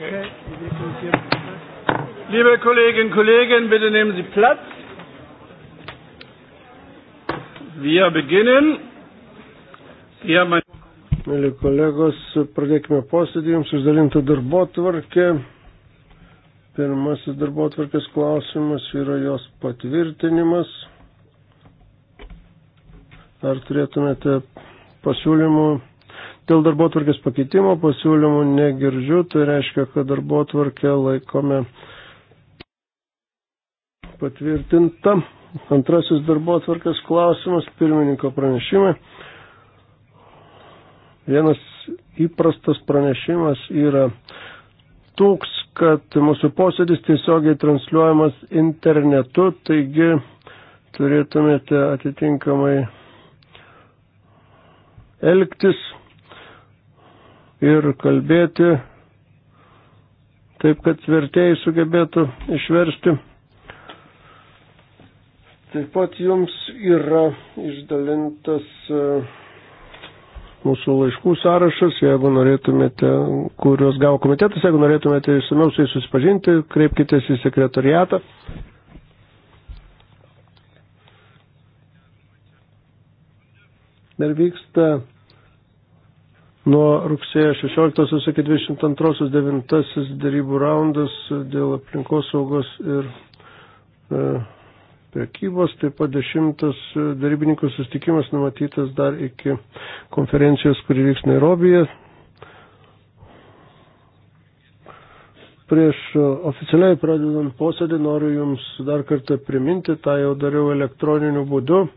Okay. Liebe Kolleginnen und Kollegen, bitte nehmen Sie Platz. Wir beginnen. Sie haben ein Mėly kolegos, pradėkime posėdį, jums išdalinta darbo tvarkė. Pirmasis darbo tvarkės klausimas yra jos patvirtinimas. Ar turėtumėte pasiūlymų Dėl darbo tvarkės pakeitimo pasiūlymų negirdžiu, tai reiškia, kad darbo tvarkę laikome patvirtinta. Antrasis darbo tvarkės klausimas, pirmininko pranešimai. Vienas įprastas pranešimas yra toks, kad mūsų posėdis tiesiogiai transliuojamas internetu, taigi turėtumėte atitinkamai elgtis ir kalbėti taip, kad vertėjai sugebėtų išversti. Taip pat jums yra išdalintas e, mūsų laiškų sąrašas, jeigu norėtumėte, kuriuos gavo komitetas, jeigu norėtumėte išsamiau su jais susipažinti, kreipkitės į sekretariatą. Dar vyksta Nuo rugsėjo 16 iki 22 9 darybų raundas dėl aplinkos saugos ir e, prekybos, taip pat 10 darybininkų sustikimas numatytas dar iki konferencijos, kuri vyks Nairobije, prieš oficialiai pradedant posėdį noriu Jums dar kartą priminti, tą jau dariau elektroniniu būdu,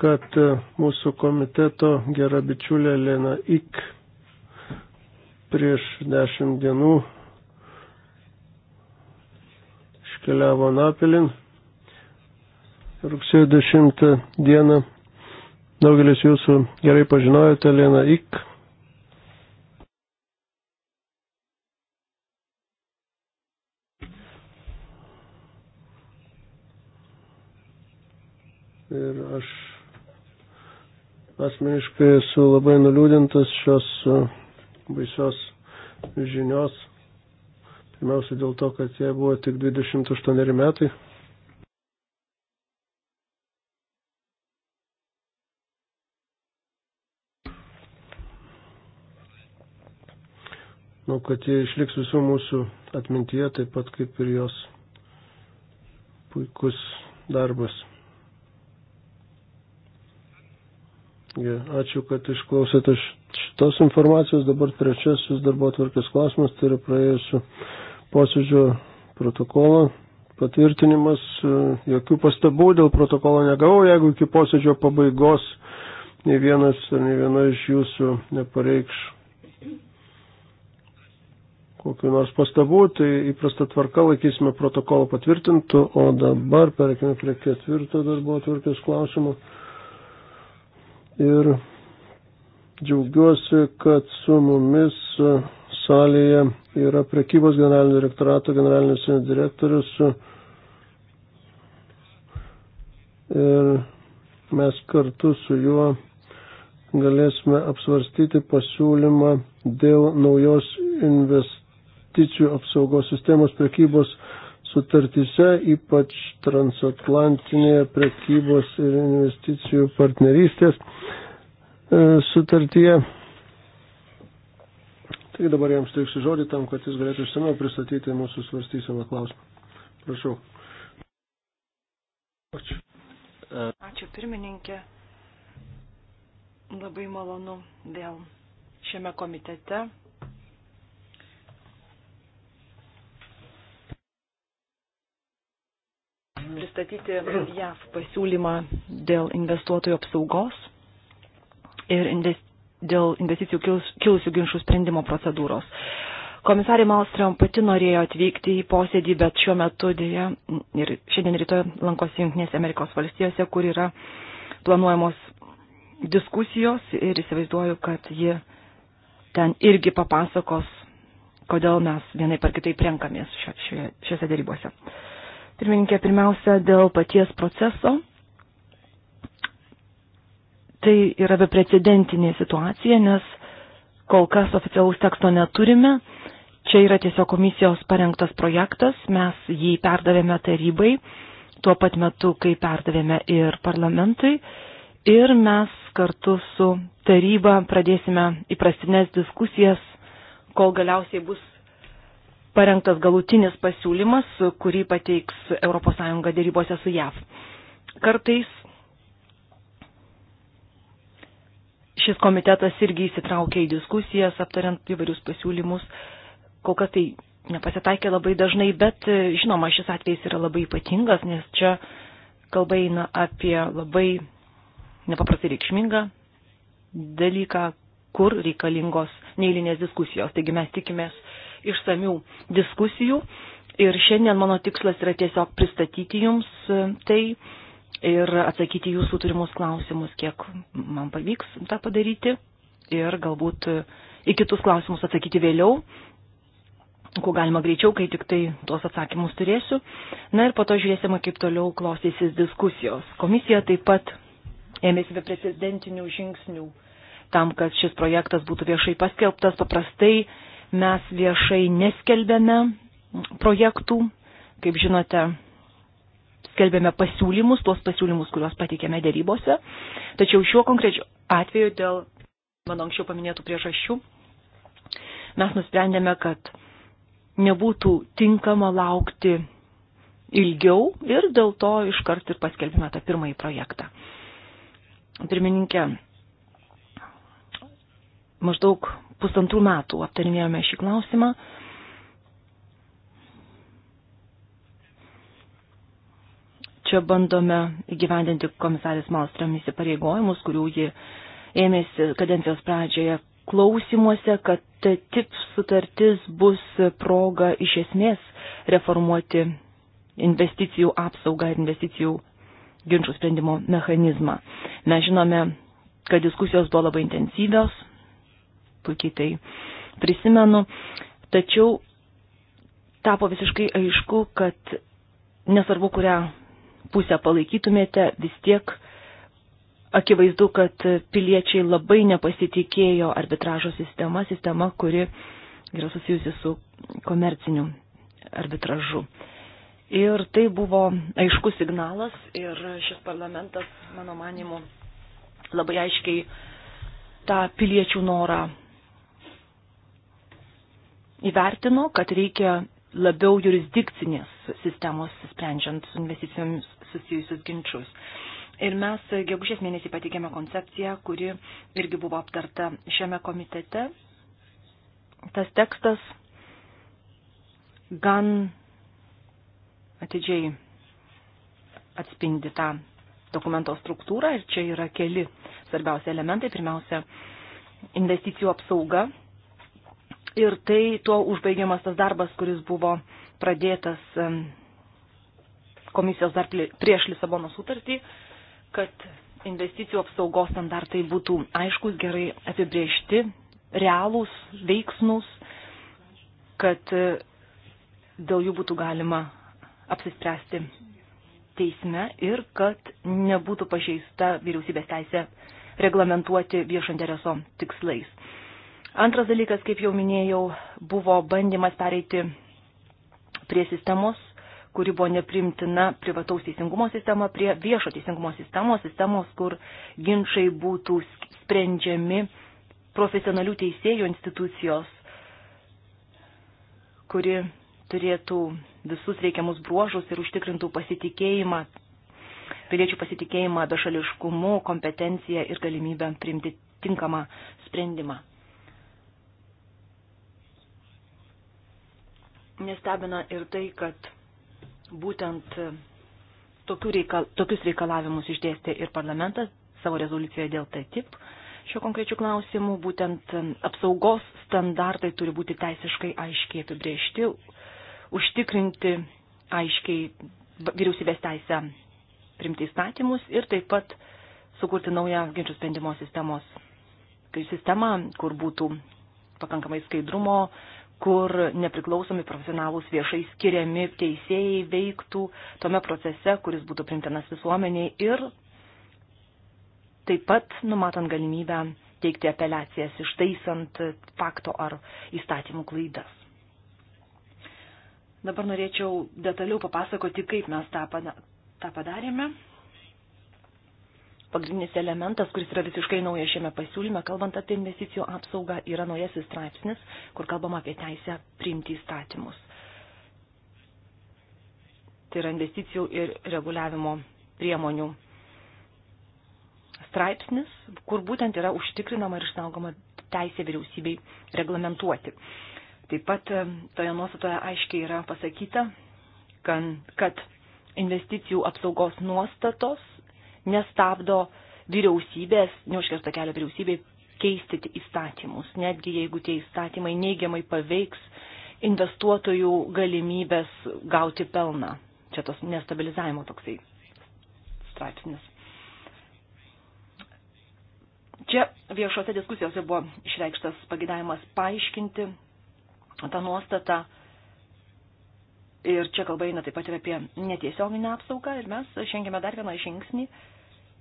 kad e, mūsų komiteto gera bičiulė Lena Ik prieš dešimt dienų iškeliavo Napilin. Rugsėjo 10 dieną daugelis jūsų gerai pažinojote Lena Ik. Ir aš Asmeniškai esu labai nuliūdintas šios e, baisios žinios. Pirmiausia dėl to, kad jai buvo tik 28 metai. Nu, kad jie išliks visų mūsų atmintyje, taip pat kaip ir jos puikus darbas. Ačiū, kad išklausėte šitos informacijos. Dabar trečiasis darbo atvarkės klausimas, tai yra praėjusiu posėdžio protokolo patvirtinimas. Jokių pastabų dėl protokolo negavau, jeigu iki posėdžio pabaigos nei vienas ar nei viena iš jūsų nepareikš kokiu nors pastabų, tai įprasta tvarka laikysime protokolą patvirtintų, o dabar perkime prie ketvirto darbo atvarkės klausimo ir džiaugiuosi, kad su mumis salėje yra prekybos generalinio direktorato generalinis direktorius ir mes kartu su juo galėsime apsvarstyti pasiūlymą dėl naujos investicijų apsaugos sistemos prekybos sutartyse, ypač transatlantinėje prekybos ir investicijų partnerystės e, sutartyje. Taigi dabar jam steiksiu žodį tam, kad jis galėtų išsameu pristatyti mūsų svarstysimą klausimą. Prašau. Ačiū. E. Ačiū pirmininkė. Labai malonu vėl šiame komitete pristatyti JAV pasiūlymą dėl investuotojų apsaugos ir invest, dėl investicijų kils, kilusių ginčių sprendimo procedūros. Komisarė Malstrom pati norėjo atvykti į posėdį, bet šiuo metu dėja ir šiandien rytoj lankosi Junktinėse Amerikos valstijose, kur yra planuojamos diskusijos ir įsivaizduoju, kad ji ten irgi papasakos, kodėl mes vienai par kitaip renkamės šiuose dėrybose. Šio, Pirmininkė, pirmiausia, dėl paties proceso. Tai yra beprecedentinė situacija, nes kol kas oficialaus teksto neturime. Čia yra tiesiog komisijos parengtas projektas, mes jį perdavėme tarybai tuo pat metu, kai perdavėme ir parlamentui. Ir mes kartu su taryba pradėsime įprastinės diskusijas, kol galiausiai bus parengtas galutinis pasiūlymas, kurį pateiks ES dėrybose su JAV. Kartais šis komitetas irgi įsitraukia į diskusijas, aptariant įvairius pasiūlymus. Kol kas tai nepasitaikė labai dažnai, bet žinoma, šis atvejis yra labai ypatingas, nes čia kalba eina apie labai nepaprastai reikšmingą dalyką, kur reikalingos neįlinės diskusijos. Taigi mes tikimės išsamių diskusijų ir šiandien mano tikslas yra tiesiog pristatyti jums e, tai ir atsakyti jūsų turimus klausimus, kiek man pavyks tą padaryti ir galbūt e, į kitus klausimus atsakyti vėliau, kuo galima greičiau, kai tik tai tuos atsakymus turėsiu. Na ir po to žiūrėsime, kaip toliau klostysis diskusijos. Komisija taip pat ėmėsi beprecedentinių žingsnių tam, kad šis projektas būtų viešai paskelbtas. Paprastai Mes viešai neskelbėme projektų, kaip žinote, skelbėme pasiūlymus, tuos pasiūlymus, kuriuos pateikėme dėrybose. Tačiau šiuo konkrečiu atveju dėl mano anksčiau paminėtų priežasčių mes nusprendėme, kad nebūtų tinkama laukti ilgiau ir dėl to iškart ir paskelbėme tą pirmąjį projektą. Pirmininkė, maždaug pusantrų metų aptarinėjome šį klausimą. Čia bandome įgyvendinti komisarės Malstrom įsipareigojimus, kurių ji ėmėsi kadencijos pradžioje klausimuose, kad tip sutartis bus proga iš esmės reformuoti investicijų apsaugą ir investicijų ginčių sprendimo mechanizmą. Mes žinome, kad diskusijos buvo labai intensyvios, puikiai tai prisimenu. Tačiau tapo visiškai aišku, kad nesvarbu, kurią pusę palaikytumėte, vis tiek akivaizdu, kad piliečiai labai nepasitikėjo arbitražo sistema, sistema, kuri yra susijusi su komerciniu arbitražu. Ir tai buvo aiškus signalas ir šis parlamentas, mano manimu, labai aiškiai tą piliečių norą įvertino, kad reikia labiau jurisdikcinės sistemos sprendžiant su investicijomis susijusius ginčius. Ir mes gegužės mėnesį pateikėme koncepciją, kuri irgi buvo aptarta šiame komitete. Tas tekstas gan atidžiai atspindi tą dokumento struktūrą ir čia yra keli svarbiausi elementai. Pirmiausia, investicijų apsauga Ir tai tuo užbaigiamas tas darbas, kuris buvo pradėtas komisijos dar prieš Lisabono sutartį, kad investicijų apsaugos standartai būtų aiškus, gerai apibriežti, realūs, veiksnus, kad e, dėl jų būtų galima apsispręsti teisme ir kad nebūtų pažeista vyriausybės teisė reglamentuoti viešo intereso tikslais. Antras dalykas, kaip jau minėjau, buvo bandymas pereiti prie sistemos, kuri buvo neprimtina privataus teisingumo sistema, prie viešo teisingumo sistemos, sistemos, kur ginčiai būtų sprendžiami profesionalių teisėjų institucijos, kuri turėtų visus reikiamus bruožus ir užtikrintų pasitikėjimą, piliečių pasitikėjimą bešališkumu, kompetenciją ir galimybę priimti tinkamą sprendimą. Nestebina ir tai, kad būtent reikal, tokius reikalavimus išdėstė ir parlamentas savo rezoliucijoje dėl TTIP šiuo konkrečiu klausimu. Būtent apsaugos standartai turi būti teisiškai aiškiai apibriežti, užtikrinti aiškiai vyriausybės teisę primti įstatymus ir taip pat sukurti naują ginčių sprendimo sistemos sistemą, kur būtų pakankamai skaidrumo, kur nepriklausomi profesionalūs viešai skiriami teisėjai veiktų tome procese, kuris būtų primtinas visuomeniai ir taip pat numatant galimybę teikti apeliacijas ištaisant fakto ar įstatymų klaidas. Dabar norėčiau detaliau papasakoti, kaip mes tą, pada tą padarėme pagrindinis elementas, kuris yra visiškai naujas šiame pasiūlyme, kalbant apie investicijų apsaugą, yra naujasis straipsnis, kur kalbama apie teisę priimti įstatymus. Tai yra investicijų ir reguliavimo priemonių straipsnis, kur būtent yra užtikrinama ir išsaugoma teisė vyriausybei reglamentuoti. Taip pat e, toje nuostatoje aiškiai yra pasakyta, kad investicijų apsaugos nuostatos nestabdo vyriausybės, neužkersta kelio vyriausybei keisti įstatymus, netgi jeigu tie įstatymai neigiamai paveiks investuotojų galimybės gauti pelną. Čia tos nestabilizavimo toksai straipsnis. Čia viešose diskusijose buvo išreikštas pagidavimas paaiškinti tą nuostatą. Ir čia kalba eina taip pat ir apie netiesioginę apsaugą. Ir mes žengėme dar vieną žingsnį, uh,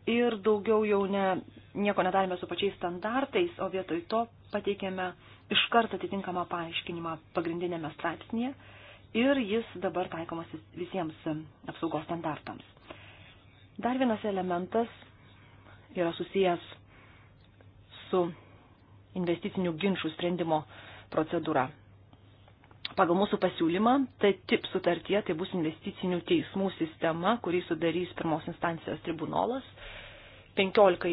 ir daugiau jau ne, nieko nedarėme su pačiais standartais, o vietoj to pateikėme iš karto atitinkamą paaiškinimą pagrindinėme straipsnėje ir jis dabar taikomas visiems apsaugos standartams. Dar vienas elementas yra susijęs su investicinių ginčių sprendimo procedūra. Pagal mūsų pasiūlymą, tai tip sutartie, tai bus investicinių teismų sistema, kurį sudarys pirmos instancijos tribunolas. 15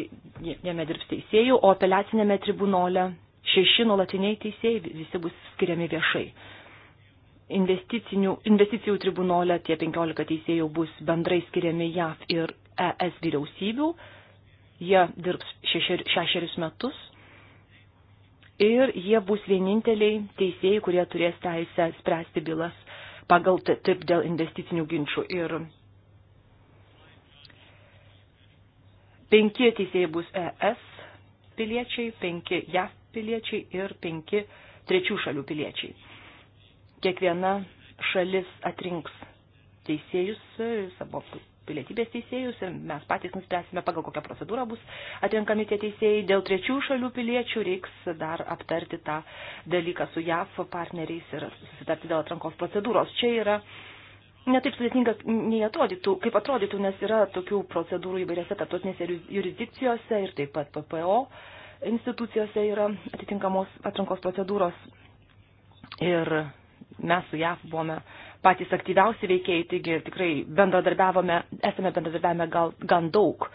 jame dirbs teisėjų, o apeliacinėme tribunole šeši nuolatiniai teisėjai visi bus skiriami viešai. Investicijų tribunole tie 15 teisėjų bus bendrai skiriami JAV ir ES vyriausybių. Jie dirbs šešerius metus ir jie bus vieninteliai teisėjai, kurie turės teisę spręsti bylas pagal taip dėl investicinių ginčių. Ir penki teisėjai bus ES piliečiai, penki JAF piliečiai ir penki trečių šalių piliečiai. Kiekviena šalis atrinks teisėjus savo pilietybės teisėjus ir mes patys nuspręsime, pagal kokią procedūrą bus atrenkami tie teisėjai. Dėl trečių šalių piliečių reiks dar aptarti tą dalyką su JAF partneriais ir susitarti dėl atrankos procedūros. Čia yra netaip sudėtinga, nei atrodytų, kaip atrodytų, nes yra tokių procedūrų įvairiose tarptautinėse jurisdikcijose ir taip pat PPO institucijose yra atitinkamos atrankos procedūros. Ir mes su JAF buvome patys aktyviausi veikėjai, taigi tikrai bendradarbiavome, esame bendradarbiavome gal, gan daug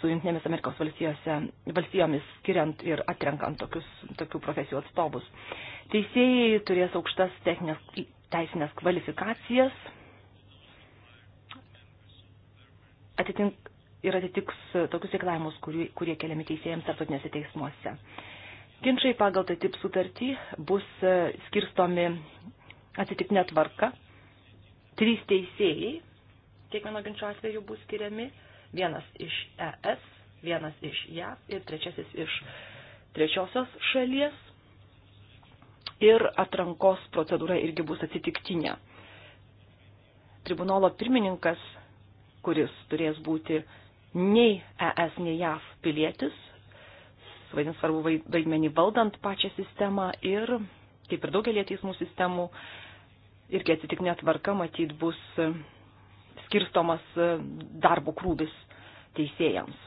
su Junktinėmis Amerikos valstijomis, skiriant ir atrenkant tokius, tokių profesijų atstovus. Teisėjai turės aukštas techninės, teisinės kvalifikacijas atitink, ir atitiks tokius reikalavimus, kurie, kurie keliami teisėjams tarptautinėse teismuose. Ginčiai pagal tai tip sutartį bus skirstomi atsitiktinė tvarka trys teisėjai kiekvieno ginčio atveju bus skiriami, vienas iš ES, vienas iš JAV ir trečiasis iš trečiosios šalies. Ir atrankos procedūra irgi bus atsitiktinė. Tribunolo pirmininkas, kuris turės būti nei ES, nei JAV pilietis, vaidins svarbu vaidmenį valdant pačią sistemą ir, kaip ir daugelį teismų sistemų, irgi atsitiknė tvarka, matyt, bus e, skirstomas e, darbo krūvis teisėjams.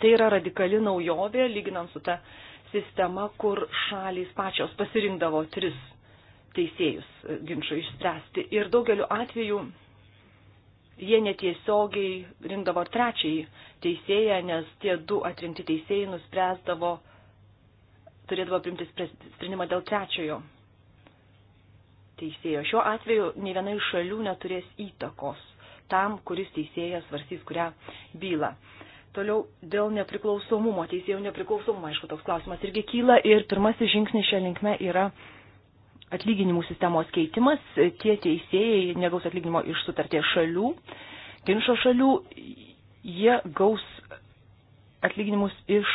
Tai yra radikali naujovė, lyginant su ta sistema, kur šalys pačios pasirinkdavo tris teisėjus e, ginčui išspręsti. Ir daugeliu atveju jie netiesiogiai rinkdavo trečiai teisėją, nes tie du atrinkti teisėjai nuspręsdavo, turėdavo primti sprendimą dėl trečiojo teisėjo. Šiuo atveju nei viena iš šalių neturės įtakos tam, kuris teisėjas svarstys kurią bylą. Toliau dėl nepriklausomumo, teisėjų nepriklausomumo, aišku, toks klausimas irgi kyla ir pirmasis žingsnis šią linkme yra atlyginimų sistemos keitimas. Tie teisėjai negaus atlyginimo iš sutarties šalių, ginčio šalių, jie gaus atlyginimus iš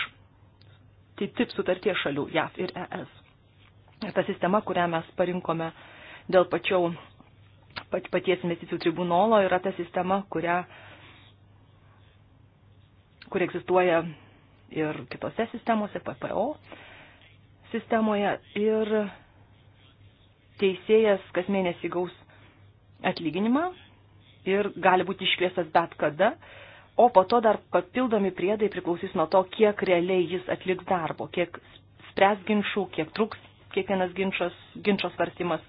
TTIP sutarties šalių, JAF ir ES. Ir ta sistema, kurią mes parinkome dėl pačiau, pat, paties investicijų tribunolo yra ta sistema, kuria, kur egzistuoja ir kitose sistemose, PPO sistemoje. Ir teisėjas kas mėnesį gaus atlyginimą ir gali būti iškviestas bet kada, o po to dar papildomi priedai priklausys nuo to, kiek realiai jis atliks darbo, kiek spręs ginčių, kiek truks kiekvienas ginčas, ginčio svarstymas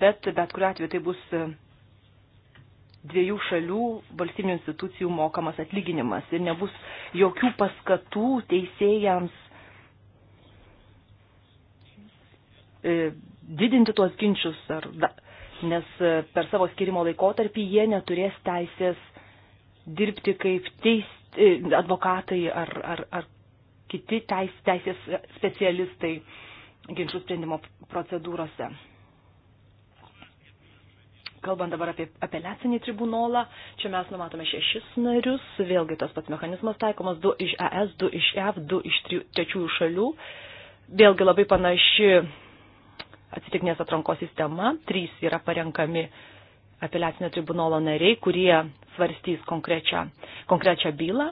bet bet kuriuo atveju tai bus e, dviejų šalių valstybinių institucijų mokamas atlyginimas ir nebus jokių paskatų teisėjams e, didinti tuos ginčius, ar, da, nes e, per savo skirimo laikotarpį jie neturės teisės dirbti kaip teis, advokatai ar, ar, ar kiti teis, teisės specialistai ginčių sprendimo procedūrose. Kalbant dabar apie apeliacinį tribunolą, čia mes numatome šešis narius, vėlgi tas pats mechanizmas taikomas du iš ES, du iš JAV, e du iš trečiųjų šalių. Vėlgi labai panaši atsitiknės atrankos sistema, trys yra parenkami apeliacinio tribunolo nariai, kurie svarstys konkrečią, konkrečią bylą.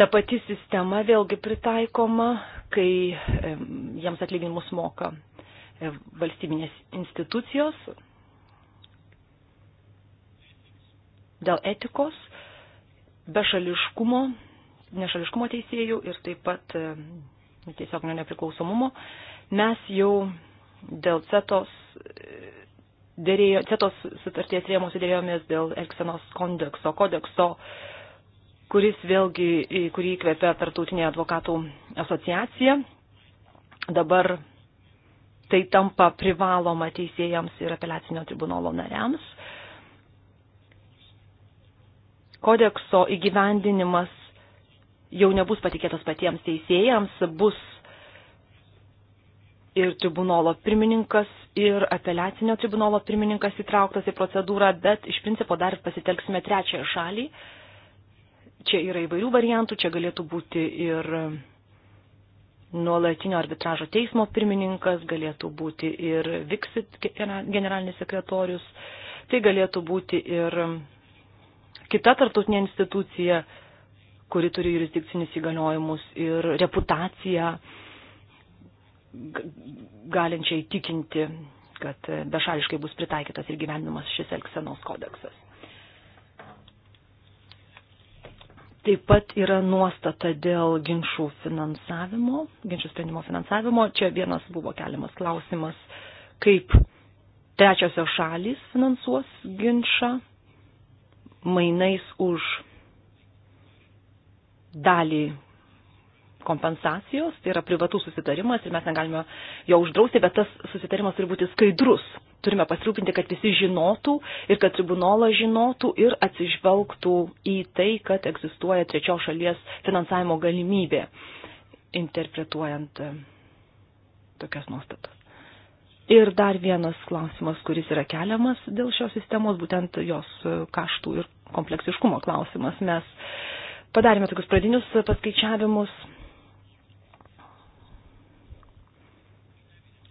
Ta pati sistema vėlgi pritaikoma, kai jiems atlyginimus moka valstybinės institucijos, dėl etikos, bešališkumo, nešališkumo teisėjų ir taip pat e, tiesiog nepriklausomumo. Mes jau dėl CETOS, e, dėrėjo, CETOS sutarties rėmose dėrėjomės dėl Elksenos kodekso, kodekso kuris vėlgi, kurį įkvėpia tartautinė advokatų asociacija. Dabar tai tampa privaloma teisėjams ir apeliacinio tribunolo nariams. kodekso įgyvendinimas jau nebus patikėtas patiems teisėjams, bus ir tribunolo pirmininkas, ir apeliacinio tribunolo pirmininkas įtrauktas į procedūrą, bet iš principo dar pasitelksime trečiąją šalį. Čia yra įvairių variantų, čia galėtų būti ir nuolatinio arbitražo teismo pirmininkas, galėtų būti ir Viksit generalinis sekretorius, tai galėtų būti ir kita tartutinė institucija, kuri turi jurisdikcinius įgaliojimus ir reputaciją galinčiai tikinti, kad bešališkai bus pritaikytas ir gyvenimas šis Elksenos kodeksas. Taip pat yra nuostata dėl ginčių finansavimo, ginčių sprendimo finansavimo. Čia vienas buvo keliamas klausimas, kaip trečiosios šalys finansuos ginčą mainais už dalį kompensacijos, tai yra privatų susitarimas ir mes negalime jo uždrausti, bet tas susitarimas turi būti skaidrus. Turime pasirūpinti, kad visi žinotų ir kad tribunolas žinotų ir atsižvelgtų į tai, kad egzistuoja trečios šalies finansavimo galimybė, interpretuojant e, tokias nuostatas. Ir dar vienas klausimas, kuris yra keliamas dėl šios sistemos, būtent jos e, kaštų ir kompleksiškumo klausimas. Mes padarėme tokius pradinius paskaičiavimus.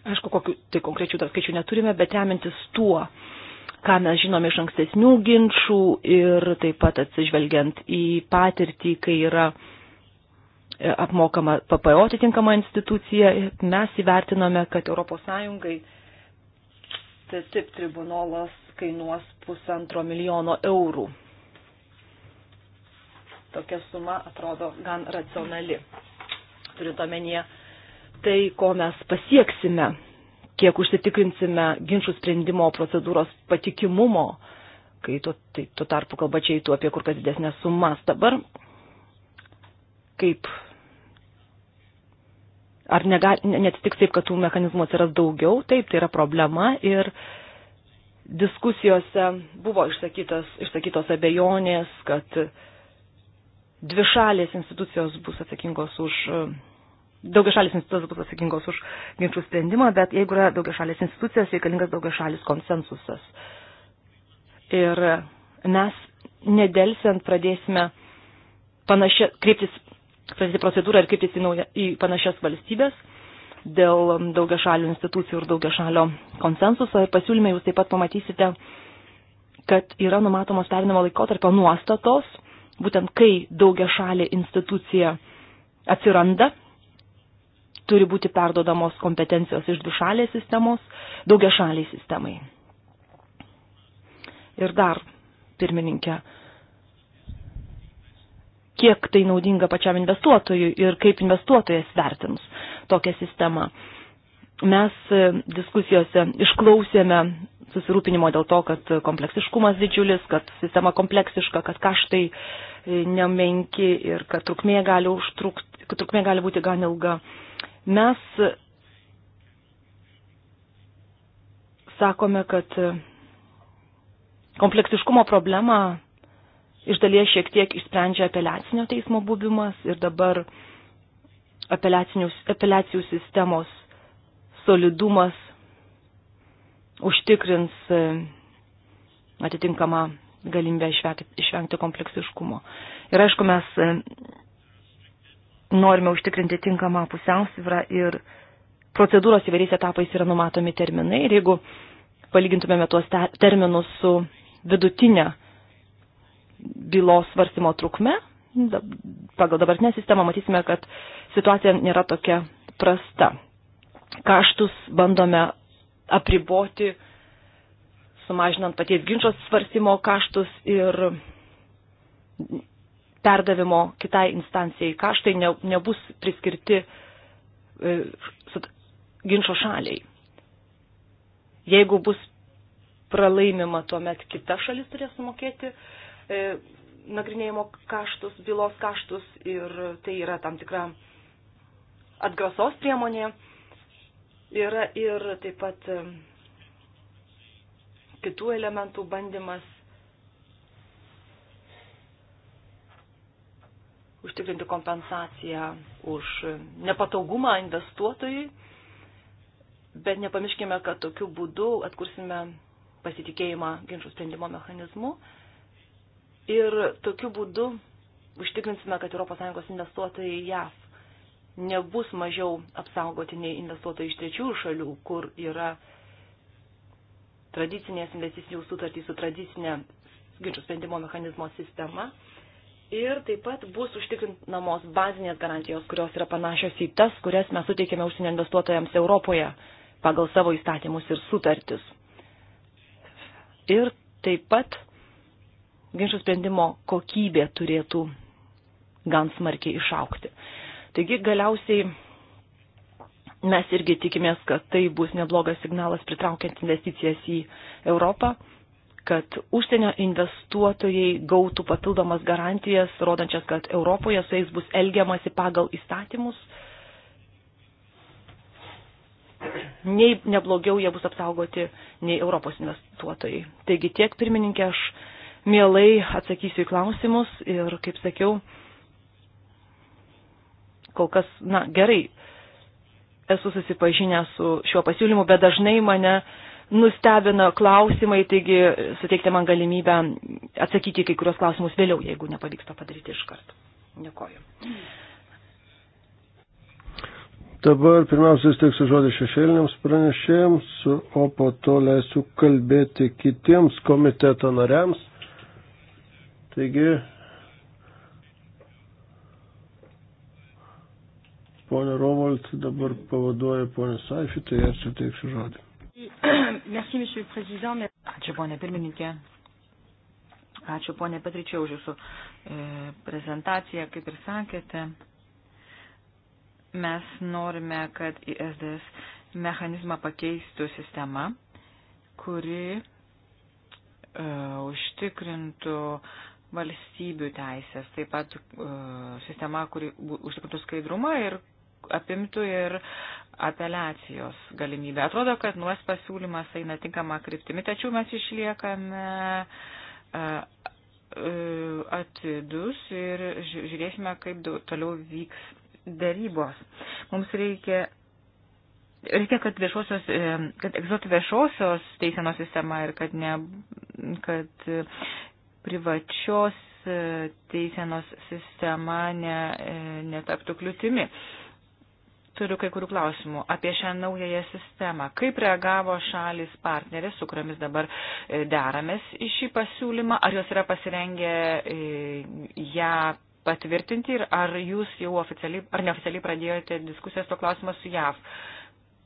Aišku, kokiu tai konkrečių dar skaičių neturime, bet remintis tuo, ką mes žinome iš ankstesnių ginčių ir taip pat atsižvelgiant į patirtį, kai yra e, apmokama PPO atitinkama institucija, mes įvertinome, kad ES TTIP tribunolas kainuos pusantro milijono eurų tokia suma atrodo gan racionali. Turint omenyje tai, ko mes pasieksime, kiek užsitikrinsime ginčių sprendimo procedūros patikimumo, kai tuo, tai, tuo tarpu kalba čia eitų apie kur kas didesnės sumas. Dabar kaip Ar neatsitiks taip, kad tų mechanizmų atsiras daugiau, taip, tai yra problema ir diskusijose buvo išsakytos, išsakytos abejonės, kad dvi šalės institucijos bus atsakingos už e, daugia šalis institucijos bus atsakingos už ginčių sprendimą, bet jeigu yra daugia šalis institucijas, reikalingas daugia šalis konsensusas. Ir mes nedelsiant pradėsime panašia, kreiptis, pradėti procedūrą ir kreiptis į, nauja, į panašias valstybės dėl daugia šalių institucijų ir daugia šalio konsensuso ir pasiūlyme jūs taip pat pamatysite, kad yra numatomos perinamo laikotarpio nuostatos būtent kai daugia šalė institucija atsiranda, turi būti perdodamos kompetencijos iš dvišalės sistemos daugia šaliai sistemai. Ir dar, pirmininkė, kiek tai naudinga pačiam investuotojui ir kaip investuotojas vertins tokią sistemą. Mes e, diskusijose išklausėme susirūpinimo dėl to, kad kompleksiškumas didžiulis, kad sistema kompleksiška, kad kaštai e, nemenki ir kad trukmė gali, užtrukt, kad trukmė gali būti gan ilga. Mes e, sakome, kad kompleksiškumo problemą iš dalies šiek tiek išsprendžia apeliacinio teismo buvimas ir dabar apeliacijų sistemos solidumas užtikrins e, atitinkamą galimybę išvengti, išvengti kompleksiškumo. Ir aišku, mes e, norime užtikrinti tinkamą pusiausvyrą ir procedūros įvairiais etapais yra numatomi terminai. Ir jeigu palygintumėme tuos terminus su vidutinė bylos svarstymo trukme, pagal dabartinę sistemą matysime, kad situacija nėra tokia prasta kaštus bandome apriboti, sumažinant paties ginčios svarstymo kaštus ir perdavimo kitai instancijai kaštai ne, nebus priskirti e, ginčio šaliai. Jeigu bus pralaimima, tuomet kita šalis turės sumokėti e, nagrinėjimo kaštus, bylos kaštus ir tai yra tam tikra atgrasos priemonė. E, Yra ir taip pat kitų elementų bandymas užtikrinti kompensaciją už nepatogumą investuotojui, bet nepamirškime, kad tokiu būdu atkursime pasitikėjimą ginčių sprendimo mechanizmu ir tokiu būdu užtikrinsime, kad ES investuotojai JAV nebus mažiau apsaugoti nei investuotojai iš trečiųjų šalių, kur yra tradicinės investicinių sutartys su tradicinė ginčių sprendimo mechanizmo sistema. Ir taip pat bus užtikrinamos bazinės garantijos, kurios yra panašios į tas, kurias mes suteikėme užsienio investuotojams Europoje pagal savo įstatymus ir sutartis. Ir taip pat ginčių sprendimo kokybė turėtų gan smarkiai išaukti. Taigi galiausiai mes irgi tikimės, kad tai bus neblogas signalas pritraukiant investicijas į Europą, kad užsienio investuotojai gautų papildomas garantijas, rodančias, kad Europoje su jais bus elgiamasi pagal įstatymus. Nei neblogiau jie bus apsaugoti, nei Europos investuotojai. Taigi tiek, pirmininkė, aš mielai atsakysiu į klausimus ir, kaip sakiau, kol kas, na, gerai esu susipažinęs su šiuo pasiūlymu, bet dažnai mane nustebina klausimai, taigi suteikti man galimybę atsakyti kai kurios klausimus vėliau, jeigu nepavyks to padaryti iš karto. Dėkoju. Dabar pirmiausia, steiksiu žodį šešėliniams pranešėjams, o po to leisiu kalbėti kitiems komiteto nariams. Taigi, Pone Romolt dabar pavaduoja ponę Saifį, tai aš suteiksiu žodį. Ačiū, ponė pirmininkė. Ačiū, ponė Petričiau, už jūsų e, prezentaciją. Kaip ir sakėte, mes norime, kad ISDS mechanizmą pakeistų sistema, kuri e, užtikrintų valstybių teisės, taip pat e, sistema, kuri užtikrintų skaidrumą ir apimtų ir apeliacijos galimybę. Atrodo, kad nuos pasiūlymas eina tinkama kryptimi, tačiau mes išliekame e, e, atidus ir žiūrėsime, kaip toliau vyks darybos. Mums reikia, reikia kad, viešosios, e, kad egzotų viešosios teisenos sistema ir kad, ne, kad privačios teisenos sistema ne, netaptų kliūtimi turiu kai kurių klausimų apie šią naująją sistemą. Kaip reagavo šalis partnerės, su kuriamis dabar e, deramės į šį pasiūlymą? Ar jos yra pasirengę e, ją patvirtinti ir ar jūs jau oficialiai ar neoficialiai pradėjote diskusijas to klausimo su JAV?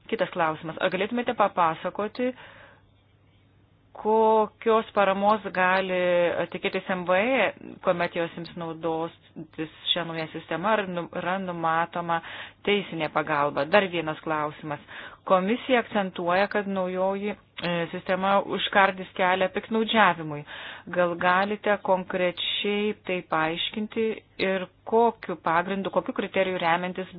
Kitas klausimas. Ar galėtumėte papasakoti, uh, kokios paramos gali tikėtis MVE, kuomet jos jums naudos šią naują sistemą, ar nu, yra numatoma teisinė pagalba. Dar vienas klausimas. Komisija akcentuoja, kad naujoji e, sistema užkardys kelią piknaudžiavimui. Gal galite konkrečiai tai paaiškinti ir kokiu pagrindu, kokiu kriteriju remiantis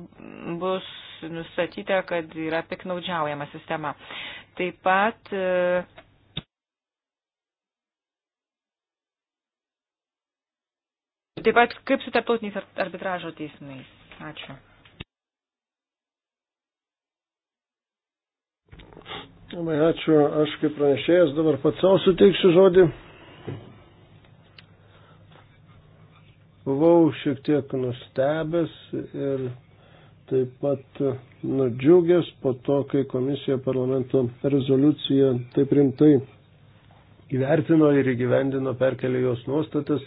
bus nustatyta, kad yra piknaudžiaujama sistema. Taip pat e, Taip pat kaip su tarptautiniais arbitražo teismais. Ačiū. Labai ačiū. Aš kaip pranešėjas dabar pats savo suteiksiu žodį. Buvau šiek tiek nustebęs ir taip pat nudžiugęs po to, kai komisija parlamento rezoliuciją taip rimtai įvertino ir įgyvendino perkelė jos nuostatas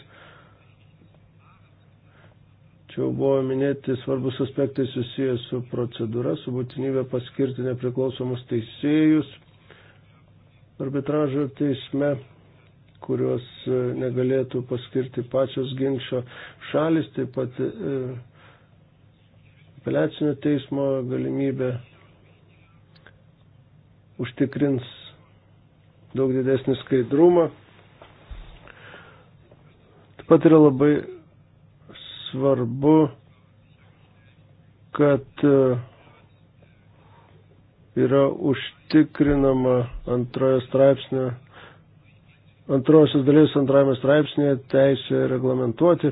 Čia buvo minėti svarbus aspektai susijęs su procedūra, su būtinybė paskirti nepriklausomus teisėjus arbitražo teisme, kuriuos e, negalėtų paskirti pačios ginčio šalis, taip pat e, apeliacinio teismo galimybė užtikrins daug didesnį skaidrumą. Taip pat yra labai svarbu, kad e, yra užtikrinama antrojo straipsnio, antrosios dalies antrajame straipsnėje teisė reglamentuoti.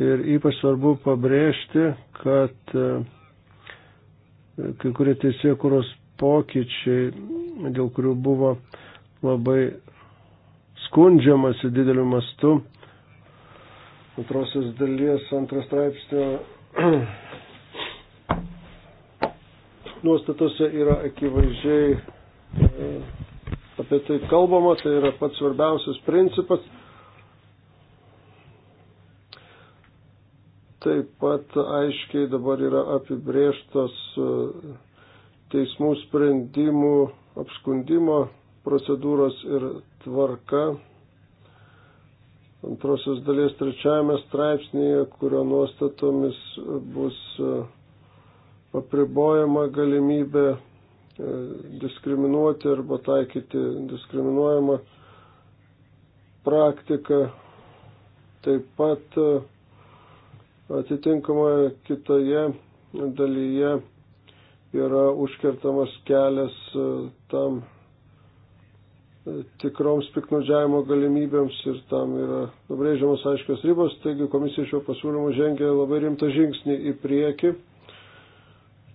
Ir ypač svarbu pabrėžti, kad e, kai kurie teisėkuros pokyčiai, dėl kurių buvo labai skundžiamasi dideliu mastu. Antrosios dalies antras straipsnio nuostatose yra akivaizdžiai e, apie tai kalbama, tai yra pats svarbiausias principas. Taip pat aiškiai dabar yra apibrėžtos e, teismų sprendimų apskundimo procedūros ir tvarka. Antrosios dalies trečiajame straipsnėje, kurio nuostatomis bus e, apribojama galimybė e, diskriminuoti arba taikyti diskriminuojamą praktiką. Taip pat e, atitinkamoje kitoje dalyje yra užkertamas kelias tam tikroms piknaudžiavimo galimybėms ir tam yra nubrėžiamas aiškios ribos, taigi komisija šio pasiūlymo žengia labai rimtą žingsnį į priekį.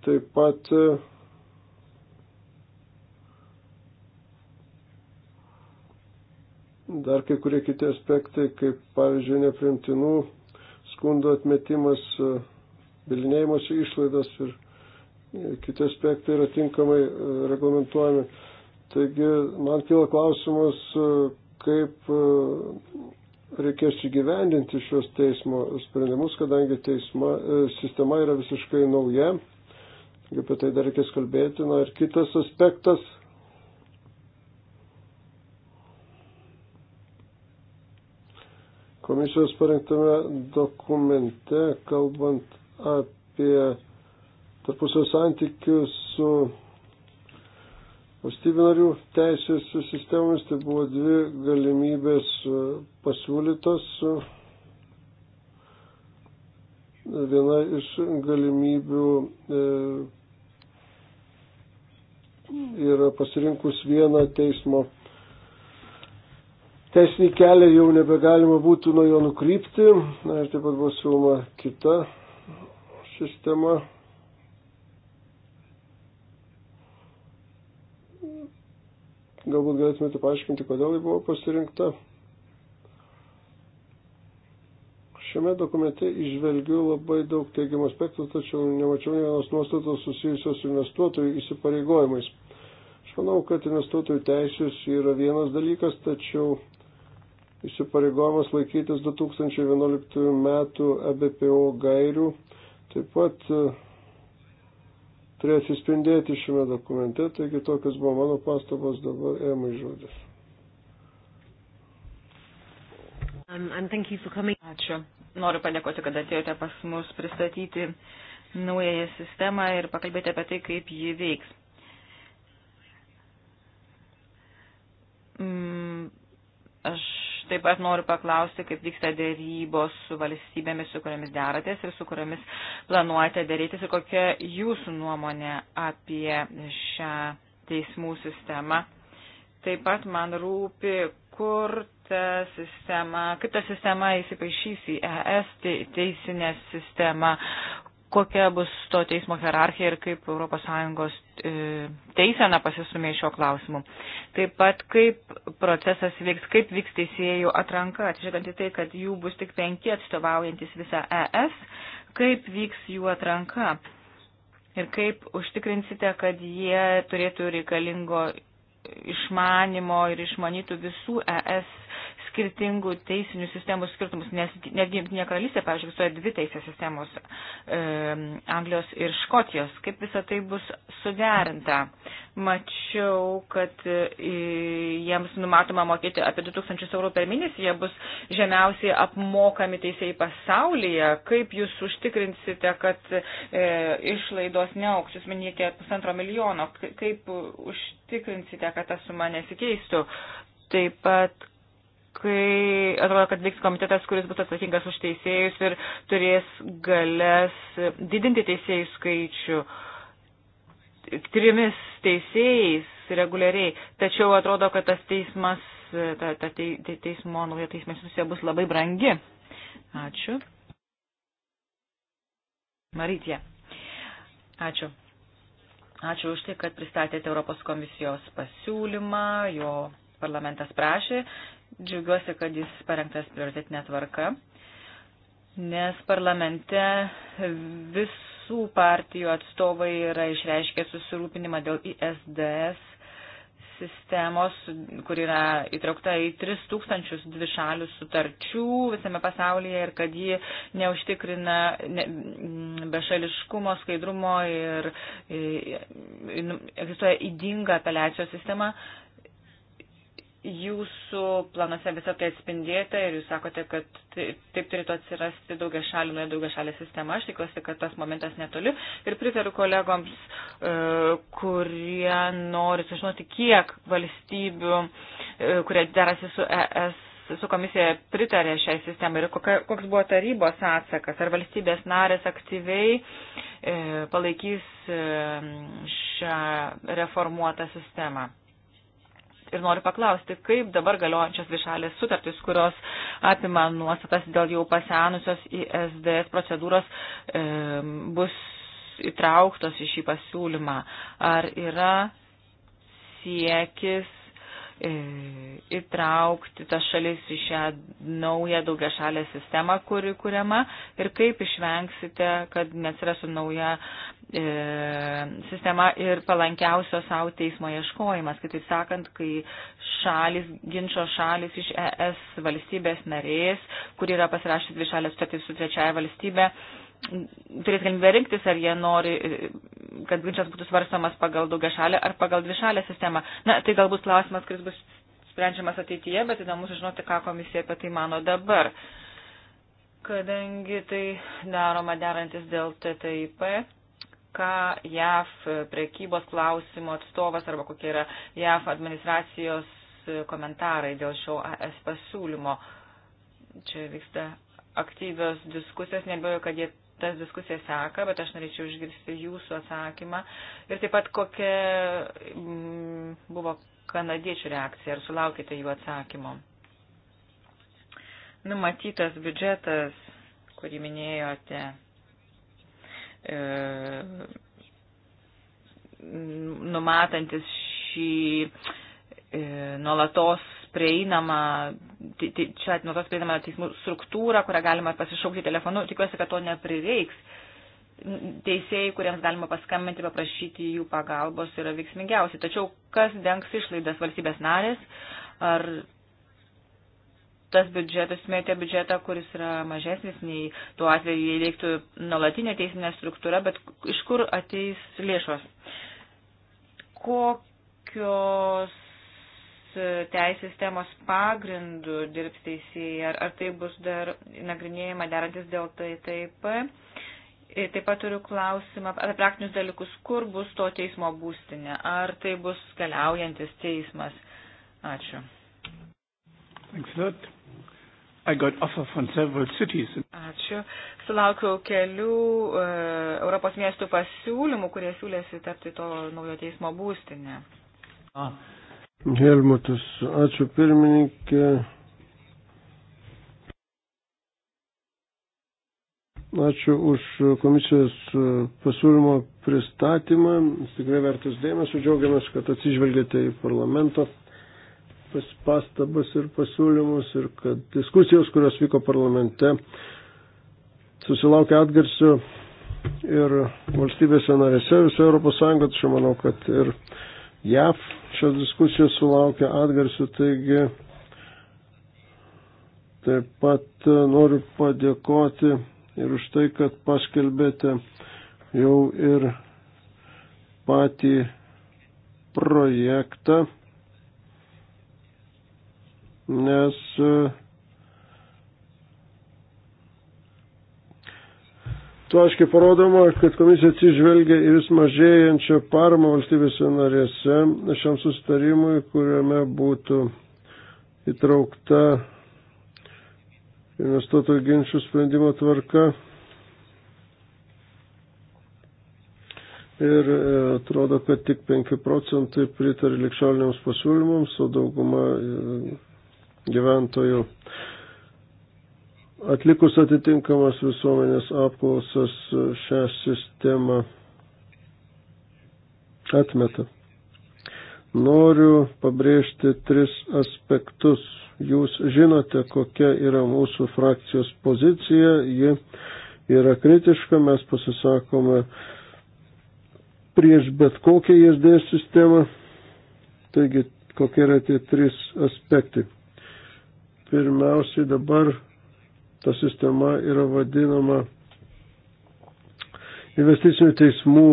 Taip pat e, dar kai kurie kiti aspektai, kaip pavyzdžiui neprimtinų skundų atmetimas, e, bilinėjimosi išlaidos ir e, kiti aspektai yra tinkamai reglamentuojami Taigi man kyla klausimas, kaip e, reikės įgyvendinti šios teismo sprendimus, kadangi teisma, e, sistema yra visiškai nauja. Apie tai dar reikės kalbėti. Na ir kitas aspektas. Komisijos parengtame dokumente, kalbant apie tarpusio santykius su valstybių narių teisės sistemomis, tai buvo dvi galimybės e, pasiūlytos. Viena iš galimybių e, yra pasirinkus vieną teismo teisinį kelią, jau nebegalima būtų nuo jo nukrypti. Na ir taip pat buvo siūloma kita sistema Galbūt galėtumėte paaiškinti, kodėl ji buvo pasirinkta. Šiame dokumente išvelgiu labai daug teigiamų aspektų, tačiau nemačiau ne vienos nuostatos susijusios su investuotojų įsipareigojimais. Aš manau, kad investuotojų teisės yra vienas dalykas, tačiau įsipareigojimas laikytis 2011 metų ABPO gairių taip pat turėjo atsispindėti šiame dokumente, taigi tokios buvo mano pastabos, dabar ėmai žodis. Um, Ačiū. Noriu padėkoti, kad atėjote pas mus pristatyti naująją sistemą ir pakalbėti apie tai, kaip ji veiks. taip pat noriu paklausti, kaip vyksta dėrybos su valstybėmis, su kuriamis deratės ir su kuriamis planuojate dėrytis ir kokia jūsų nuomonė apie šią teismų sistemą. Taip pat man rūpi, kur ta sistema, kaip ta sistema įsipaišys į ES teisinę sistemą, kokia bus to teismo hierarchija ir kaip ES e, teisena pasisumė šio klausimu. Taip pat, kaip procesas vyks, kaip vyks teisėjų atranka, atžiūrint į tai, kad jų bus tik penki atstovaujantis visą ES, kaip vyks jų atranka ir kaip užtikrinsite, kad jie turėtų reikalingo išmanimo ir išmanytų visų ES skirtingų teisinių sistemų skirtumus, nes netgi Junktinė karalystė, pavyzdžiui, visoje dvi teisės sistemos e, Anglijos ir Škotijos. Kaip visa tai bus suderinta? Mačiau, kad e, jiems numatoma mokėti apie 2000 eurų per mėnesį, jie bus žemiausiai apmokami teisėjai pasaulyje. Kaip jūs užtikrinsite, kad e, išlaidos neauks, jūs minėjote pusantro milijono, kaip užtikrinsite, kad ta suma nesikeistų? Taip pat, kai atrodo, kad vyks komitetas, kuris bus atsakingas už teisėjus ir turės galės didinti teisėjų skaičių trimis teisėjais reguliariai. Tačiau atrodo, kad tas teismas, ta, ta te, te, teismo nauja teismo institucija bus labai brangi. Ačiū. Marytė. Ačiū. Ačiū už tai, kad pristatėte Europos komisijos pasiūlymą, jo parlamentas prašė Džiaugiuosi, kad jis parengtas prioritetinė tvarka, nes parlamente visų partijų atstovai yra išreiškę susirūpinimą dėl ISDS sistemos, kur yra įtraukta į 3000 dvišalių sutarčių visame pasaulyje ir kad ji neužtikrina ne, bešališkumo, skaidrumo ir nu, egzistuoja įdinga apeliacijos sistema. E, jūsų planuose visą tai atspindėta ir jūs sakote, kad tai, taip turėtų atsirasti daugia šalinoje, daugia šalė sistema. Aš tikiuosi, kad tas momentas netoli. Ir pritariu kolegoms, e, kurie nori sužinoti, kiek valstybių, e, kurie derasi su ES su komisija pritarė šiai sistemai ir kokia, koks buvo tarybos atsakas, ar valstybės narės aktyviai e, palaikys e, šią reformuotą sistemą. Ir noriu paklausti, kaip dabar galiojančios dvišalės sutartys, kurios apima nuostatas dėl jau pasenusios ISDS procedūros, e, bus įtrauktos į šį pasiūlymą. Ar yra siekis E, įtraukti tas šalis į šią naują daugia šalę sistemą, kuri kuriama ir kaip išvengsite, kad nesirasų nauja e, sistema ir palankiausio savo teismo ieškojimas. Kitaip sakant, kai šalis, ginčio šalis iš ES valstybės narės, kuri yra pasirašęs dvi šalės sutartį su trečiaja valstybė, e, turės galimybę rinktis, ar jie nori, kad ginčas būtų svarstamas pagal daugia šalę ar pagal dvišalę sistemą. Na, tai galbūt klausimas, kuris bus sprendžiamas ateityje, bet įdomu sužinoti, ką komisija apie tai mano dabar. Kadangi tai daroma derantis dėl TTIP, ką JAF prekybos klausimo atstovas arba kokie yra JAF administracijos komentarai dėl šio AS pasiūlymo. Čia vyksta aktyvios diskusijos, nebejoju, kad jie tas diskusijas seka, bet aš norėčiau išgirsti jūsų atsakymą. Ir taip pat kokia mm, buvo kanadiečių reakcija, ar sulaukite jų atsakymo. Numatytas biudžetas, kurį minėjote, e, numatantis šį e, nuolatos prieinamą, čia tai, tai atmetos prieinamą teismų struktūrą, kurią galima pasišaukti telefonu. Tikiuosi, kad to neprireiks. Teisėjai, kuriems galima paskambinti, paprašyti jų pagalbos, yra veiksmingiausi. Tačiau kas dengs išlaidas valstybės narės? Ar tas biudžetas, mėtė biudžetą, kuris yra mažesnis nei tuo atveju, jei reiktų nuolatinė teisinė struktūra, bet iš kur ateis lėšos? Kokios teisės temos pagrindų dirbs teisėjai, ar, ar tai bus dar nagrinėjama derantis dėl TTIP. Ir taip pat turiu klausimą apie praktinius dalykus, kur bus to teismo būstinė, ar tai bus keliaujantis teismas. Ačiū. Ačiū. Sulaukiau kelių uh, Europos miestų pasiūlymų, kurie siūlėsi tapti to naujo teismo būstinę. Ah. Helmutas, ačiū pirmininkė. Ačiū už komisijos pasiūlymo pristatymą. Tikrai vertas dėmesio. Džiaugiamės, kad atsižvelgėte į parlamento pastabas ir pasiūlymus ir kad diskusijos, kurios vyko parlamente, susilaukė atgarsių ir valstybėse narėse visą Europos Sąjungą. Tačiau manau, kad ir JAV šios diskusijos sulaukia atgarsių, taigi taip pat e, noriu padėkoti ir už tai, kad paskelbėte jau ir patį projektą, nes uh, Tuo aiškiai parodoma, kad komisija atsižvelgia į vis mažėjančią paramą valstybėse narėse šiam sustarimui, kuriame būtų įtraukta investuotojų ginčių sprendimo tvarka. Ir e, atrodo, kad tik 5 procentai pritarė likščioliniams pasiūlymams, o dauguma e, gyventojų Atlikus atitinkamas visuomenės apklausas šią sistemą atmeta. Noriu pabrėžti tris aspektus. Jūs žinote, kokia yra mūsų frakcijos pozicija. Ji yra kritiška, mes pasisakome prieš bet kokią ISD sistemą. Taigi, kokie yra tie trys aspektai. Pirmiausiai dabar Ta sistema yra vadinama investicinių teismų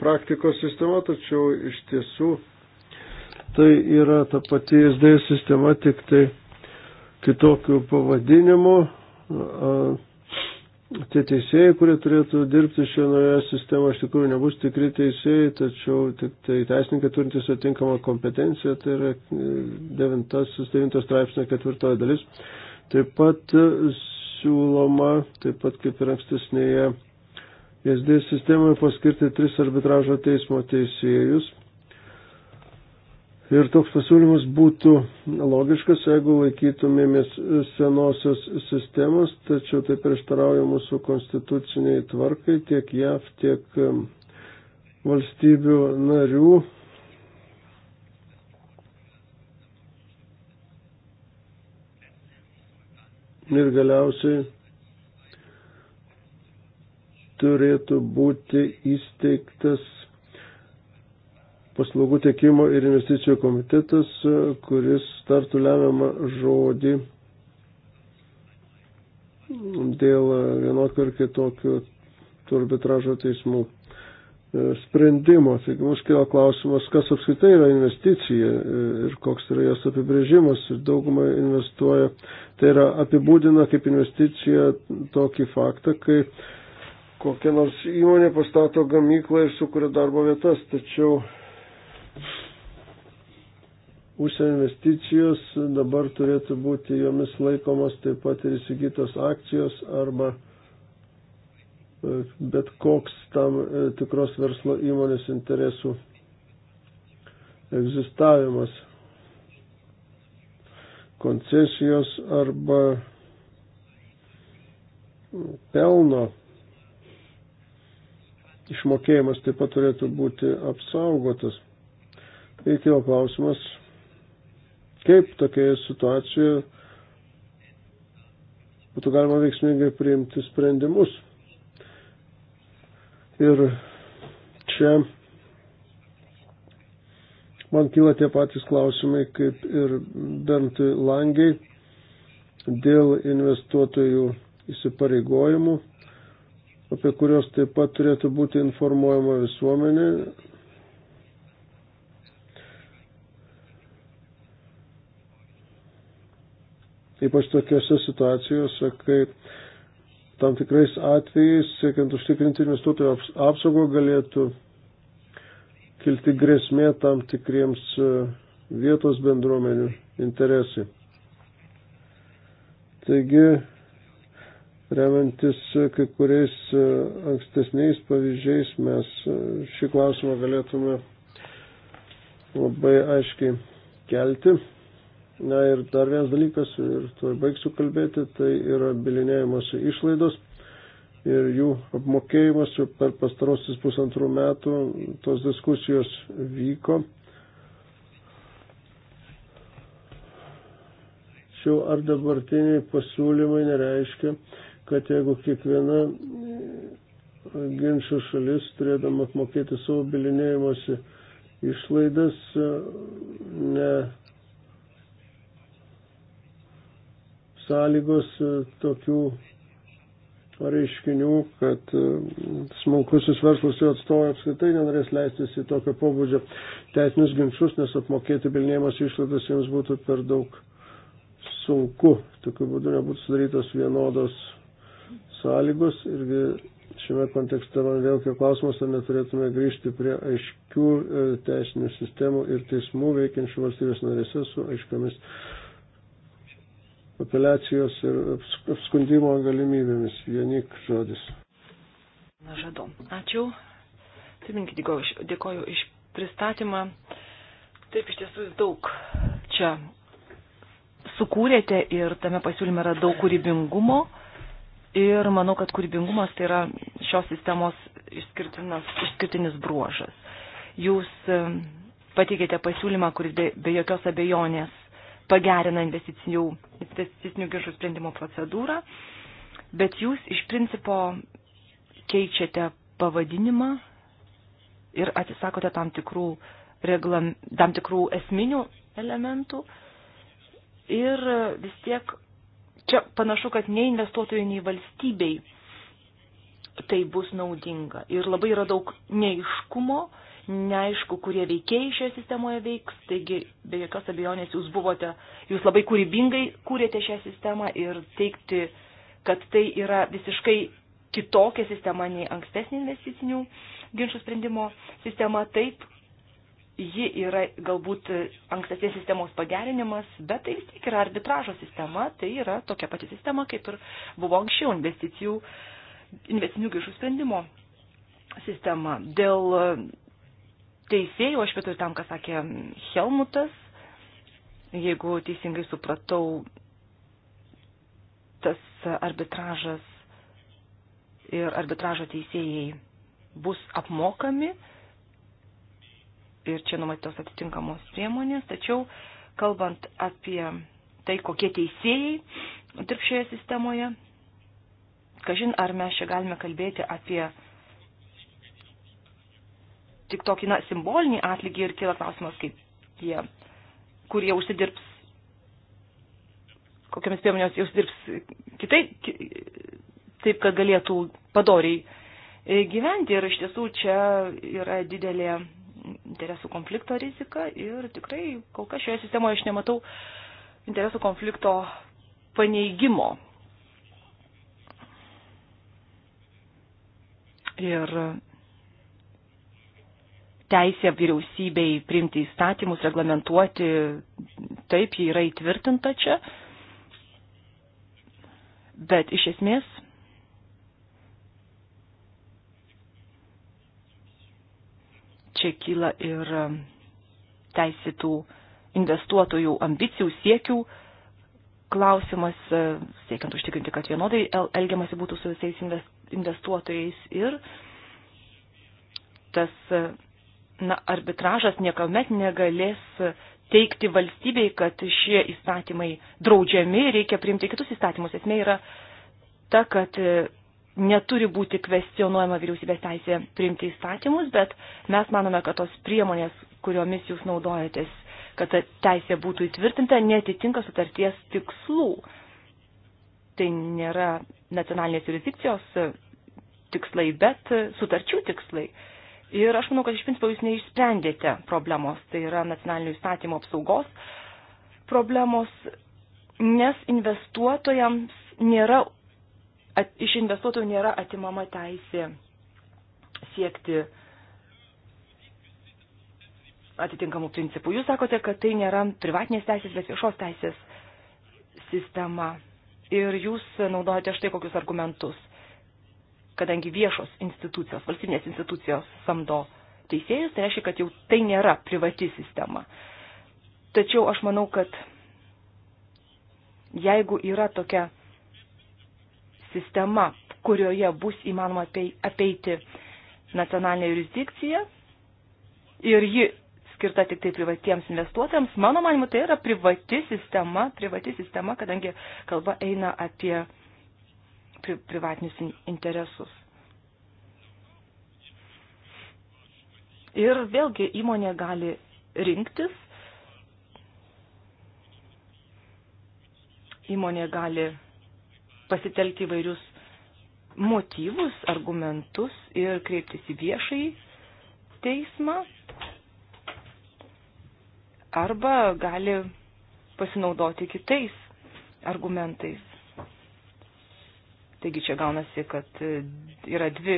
praktikos sistema, tačiau iš tiesų tai yra ta pati SD sistema, tik tai kitokių pavadinimų. Tie teisėjai, kurie turėtų dirbti šioje naujoje sistemoje, iš tikrųjų nebus tikri teisėjai, tačiau tik tai teisininkai turintys atinkamą kompetenciją, tai yra 9 straipsnio ketvirtoji dalis. Taip pat e, siūloma, taip pat kaip ir ankstesnėje JSD sistemoje paskirti tris arbitražo teismo teisėjus. Ir toks pasiūlymas būtų logiškas, jeigu laikytumėmės senosios sistemos, tačiau tai prieštarauja mūsų konstituciniai tvarkai tiek JAV, tiek e, valstybių narių Ir galiausiai turėtų būti įsteigtas paslaugų tiekimo ir investicijų komitetas, kuris startų lemiamą žodį dėl vienokio ir kitokio arbitražo teismų E, sprendimo. Taigi mums kilo klausimas, kas apskritai yra investicija e, ir koks yra jos apibrėžimas. Ir dauguma investuoja, tai yra apibūdina kaip investicija tokį faktą, kai kokia nors įmonė pastato gamyklą ir sukuria darbo vietas. Tačiau užsienio investicijos dabar turėtų būti jomis laikomas taip pat ir įsigytos akcijos arba bet koks tam e, tikros verslo įmonės interesų egzistavimas. Koncesijos arba pelno išmokėjimas taip pat turėtų būti apsaugotas. Ir kilo klausimas, kaip tokioje situacijoje būtų galima veiksmingai priimti sprendimus. Ir čia man kyla tie patys klausimai, kaip ir Bentui Langiai dėl investuotojų įsipareigojimų, apie kurios taip pat turėtų būti informuojama visuomenė. Ypač tokiose situacijose, kai tam tikrais atvejais, siekiant užtikrinti investuotojų apsaugą, galėtų kilti grėsmė tam tikriems e, vietos bendruomenių interesai. Taigi, remiantis e, kai kuriais e, ankstesniais pavyzdžiais, mes šį klausimą galėtume labai aiškiai kelti. Na ir dar vienas dalykas, ir tuo baigsiu kalbėti, tai yra bilinėjimosi išlaidos ir jų apmokėjimas jau per pastarosius pusantrų metų tos diskusijos vyko. Tačiau ar dabartiniai pasiūlymai nereiškia, kad jeigu kiekviena ginčio šalis turėdama apmokėti savo bilinėjimosi išlaidas, ne sąlygos e, tokių reiškinių, kad e, smulkusis verslas jo atstovai apskritai nenorės leistis į tokio pobūdžio teisinius ginčius, nes apmokėti bilinėjimas išlaidas jiems būtų per daug sunku. Tokiu būdu nebūtų sudarytos vienodos sąlygos irgi šiame kontekste man vėl kiek klausimas, ar neturėtume grįžti prie aiškių e, teisinių sistemų ir teismų veikiančių valstybės narėse su aiškiamis apeliacijos ir apskundimo galimybėmis. Janik žodis. Na, žadu. Ačiū. Pirminkį dėkoju iš pristatymą. Taip, iš tiesų jūs daug čia sukūrėte ir tame pasiūlyme yra daug kūrybingumo. Ir manau, kad kūrybingumas tai yra šios sistemos išskirtinis bruožas. Jūs pateikėte pasiūlymą, kuris be, be jokios abejonės pagerina investicinių, investicinių ginčių sprendimo procedūrą, bet jūs iš principo keičiate pavadinimą ir atsisakote tam tikrų, reglam, tam tikrų esminių elementų ir vis tiek čia panašu, kad nei investuotojai, nei valstybei tai bus naudinga. Ir labai yra daug neiškumo neaišku, kurie veikiai šioje sistemoje veiks, taigi be jokios abejonės jūs buvote, jūs labai kūrybingai kūrėte šią sistemą ir teikti, kad tai yra visiškai kitokia sistema nei ankstesnė investicinių ginčių sprendimo sistema, taip, ji yra galbūt ankstesnės sistemos pagerinimas, bet tai vis tiek yra arbitražo sistema, tai yra tokia pati sistema, kaip ir buvo anksčiau investicijų, investicinių ginčių sprendimo sistema. Dėl teisėjų, aš pritariu tam, ką sakė Helmutas, jeigu teisingai supratau, tas arbitražas ir arbitražo teisėjai bus apmokami ir čia numatytos atitinkamos priemonės, tačiau kalbant apie tai, kokie teisėjai dirb šioje sistemoje, kažin ar mes čia galime kalbėti apie tik tokį na, simbolinį atlygį ir kyla klausimas, kaip jie, kur jie užsidirbs, kokiamis priemonės jie užsidirbs kitaip, taip, kad galėtų padoriai e, gyventi. Ir iš tiesų čia yra didelė interesų konflikto rizika ir tikrai kol kas šioje sistemoje aš nematau interesų konflikto paneigimo. Ir teisė vyriausybei priimti įstatymus, reglamentuoti, taip ji yra įtvirtinta čia. Bet iš esmės čia kyla ir teisėtų investuotojų ambicijų siekių klausimas, siekiant užtikrinti, kad vienodai elgiamasi būtų su visais investuotojais ir tas na, arbitražas niekuomet negalės teikti valstybei, kad šie įstatymai draudžiami, reikia priimti kitus įstatymus. Esmė yra ta, kad e, neturi būti kvestionuojama vyriausybės teisė priimti įstatymus, bet mes manome, kad tos priemonės, kuriomis jūs naudojatės, kad ta teisė būtų įtvirtinta, netitinka sutarties tikslų. Tai nėra nacionalinės jurisdikcijos e, tikslai, bet e, sutarčių tikslai. Ir aš manau, kad iš principo jūs neišsprendėte problemos, tai yra nacionalinių įstatymų apsaugos problemos, nes investuotojams nėra, at, iš investuotojų nėra atimama teisė siekti atitinkamų principų. Jūs sakote, kad tai nėra privatinės teisės, bet viešos teisės sistema. Ir jūs naudojate štai kokius argumentus kadangi viešos institucijos, valstybinės institucijos samdo teisėjus, tai reiškia, kad jau tai nėra privati sistema. Tačiau aš manau, kad jeigu yra tokia sistema, kurioje bus įmanoma apeiti nacionalinę jurisdikciją ir ji skirta tik tai privatiems investuotojams, mano manimu, tai yra privati sistema, privati sistema, kadangi kalba eina apie pri, privatinius interesus. Ir vėlgi įmonė gali rinktis, įmonė gali pasitelkti įvairius motyvus, argumentus ir kreiptis į viešai teismą arba gali pasinaudoti kitais argumentais. Taigi čia gaunasi, kad e, yra dvi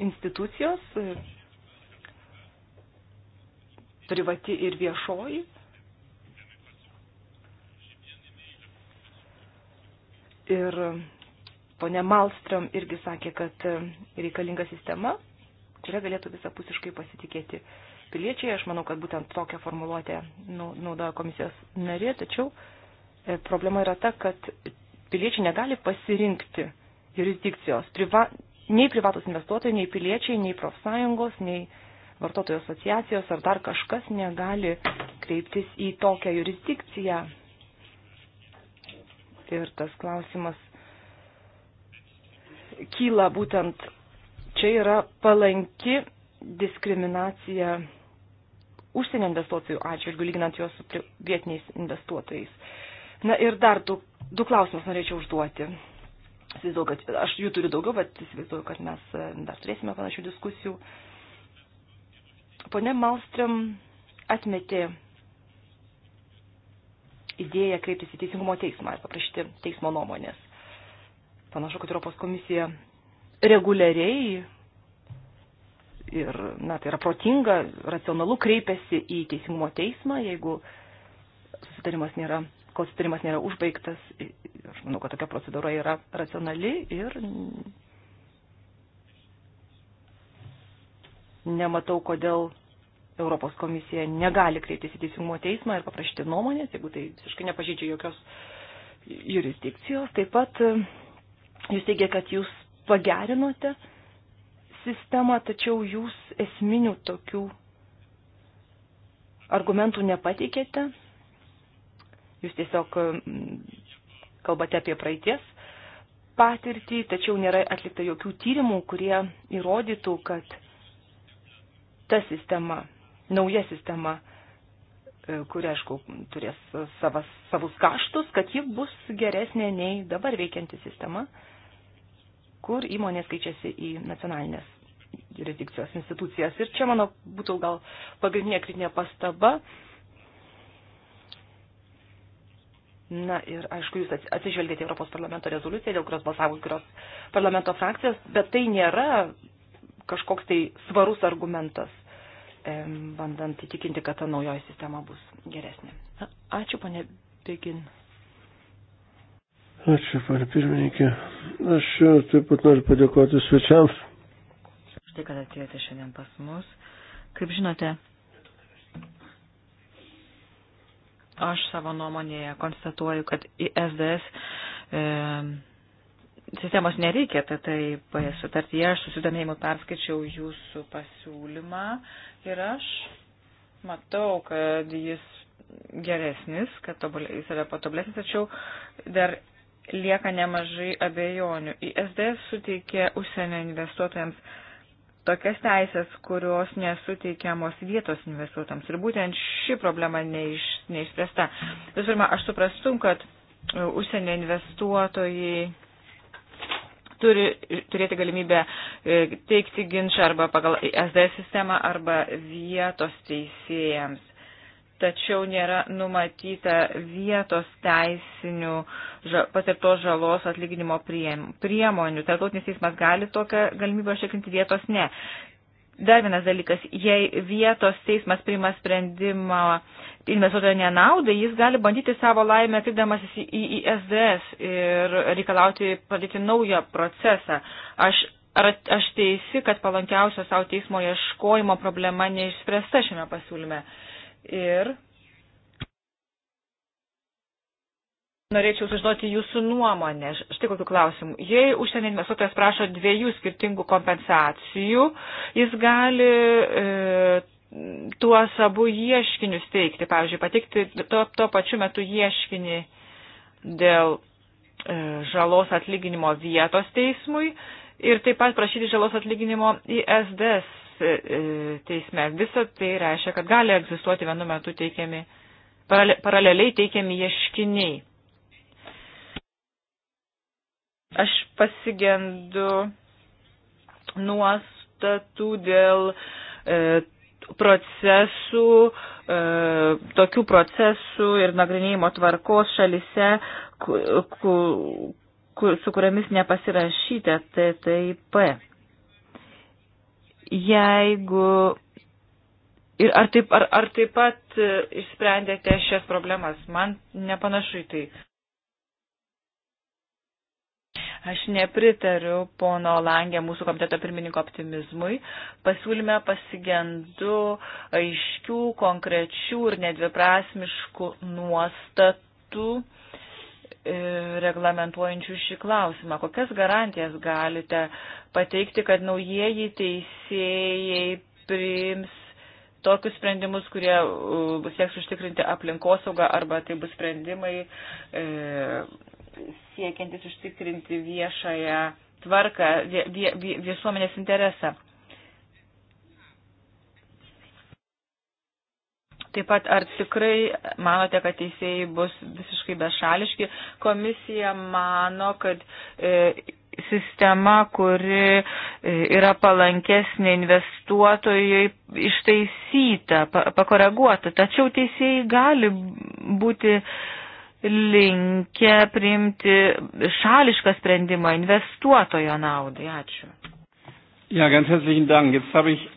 institucijos, e, privati ir viešoji. Ir ponė Malstrom irgi sakė, kad e, reikalinga sistema, kuria galėtų visapusiškai pasitikėti piliečiai. Aš manau, kad būtent tokią formuluotę naudoja komisijos narė, tačiau problema yra ta, kad piliečiai negali pasirinkti jurisdikcijos. Priva, nei privatus investuotojai, nei piliečiai, nei profsąjungos, nei vartotojų asociacijos ar dar kažkas negali kreiptis į tokią jurisdikciją. Ir tas klausimas kyla būtent čia yra palanki diskriminacija užsienio investuotojų atžvilgių, lyginant juos su vietiniais investuotojais. Na ir dar du du klausimus norėčiau užduoti. Įsivaizduoju, kad aš jų turiu daugiau, bet įsivaizduoju, kad mes e, dar turėsime panašių diskusijų. Pone Malstrom atmetė idėją kreiptis į Teisingumo teismą ir paprašyti teismo nuomonės. Panašu, kad Europos komisija reguliariai ir, na, tai yra protinga, racionalu kreipiasi į Teisingumo teismą, jeigu susitarimas nėra kol sutarimas nėra užbaigtas, aš manau, kad tokia procedūra yra racionali ir nematau, kodėl Europos komisija negali kreiptis į teisingumo teismą ir paprašyti nuomonės, jeigu tai visiškai nepažydžia jokios jurisdikcijos. Taip pat e, jūs teigia, kad jūs pagerinote sistemą, tačiau jūs esminių tokių argumentų nepateikėte, Jūs tiesiog kalbate apie praeities patirtį, tačiau nėra atlikta jokių tyrimų, kurie įrodytų, kad ta sistema, nauja sistema, e, kuri, aišku, turės savas, savus kaštus, kad ji bus geresnė nei dabar veikianti sistema, kur įmonės keičiasi į nacionalinės jurisdikcijos institucijas. Ir čia, mano, būtų gal pagrindinė kritinė pastaba. Uh, Na ir aišku, jūs atsižvelgėte Europos parlamento rezoliuciją, dėl kurios balsavo kurios parlamento frakcijas, bet tai nėra kažkoks tai svarus argumentas, bandant įtikinti, kad ta naujoji sistema bus geresnė. Ačiū, ponė Begin. Ačiū, ponė pirmininkė. Aš taip pat noriu padėkoti svečiams. Štai, kad atėjote šiandien pas mus. Kaip žinote, Aš savo nuomonėje konstatuoju, kad į SDS e, sistemos nereikia, tai tai sutartyje aš susidomėjimu perskaičiau jūsų pasiūlymą ir aš matau, kad jis geresnis, kad tobulė, jis yra patoblesnis, tačiau dar lieka nemažai abejonių. ISDS suteikė užsienio investuotojams tokias teisės, kurios nesuteikiamos vietos investuotams. Ir būtent ši problema neiš, neišspręsta. Visų pirma, aš suprastu, kad e, užsienio investuotojai turi turėti galimybę e, teikti ginčą arba pagal SD sistemą arba vietos teisėjams tačiau nėra numatyta vietos teisinių patirtos žalos atlyginimo priemonių. Tartautinis teismas gali tokią galimybę užtikrinti vietos ne. Dar vienas dalykas, jei vietos teismas priima sprendimą investuotojo nenaudai, jis gali bandyti savo laimę atvykdamasis į ISDS ir reikalauti pradėti naują procesą. Aš, ar, aš teisi, kad palankiausio savo teismo ieškojimo problema neišspręsta šiame pasiūlyme. Uh, ir norėčiau sužinoti jūsų nuomonę. Štai kokiu klausimu. Jei užsienio investuotojas prašo dviejų skirtingų kompensacijų, jis gali e, tuos abu ieškinius teikti, pavyzdžiui, patikti tuo, tuo pačiu metu ieškinį dėl e, žalos atlyginimo vietos teismui ir taip pat prašyti žalos atlyginimo į SDS E, e, teisme. Visą tai reiškia, kad gali egzistuoti vienu metu teikiami, paraleliai teikiami ieškiniai. Aš pasigendu nuostatų dėl e, procesų, e, tokių procesų ir nagrinėjimo tvarkos šalise, ku, ku, ku, su kuriamis nepasirašyta TTIP. Tai Jeigu Ir ar taip, ar, ar taip pat e, išsprendėte šias problemas? Man nepanašu į tai. Aš nepritariu pono Langė, mūsų komiteto pirmininko optimizmui. Pasiūlyme pasigendu aiškių, konkrečių ir nedviprasmiškų nuostatų E, reglamentuojančių šį klausimą. Kokias garantijas galite pateikti, kad naujieji teisėjai priims tokius sprendimus, kurie sieks užtikrinti aplinkosaugą arba tai bus sprendimai e, siekiantis užtikrinti viešąją tvarką, vie, vie, visuomenės interesą. Taip pat, ar tikrai manote, kad teisėjai bus visiškai bešališki? Komisija mano, kad e, sistema, kuri e, yra palankesnė investuotojai, ištaisyta, pakoreguota. Tačiau teisėjai gali būti linkę priimti šališką sprendimą investuotojo naudai. Ačiū. Ja, ganz herzlichen Dank. Jetzt habe ich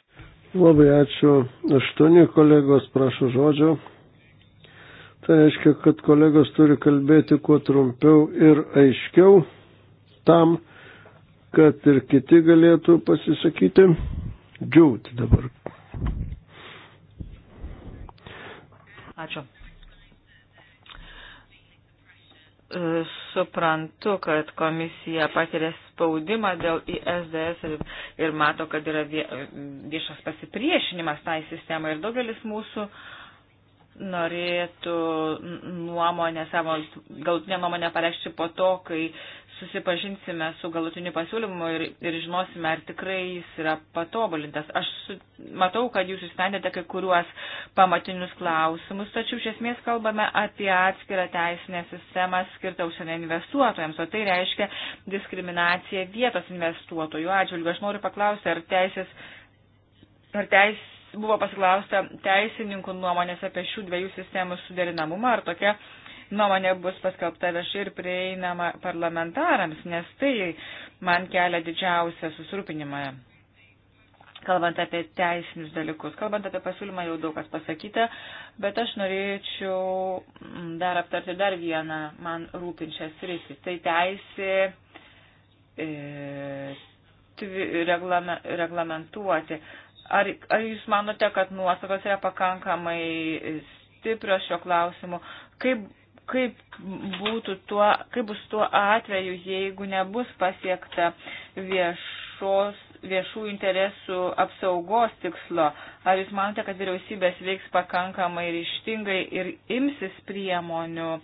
Labai ačiū. Aštuoni kolegos prašo žodžio. Tai reiškia, kad kolegos turi kalbėti kuo trumpiau ir aiškiau tam, kad ir kiti galėtų pasisakyti. Džiūti dabar. Ačiū. E, suprantu, kad komisija patiria spaudimą dėl ISDS ir, ir mato, kad yra viešas pasipriešinimas tai sistemai ir daugelis mūsų norėtų nuomonę savo, galutinę nuomonę pareikšti po to, kai susipažinsime su galutiniu pasiūlymu ir, ir žinosime, ar tikrai jis yra patobulintas. Aš su, matau, kad jūs išsprendėte kai kuriuos pamatinius klausimus, tačiau iš esmės kalbame apie atskirą teisinę sistemą skirtą užsienio investuotojams, o tai reiškia diskriminaciją vietos investuotojų atžvilgiu. Aš noriu paklausti, ar teisės. Ar teis, buvo pasiklausta teisininkų nuomonės apie šių dviejų sistemų suderinamumą, ar tokia nuomonė bus paskelbta viešai ir prieinama parlamentarams, nes tai man kelia didžiausią susirūpinimą. Kalbant apie teisinius dalykus, kalbant apie pasiūlymą jau daug kas pasakyta, bet aš norėčiau mm, dar aptarti dar vieną man rūpinčią sritį. Tai teisė e, reglame, reglamentuoti. Ar, ar jūs manote, kad nuostatos yra pakankamai stiprios šio klausimu? Kaip kaip, tuo, kaip bus tuo atveju, jeigu nebus pasiekta viešos, viešų interesų apsaugos tikslo. Ar jūs manote, kad vyriausybės veiks pakankamai ryštingai ir imsis priemonių e,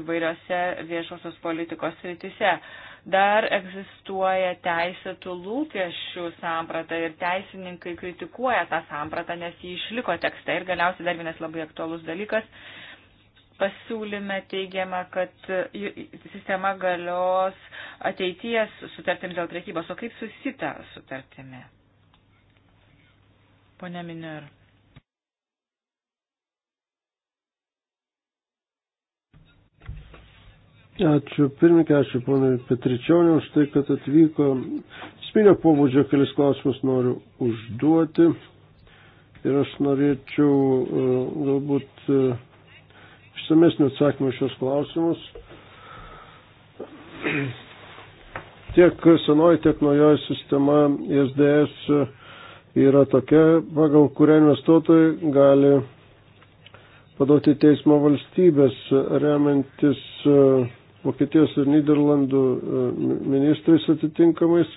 įvairiose viešosios politikos rytise? Dar egzistuoja teisėtų lūkesčių samprata ir teisininkai kritikuoja tą sampratą, nes jį išliko tekste. Ir galiausiai dar vienas labai aktuolus dalykas pasiūlyme teigiama, kad sistema galios ateities sutartims dėl prekybos, o kaip susita sutartimi? Pone Miner. Ačiū pirmininkai, ačiū ponui Petričioniu už tai, kad atvyko. Spinio pobūdžio kelis klausimus noriu užduoti. Ir aš norėčiau e, galbūt e, išsamesnį atsakymą šios klausimus. Tiek senoji, tiek naujoji sistema ISDS yra tokia, pagal kurią investuotojai gali padauti teismo valstybės, remiantis e, Vokietijos ir Niderlandų e, ministrais atitinkamais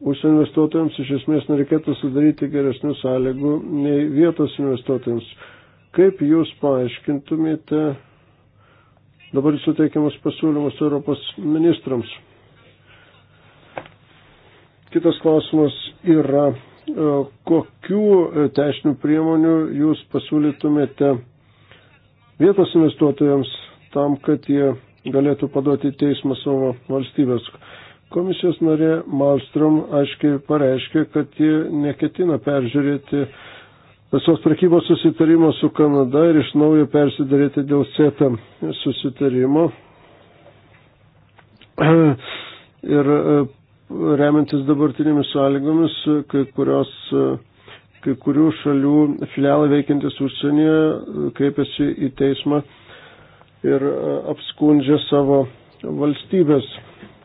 Užsienio investuotojams iš esmės nereikėtų sudaryti geresnių sąlygų nei vietos investuotojams. Kaip Jūs paaiškintumėte dabar suteikiamus pasiūlymus Europos ministrams? Kitas klausimas yra, e, kokių e, teisinių priemonių Jūs pasiūlytumėte vietos investuotojams tam, kad jie galėtų paduoti į teismą savo valstybės Komisijos narė Malmström aiškiai pareiškė, kad ji neketina peržiūrėti visos prekybos susitarimo su Kanada ir iš naujo persidaryti dėl CETA susitarimo. Ir e, remiantis dabartinėmis sąlygomis, kai, kurios, e, kai kurių šalių filialai veikiantis užsienyje e, kreipiasi į teismą ir apskundžia savo valstybės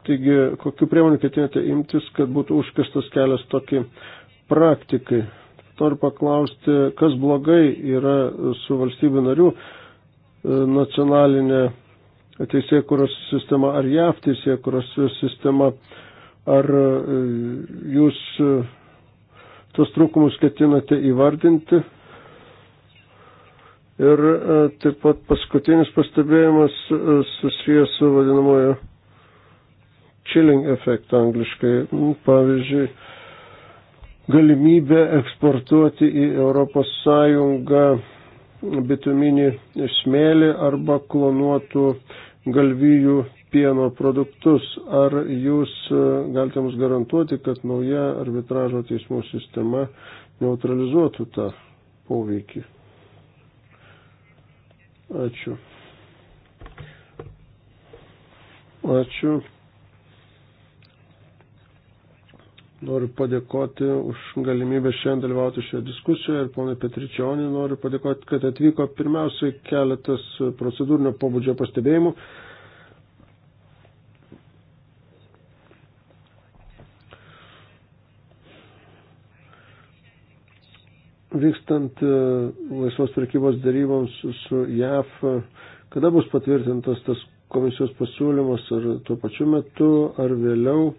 Taigi, kokiu priemonių ketinate imtis, kad būtų užkastas kelias tokiai praktikai? Noriu paklausti, kas blogai yra su valstybių narių e, nacionalinė teisėkuros sistema ar JAV teisėkuros sistema, ar e, jūs e, tos trūkumus ketinate įvardinti? Ir taip pat paskutinis pastebėjimas susijęs su vadinamojo chilling efektą angliškai. Mm, pavyzdžiui, galimybė eksportuoti į Europos Sąjungą bituminį smėlį arba klonuotų galvijų pieno produktus. Ar jūs e, galite mums garantuoti, kad nauja arbitražo teismų sistema neutralizuotų tą poveikį? Ačiū. Ačiū. Noriu padėkoti už galimybę šiandien dalyvauti šioje diskusijoje ir ponai Petričionį noriu padėkoti, kad atvyko pirmiausiai keletas procedūrinio pobūdžio pastebėjimų. Vykstant e, laisvos prekybos daryboms su JAF, e, kada bus patvirtintas tas komisijos pasiūlymas ar tuo pačiu metu, ar vėliau,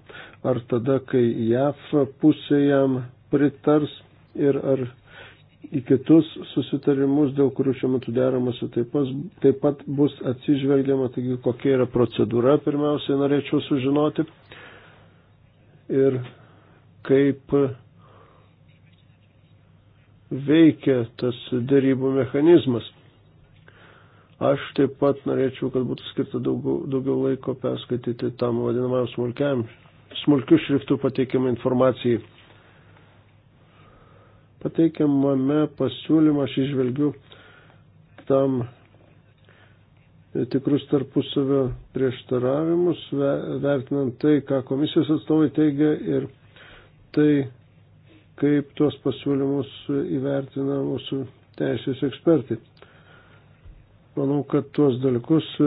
ar tada, kai JAF pusė jam pritars ir ar į kitus susitarimus, dėl kurių šiuo metu deramasi, taip, pas, taip pat bus atsižvelgiama, taigi kokia yra procedūra, pirmiausiai norėčiau sužinoti ir kaip veikia tas darybų mechanizmas. Aš taip pat norėčiau, kad būtų skirta daugiau, daugiau laiko perskaityti tam vadinamajam smulkiam, smulkių šriftų pateikiamą informacijai. Pateikiamame pasiūlymą aš išvelgiu tam tikrus tarpusavio prieštaravimus, vertinant tai, ką komisijos atstovai teigia ir tai, kaip tuos pasiūlymus įvertina mūsų teisės ekspertai. Manau, kad tuos dalykus e,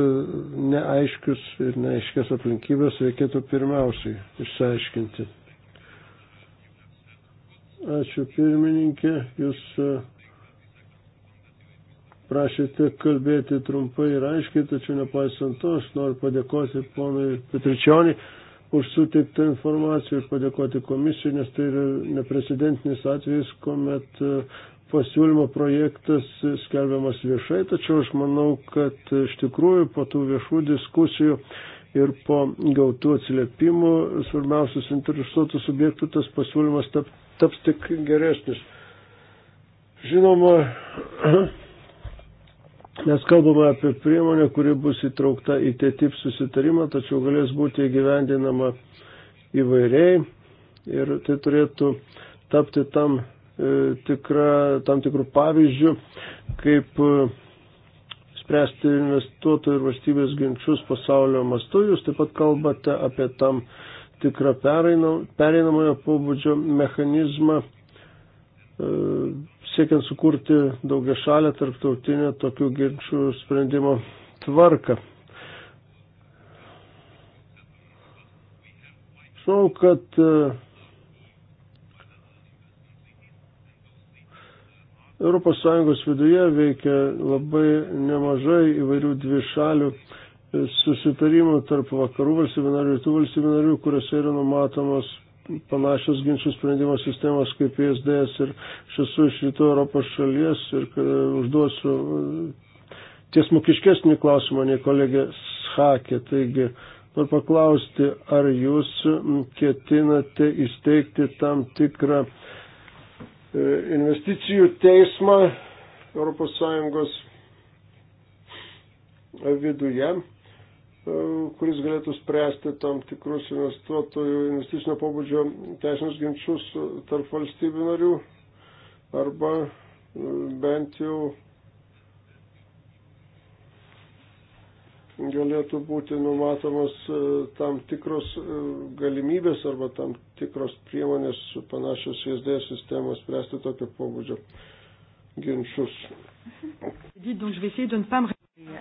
neaiškius ir neaiškias aplinkybės reikėtų pirmiausiai išsiaiškinti. Ačiū pirmininkė, jūs e, prašėte kalbėti trumpai ir aiškiai, tačiau nepaisant to, aš noriu padėkoti ponui Petričionį už suteiktą informaciją ir padėkoti komisijai, nes tai yra neprecedentinis atvejis, kuomet e, pasiūlymo projektas skelbiamas viešai, tačiau aš manau, kad iš tikrųjų po tų viešų diskusijų ir po gautų atsiliepimų svarbiausius interesuotų subjektų tas pasiūlymas tap, taps tik geresnis. Žinoma, mes kalbame apie priemonę, kuri bus įtraukta į TTIP susitarimą, tačiau galės būti įgyvendinama įvairiai ir tai turėtų tapti tam E, tikra, tam tikrų pavyzdžių, kaip e, spręsti investuotojų ir valstybės ginčius pasaulio mastu. Jūs taip pat kalbate apie tam tikrą pereinamojo pobūdžio mechanizmą, e, siekiant sukurti daugia šalę tarptautinę tokių ginčių sprendimo tvarką. Žinau, kad ES viduje veikia labai nemažai įvairių dvišalių e, susitarimų tarp vakarų valstybių narių ir tų valstybių narių, kuriuose yra numatomos panašios ginčių sprendimo sistemos kaip ISDS ir aš esu iš rytų Europos šalies ir e, užduosiu e, tiesmukiškesnį klausimą nei kolegė Schakė. Taigi, noriu paklausti, ar jūs ketinate įsteigti tam tikrą E, investicijų teismą ES viduje, e, kuris galėtų spręsti tam tikrus investuotojų investicinio pobūdžio teisinius ginčius tarp valstybių narių arba e, bent jau galėtų būti numatomas tam tikros galimybės arba tam tikros priemonės panašios į SD sistemą spręsti tokio pobūdžio ginčius.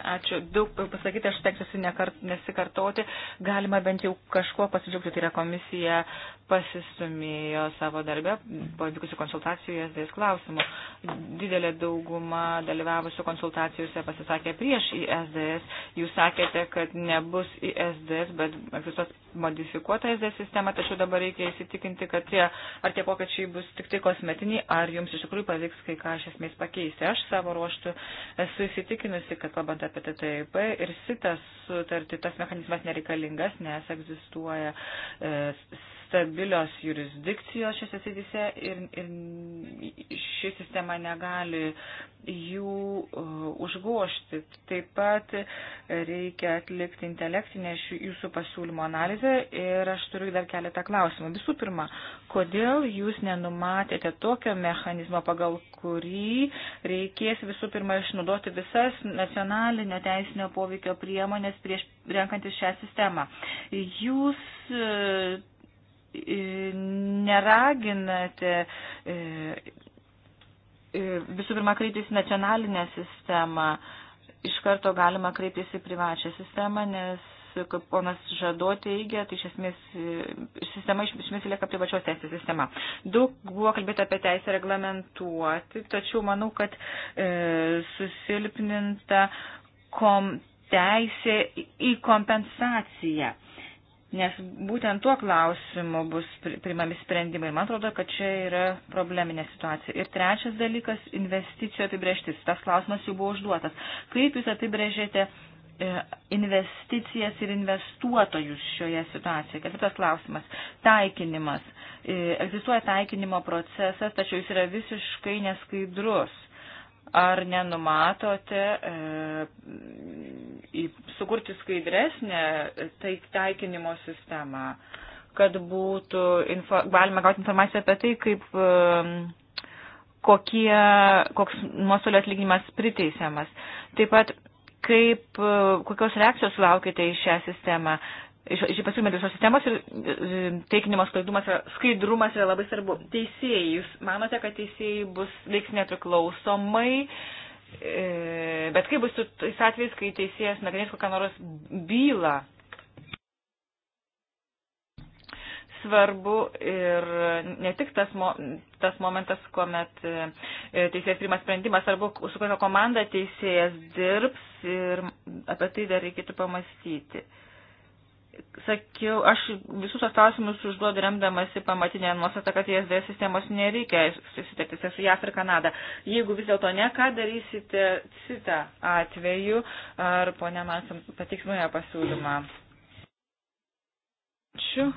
Ačiū. Daug pasakyti, aš teksiu nesikart, nesikartoti. Galima bent jau kažkuo pasidžiaugti. Tai yra komisija pasistumėjo savo darbę, po vykusių konsultacijų jas dės klausimų. Didelė dauguma dalyvavusių konsultacijose pasisakė prieš ISDS. Jūs sakėte, kad nebus ISDS, bet visos modifikuota ISDS sistema, tačiau dabar reikia įsitikinti, kad tie, ar tie pokyčiai bus tik tai kosmetiniai, ar jums iš tikrųjų pavyks kai ką iš esmės pakeisti. Aš savo ruoštų esu įsitikinusi, kad kalbant apie TTIP ir sitas sutartį, tas mechanizmas nereikalingas, nes egzistuoja e, stabilios jurisdikcijos šiose srityse ir, ir ši sistema negali jų uh, e, užgošti. Taip pat reikia atlikti intelektinę jūsų pasiūlymo analizę ir aš turiu dar keletą klausimų. Visų pirma, kodėl jūs nenumatėte tokio mechanizmo, pagal kurį reikės visų pirma išnaudoti visas nacionalinio teisinio poveikio priemonės prieš renkantis šią sistemą? Jūs uh, E, neraginate e, e, visų pirma kreiptis nacionalinę sistemą, iš karto galima kreiptis į privačią sistemą, nes, kaip ponas Žado teigia, tai iš esmės sistema iš esmės lieka privačios teisės sistema. Daug buvo kalbėta apie teisę reglamentuoti, tačiau manau, kad e, susilpninta kom, teisė į kompensaciją nes būtent tuo klausimu bus primami sprendimai. Man atrodo, kad čia yra probleminė situacija. Ir trečias dalykas - investicijų apibrieštis. Tas klausimas jau buvo užduotas. Kaip jūs apibrėžėte e, investicijas ir investuotojus šioje situacijoje? Ketvirtas klausimas - taikinimas. E, egzistuoja taikinimo procesas, tačiau jis yra visiškai neskaidrus. Ar nenumatote e, sukurti skaidresnę taik, taikinimo sistemą, kad būtų info, galima gauti informaciją apie tai, kaip, e, kokie, koks nuostolio atlyginimas priteisiamas. Taip pat kaip, e, kokios reakcijos laukite į šią sistemą šį pasiūlymą dėl šios sistemos ir e, teikinimo skaidrumas yra, skaidrumas yra labai svarbu. Teisėjai, jūs manote, kad teisėjai bus veiks nepriklausomai, e, bet kaip bus su tais atvejais, kai teisėjas nagrinės kokią nors bylą? Svarbu ir ne tik tas, mo, tas momentas, kuomet e, teisėjas priima sprendimą, svarbu, su kokia komanda teisėjas dirbs ir apie tai dar reikėtų pamastyti. Uh, sakiau, aš visus tos klausimus užduodu remdamasi pamatinę nuostatą, kad ESD sistemos nereikia susitarti su JAF ir Kanada. Jeigu vis dėlto ne, ką darysite citą atveju, ar ponia man patiks naują pasiūlymą? Ačiū.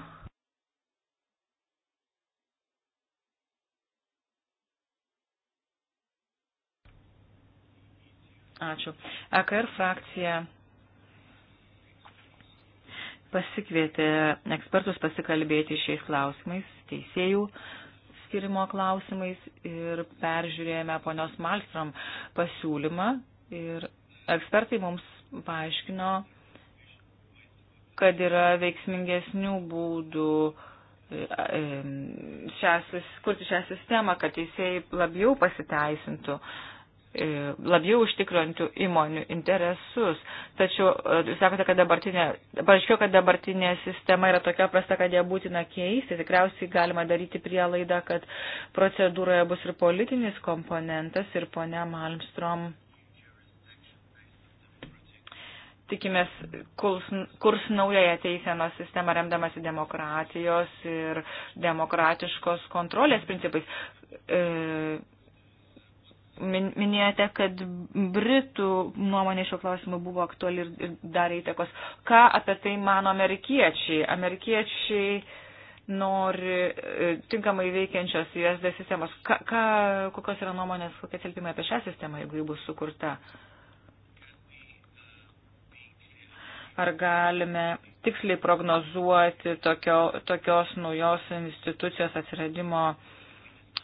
Ačiū. AKR e frakcija pasikvietė ekspertus pasikalbėti šiais klausimais, teisėjų skirimo klausimais ir peržiūrėjome ponios Malstrom pasiūlymą ir ekspertai mums paaiškino, kad yra veiksmingesnių būdų e, e, šią, kurti šią sistemą, kad teisėjai labiau pasiteisintų E, labiau užtikrantų įmonių interesus. Tačiau e, jūs sakote, kad dabartinė, paaiškėjo, kad dabartinė sistema yra tokia prasta, kad ją būtina keisti. Tikriausiai galima daryti prielaidą, kad procedūroje bus ir politinis komponentas ir ponia Malmstrom. Tikimės kurs, kurs naująją teisenos sistemą remdamasi demokratijos ir demokratiškos kontrolės principais. E, minėjote, kad Britų nuomonė šio klausimu buvo aktuali ir, ir darė įtakos. Ką apie tai mano amerikiečiai? Amerikiečiai nori e, tinkamai veikiančios ISD sistemos. Ka, ka, kokios yra nuomonės, kokie atsiliepimai apie šią sistemą, jeigu ji bus sukurta? Ar galime tiksliai prognozuoti tokio, tokios naujos institucijos atsiradimo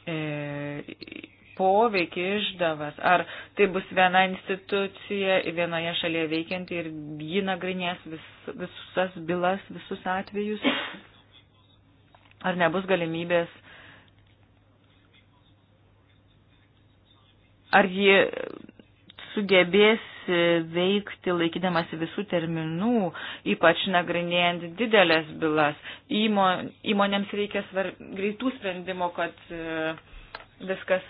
e, poveikį išdavas. Ar tai bus viena institucija vienoje šalyje veikianti ir ji nagrinės vis, visas bylas, visus atvejus? Ar nebus galimybės? Ar ji sugebės veikti laikydamasi visų terminų, ypač nagrinėjant didelės bylas. Įmo, įmonėms reikia svar, greitų sprendimų, kad e, viskas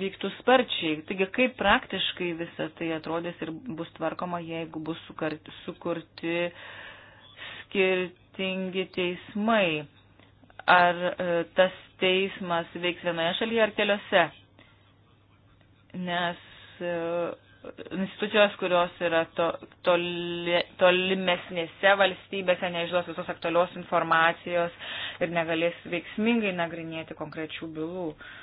vyktų sparčiai. Taigi, kaip praktiškai visa tai atrodys ir bus tvarkoma, jeigu bus sukurti, sukurti skirtingi teismai? Ar e, tas teismas veiks vienoje šalyje ar keliose? Nes e, institucijos, kurios yra to, toli, tolimesnėse valstybėse, neišduos visos aktualios informacijos ir negalės veiksmingai nagrinėti konkrečių bylų. Uh,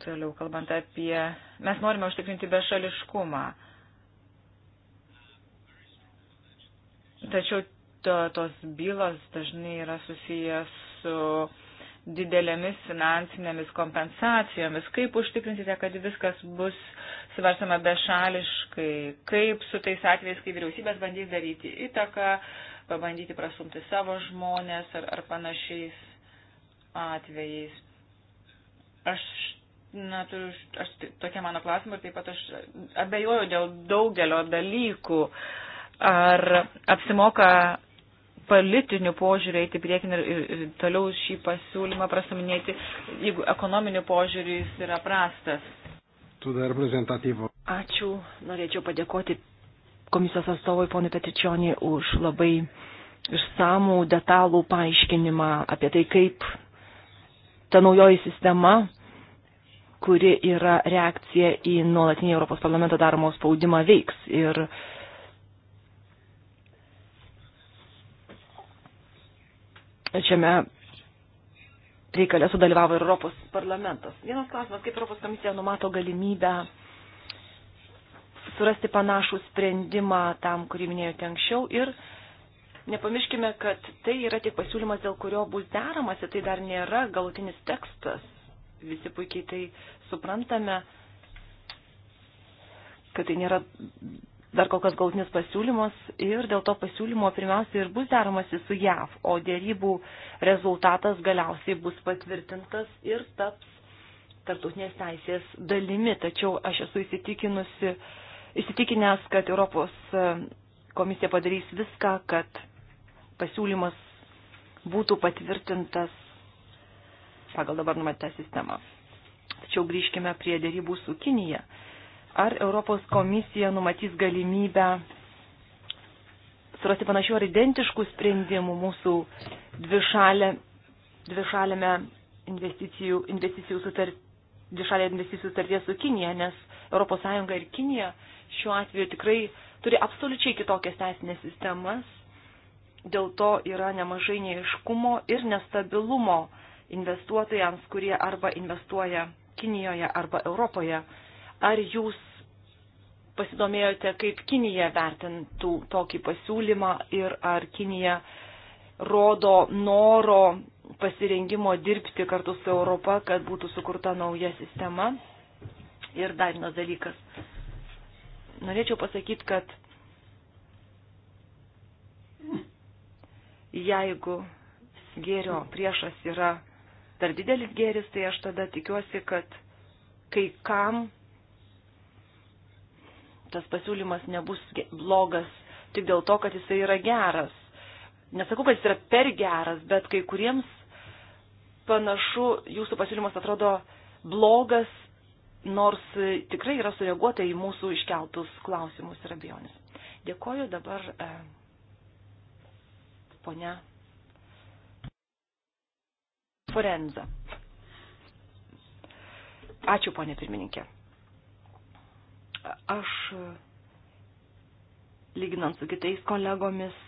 Toliau kalbant apie, mes norime užtikrinti bešališkumą. Tačiau to, tos bylos dažnai yra susijęs su didelėmis finansinėmis kompensacijomis. Kaip užtikrinsite, kad viskas bus svarstama bešališkai? Kaip su tais atvejais, kai vyriausybės bandys daryti įtaką, pabandyti prasumti savo žmonės ar, ar panašiais atvejais? Aš Na, tu, tai aš, tai- tokia mano klausimai ir taip pat aš abejoju dėl daugelio dalykų. Ar apsimoka politinių požiūrį eiti priekin ir, ir, ir toliau šį pasiūlymą prasuminėti, jeigu ekonominių požiūrį jis yra prastas. Tu dar prezentatyvo. Ačiū. Norėčiau padėkoti komisijos atstovui ponui Petičionį už labai išsamų detalų paaiškinimą apie tai, kaip ta naujoji sistema kuri yra reakcija į nuolatinį Europos parlamento daromą spaudimą veiks. Ir šiame reikalė sudalyvavo ir Europos parlamentas. Vienas klausimas, kaip Europos komisija numato galimybę surasti panašų sprendimą tam, kurį minėjote anksčiau. Ir nepamirškime, kad tai yra tik pasiūlymas, dėl kurio bus deramasi, tai dar nėra galutinis tekstas visi puikiai tai suprantame, kad tai nėra dar kol kas gautinis pasiūlymas ir dėl to pasiūlymo pirmiausia ir bus deramasi su JAV, o dėrybų rezultatas galiausiai bus patvirtintas ir taps tartutinės teisės dalimi. Tačiau aš esu įsitikinusi, įsitikinęs, kad Europos e, komisija padarys viską, kad pasiūlymas būtų patvirtintas pagal dabar numatytą sistemą. Tačiau grįžkime prie dėrybų su Kinija. Ar Europos komisija numatys galimybę surasti panašių ar identiškų sprendimų mūsų dvišalė, dvišalėme investicijų, investicijų sutar, dvišalė investicijų sutarties su Kinija, nes ES ir Kinija šiuo atveju tikrai turi absoliučiai kitokias teisinės sistemas, dėl to yra nemažai neiškumo ir nestabilumo investuotojams, kurie arba investuoja Kinijoje arba Europoje. Ar jūs pasidomėjote, kaip Kinija vertintų tokį pasiūlymą ir ar Kinija rodo noro pasirengimo dirbti kartu su Europa, kad būtų sukurta nauja sistema? Ir dar vienas dalykas. Norėčiau pasakyti, kad jeigu gėrio priešas yra dar didelis gėris, tai aš tada tikiuosi, kad kai kam tas pasiūlymas nebus blogas tik dėl to, kad jisai yra geras. Nesakau, kad jis yra per geras, bet kai kuriems panašu, jūsų pasiūlymas atrodo blogas, nors tikrai yra sureaguota į mūsų iškeltus klausimus ir abejonis. Dėkoju dabar e, ponia Forenza. Ačiū, ponė pirmininkė. Aš, lyginant su kitais kolegomis,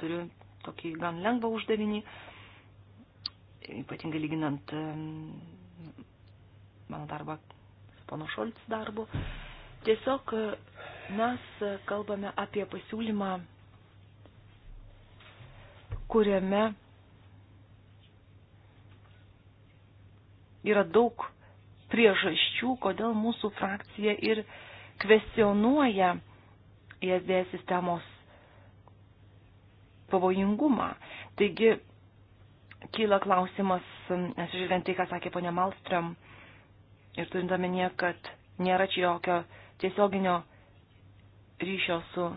turiu tokį gan lengvą uždavinį, ypatingai lyginant mm, mano darbą su pono Šolts darbu. Tiesiog mes kalbame apie pasiūlymą, kuriame yra daug priežasčių, kodėl mūsų frakcija ir kvestionuoja ISD sistemos pavojingumą. Taigi, kyla klausimas, atsižiūrint tai, ką sakė ponė Malstrom, ir turint omenyje, kad nėra čia jokio tiesioginio ryšio su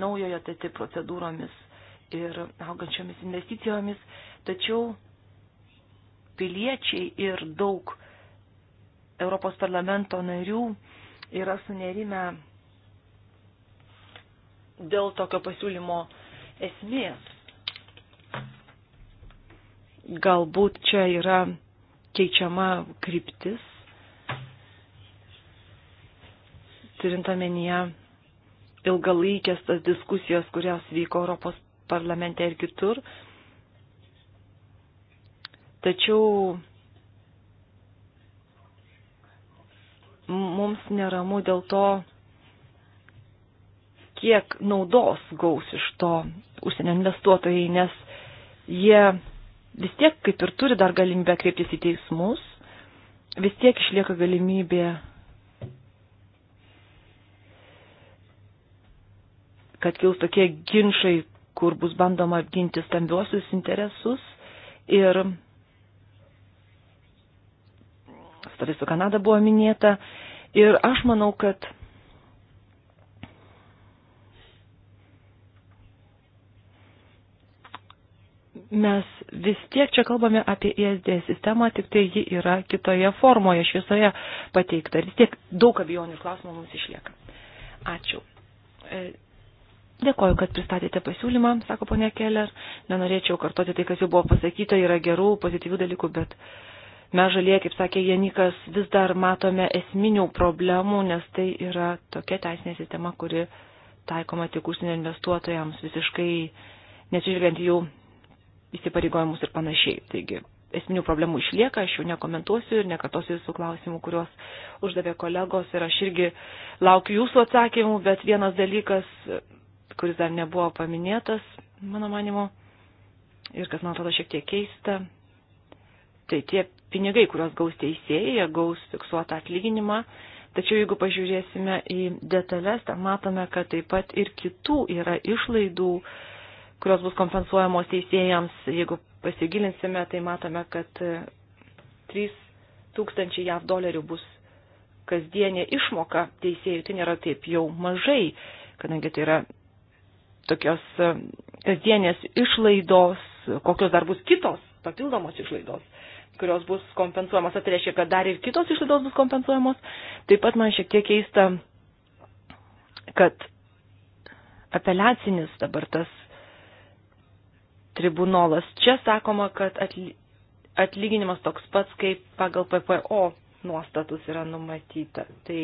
naujojo TT procedūromis ir augančiomis investicijomis, tačiau piliečiai ir daug Europos parlamento narių yra sunerime dėl tokio pasiūlymo esmės. Galbūt čia yra keičiama kryptis, turint omenyje ilgalaikės tas diskusijos, kurios vyko Europos parlamente ir kitur, Tačiau mums neramu dėl to, kiek naudos gaus iš to užsienio investuotojai, nes jie vis tiek kaip ir turi dar galimybę kreiptis į teismus, vis tiek išlieka galimybė, kad kils tokie ginčiai, kur bus bandoma apginti stambiuosius interesus ir atstovės Kanada buvo minėta. Ir aš manau, kad mes vis tiek čia kalbame apie ISD e sistemą, tik tai ji yra kitoje formoje, šviesoje pateikta. Vis tiek daug abejonių klausimų mums išlieka. Ačiū. E, dėkoju, kad pristatėte pasiūlymą, sako ponė Keller. Nenorėčiau kartoti tai, kas jau buvo pasakyta, yra gerų, pozityvių dalykų, bet uh, mes žalie, kaip sakė Janikas, vis dar matome esminių problemų, nes tai yra tokia teisinė sistema, kuri taikoma tik užsienio investuotojams visiškai nesižvelgiant jų įsipareigojimus ir panašiai. Taigi esminių problemų išlieka, aš jų nekomentuosiu ir nekartosiu visų klausimų, kuriuos uždavė kolegos ir aš irgi laukiu jūsų atsakymų, bet vienas dalykas, kuris dar nebuvo paminėtas, mano manimu, ir kas man atrodo šiek tiek keista, tai tie pinigai, kuriuos gaus teisėjai, gaus fiksuotą atlyginimą. Tačiau jeigu pažiūrėsime į detalės, tai matome, kad taip pat ir kitų yra išlaidų, kurios bus kompensuojamos teisėjams. Jeigu pasigilinsime, tai matome, kad 3000 JAV dolerių bus kasdienė išmoka teisėjų. Tai nėra taip jau mažai, kadangi tai yra tokios e, kasdienės išlaidos, kokios dar bus kitos papildomos išlaidos kurios bus kompensuojamos. Tai reiškia, kad dar ir kitos išlaidos bus kompensuojamos. Taip pat man šiek tiek keista, kad apeliacinis dabar tas tribunolas. Čia sakoma, kad atlyginimas toks pats, kaip pagal PPO nuostatus yra numatyta. Tai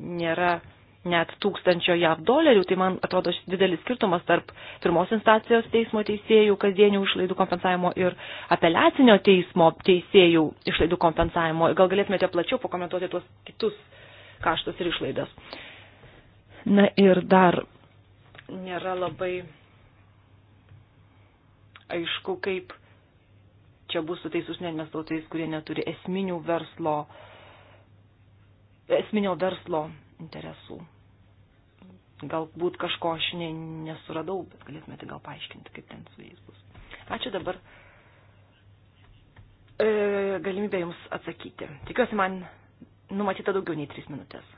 nėra net tūkstančio JAV dolerių, tai man atrodo didelis skirtumas tarp pirmos instancijos teismo teisėjų kasdienių išlaidų kompensavimo ir apeliacinio teismo teisėjų išlaidų kompensavimo. Gal galėtumėte plačiau pakomentuoti tuos kitus kaštus ir išlaidas. Na ir dar nėra labai aišku, kaip čia bus su tais užsienėmis tautais, kurie neturi esminių verslo, esminio verslo interesų. Galbūt kažko aš ne, nesuradau, bet galėtumėte gal paaiškinti, kaip ten su jais bus. Ačiū dabar e, galimybę Jums atsakyti. Tikiuosi, man numatyta daugiau nei 3 minutės.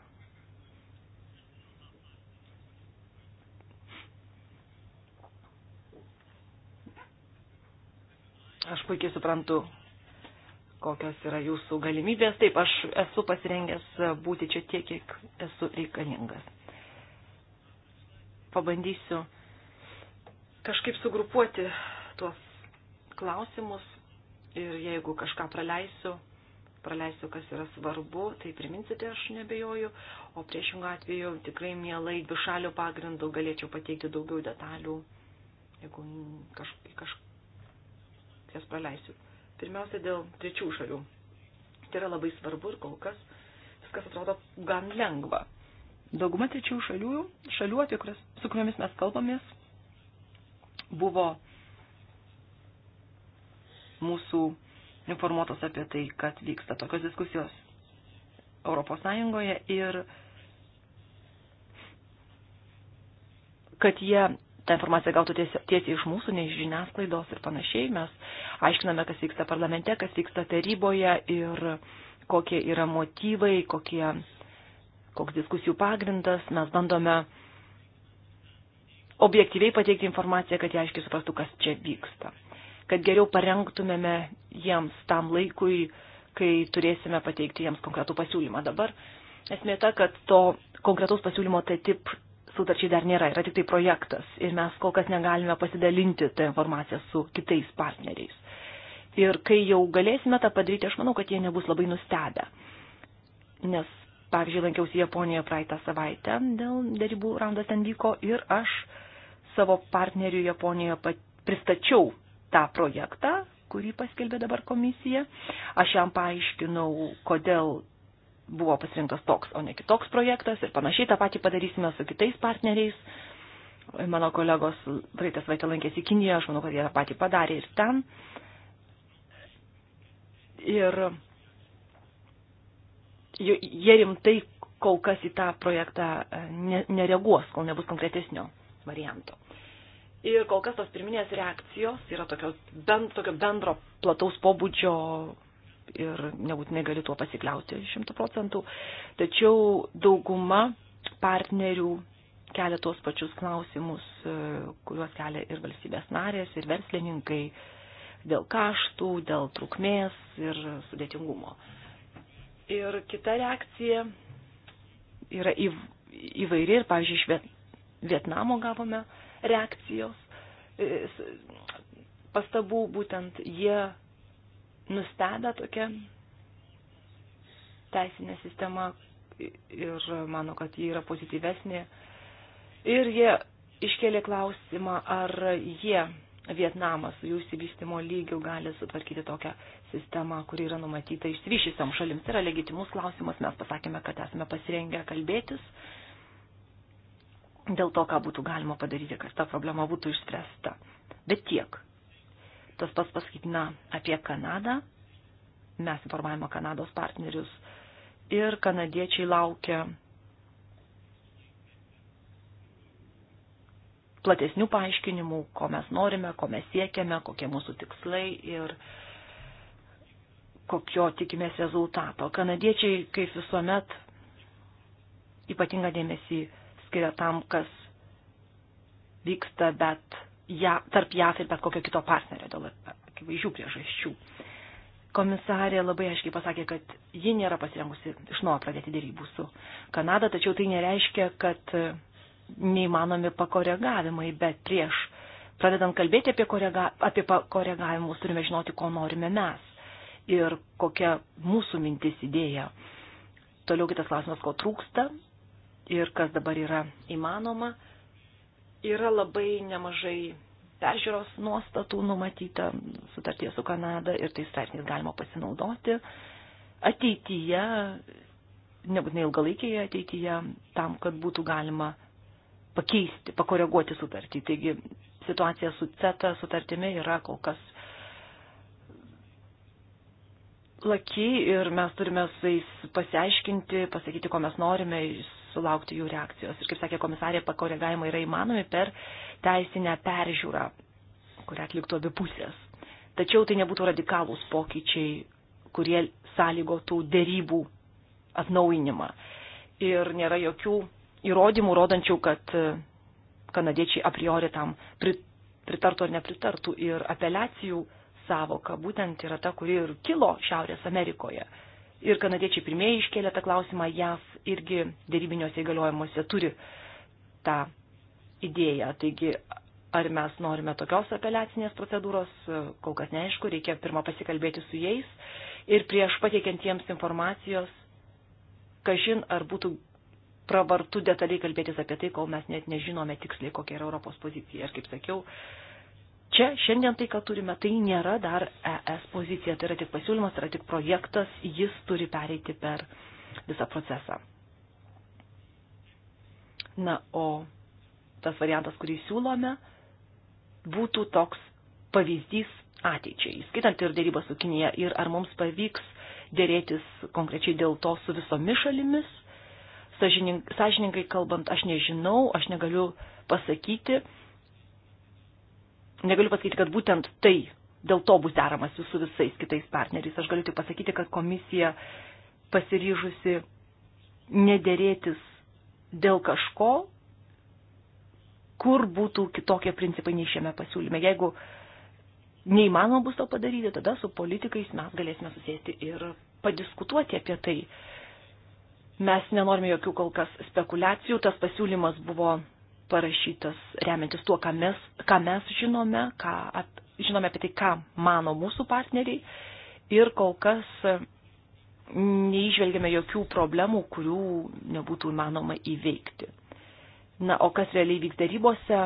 Aš puikiai suprantu, kokios yra jūsų galimybės. Taip, aš esu pasirengęs būti čia tiek, kiek esu reikalingas. Pabandysiu kažkaip sugrupuoti tuos klausimus ir jeigu kažką praleisiu, praleisiu, kas yra svarbu, tai priminsite, aš nebejoju, o priešingų atveju tikrai mielai dvišalių pagrindų galėčiau pateikti daugiau detalių, jeigu kažkaip kažkas praleisiu. Pirmiausia, dėl trečių šalių. Tai yra labai svarbu ir kol kas viskas atrodo gan lengva. Dauguma trečių šalių, šalių apie kurias, su kuriomis mes kalbamės, buvo mūsų informuotos apie tai, kad vyksta tokios diskusijos Europos Sąjungoje ir kad jie ta informacija gautų tiesiai iš mūsų, ne iš žiniasklaidos ir panašiai. Mes aiškiname, kas vyksta parlamente, kas vyksta taryboje ir kokie yra motyvai, kokie, koks diskusijų pagrindas. Mes bandome objektyviai pateikti informaciją, kad jie aiškiai suprastų, kas čia vyksta. Kad geriau parengtumėme jiems tam laikui, kai turėsime pateikti jiems konkretų pasiūlymą. Dabar esmė ta, kad to konkretaus pasiūlymo tai tip sutarčiai dar nėra, yra tik tai projektas ir mes kol kas negalime pasidalinti tą informaciją su kitais partneriais. Ir kai jau galėsime tą padaryti, aš manau, kad jie nebus labai nustebę. Nes, pavyzdžiui, lankiausi Japonijoje praeitą savaitę, dėl darybų raundas ten vyko ir aš savo partneriu Japonijoje pristačiau tą projektą, kurį paskelbė dabar komisija. Aš jam paaiškinau, kodėl buvo pasirinktas toks, o ne kitoks projektas ir panašiai tą patį padarysime su kitais partneriais. Mano kolegos praeitą savaitę lankėsi Kinijoje, aš manau, kad jie tą patį padarė ir ten. Ir jie rimtai kol kas į tą projektą e, nereaguos, kol nebus konkretesnio varianto. Ir kol kas tos pirminės reakcijos yra tokio, bend, tokio bendro plataus pobūdžio ir nebūtinai gali tuo pasikliauti šimtų procentų, tačiau dauguma partnerių kelia tuos pačius klausimus, e, kuriuos kelia ir valstybės narės, ir verslininkai dėl kaštų, dėl trukmės ir sudėtingumo. Ir kita reakcija yra į, įvairi ir, pavyzdžiui, iš Viet, Vietnamo gavome reakcijos e, pastabų, būtent jie nustebę tokia teisinė sistema ir mano, kad ji yra pozityvesnė. Ir jie iškėlė klausimą, ar jie, Vietnamas, jų įsivystimo lygių gali sutvarkyti tokią sistemą, kuri yra numatyta išsivyšysiam šalims. Tai yra legitimus klausimas, mes pasakėme, kad esame pasirengę kalbėtis dėl to, ką būtų galima padaryti, kad ta problema būtų išspręsta. Bet tiek. Tas pats pasakytina apie Kanadą. Mes informavimo Kanados partnerius ir kanadiečiai laukia platesnių paaiškinimų, ko mes norime, ko mes siekiame, kokie mūsų tikslai ir kokio tikimės rezultato. Kanadiečiai, kaip visuomet, ypatingą dėmesį skiria tam, kas vyksta, bet ja, tarp JAF ir bet kokio kito partnerio dėl akivaizdžių priežasčių. Komisarė labai aiškiai pasakė, kad ji nėra pasirengusi iš nuo pradėti dėrybų su Kanada, tačiau tai nereiškia, kad neįmanomi pakoregavimai, bet prieš pradedant kalbėti apie, korega, apie pakoregavimus turime žinoti, ko norime mes ir kokia mūsų mintis idėja. Toliau kitas klausimas, ko trūksta ir kas dabar yra įmanoma yra labai nemažai peržiūros nuostatų numatyta sutartie su Kanada ir tai straipsnis galima pasinaudoti ateityje, nebūtinai ilgalaikėje ateityje, tam, kad būtų galima pakeisti, pakoreguoti sutartį. Taigi situacija su CETA sutartimi yra kol kas laki ir mes turime su jais pasiaiškinti, pasakyti, ko mes norime, sulaukti jų reakcijos. Ir kaip sakė komisarė, pakoregavimai yra įmanomi per teisinę peržiūrą, kurią atliktų abi pusės. Tačiau tai nebūtų radikalūs pokyčiai, kurie sąlygotų dėrybų atnaujinimą. Ir nėra jokių įrodymų rodančių, kad kanadiečiai a priori tam pritartų ar nepritartų. Ir apeliacijų savoka būtent yra ta, kuri ir kilo Šiaurės Amerikoje ir kanadiečiai pirmieji iškėlė tą klausimą, JAV irgi dėrybiniuose įgaliojimuose turi tą idėją. Taigi, ar mes norime tokios apeliacinės procedūros, kol kas neaišku, reikia pirmą pasikalbėti su jais ir prieš pateikiant jiems informacijos, kažin ar būtų pravartu detaliai kalbėtis apie tai, kol mes net nežinome tiksliai, kokia yra Europos pozicija. Ir kaip sakiau, Čia šiandien tai, ką turime, tai nėra dar ES pozicija, tai yra tik pasiūlymas, tai yra tik projektas, jis turi pereiti per visą procesą. Na, o tas variantas, kurį siūlome, būtų toks pavyzdys ateičiai, skaitant ir dėrybą su Kinija, ir ar mums pavyks dėrėtis konkrečiai dėl to su visomis šalimis. Sažininkai kalbant, aš nežinau, aš negaliu pasakyti, negaliu pasakyti, kad būtent tai dėl to bus deramas su visais kitais partneriais. Aš galiu tik pasakyti, kad komisija pasiryžusi nederėtis dėl kažko, kur būtų kitokie principai nei šiame pasiūlyme. Jeigu neįmanoma bus to padaryti, tada su politikais mes galėsime susėsti ir padiskutuoti apie tai. Mes nenorime jokių kol kas spekulacijų, tas pasiūlymas buvo parašytas remiantis tuo, ką mes, ką mes žinome, ką, at, žinome apie tai, ką mano mūsų partneriai. Ir kol kas mm, neižvelgiame jokių problemų, kurių nebūtų įmanoma įveikti. Na, o kas realiai vyks darybose,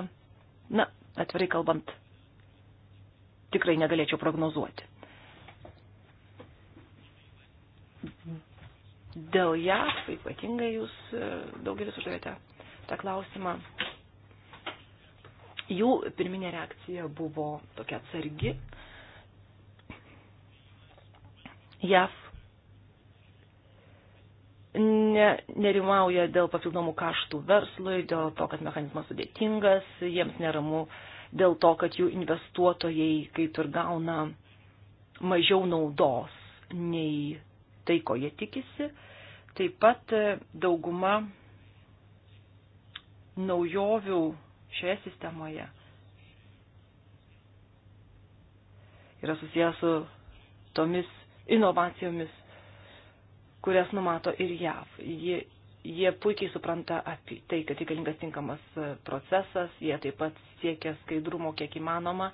na, atvirai kalbant, tikrai negalėčiau prognozuoti. Dėl JAV ypatingai jūs e, daugelis uždavėte tą klausimą jų pirminė reakcija buvo tokia atsargi. JAF ne, nerimauja dėl papildomų kaštų verslui, dėl to, kad mechanizmas sudėtingas, jiems neramu dėl to, kad jų investuotojai kaip ir gauna mažiau naudos nei tai, ko jie tikisi. Taip pat dauguma naujovių šioje sistemoje yra susijęs su tomis inovacijomis, kurias numato ir JAV. Jie, jie puikiai supranta apie tai, kad reikalingas tinkamas e, procesas, jie taip pat siekia skaidrumo kiek įmanoma,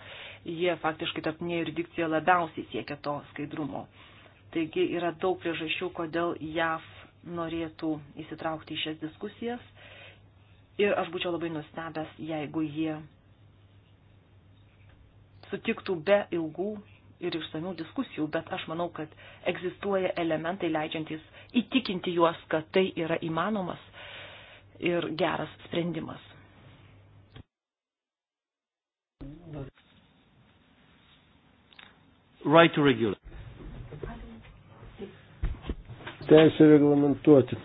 jie faktiškai tarpinė jurisdikcija labiausiai siekia to skaidrumo. Taigi yra daug priežasčių, kodėl JAV norėtų įsitraukti į šias diskusijas Ir aš būčiau labai nustebęs, jeigu jie sutiktų be ilgų ir išsamių diskusijų, bet aš manau, kad egzistuoja elementai leidžiantis įtikinti juos, kad tai yra įmanomas ir geras sprendimas. Right to regulate. Teisė reglamentuoti.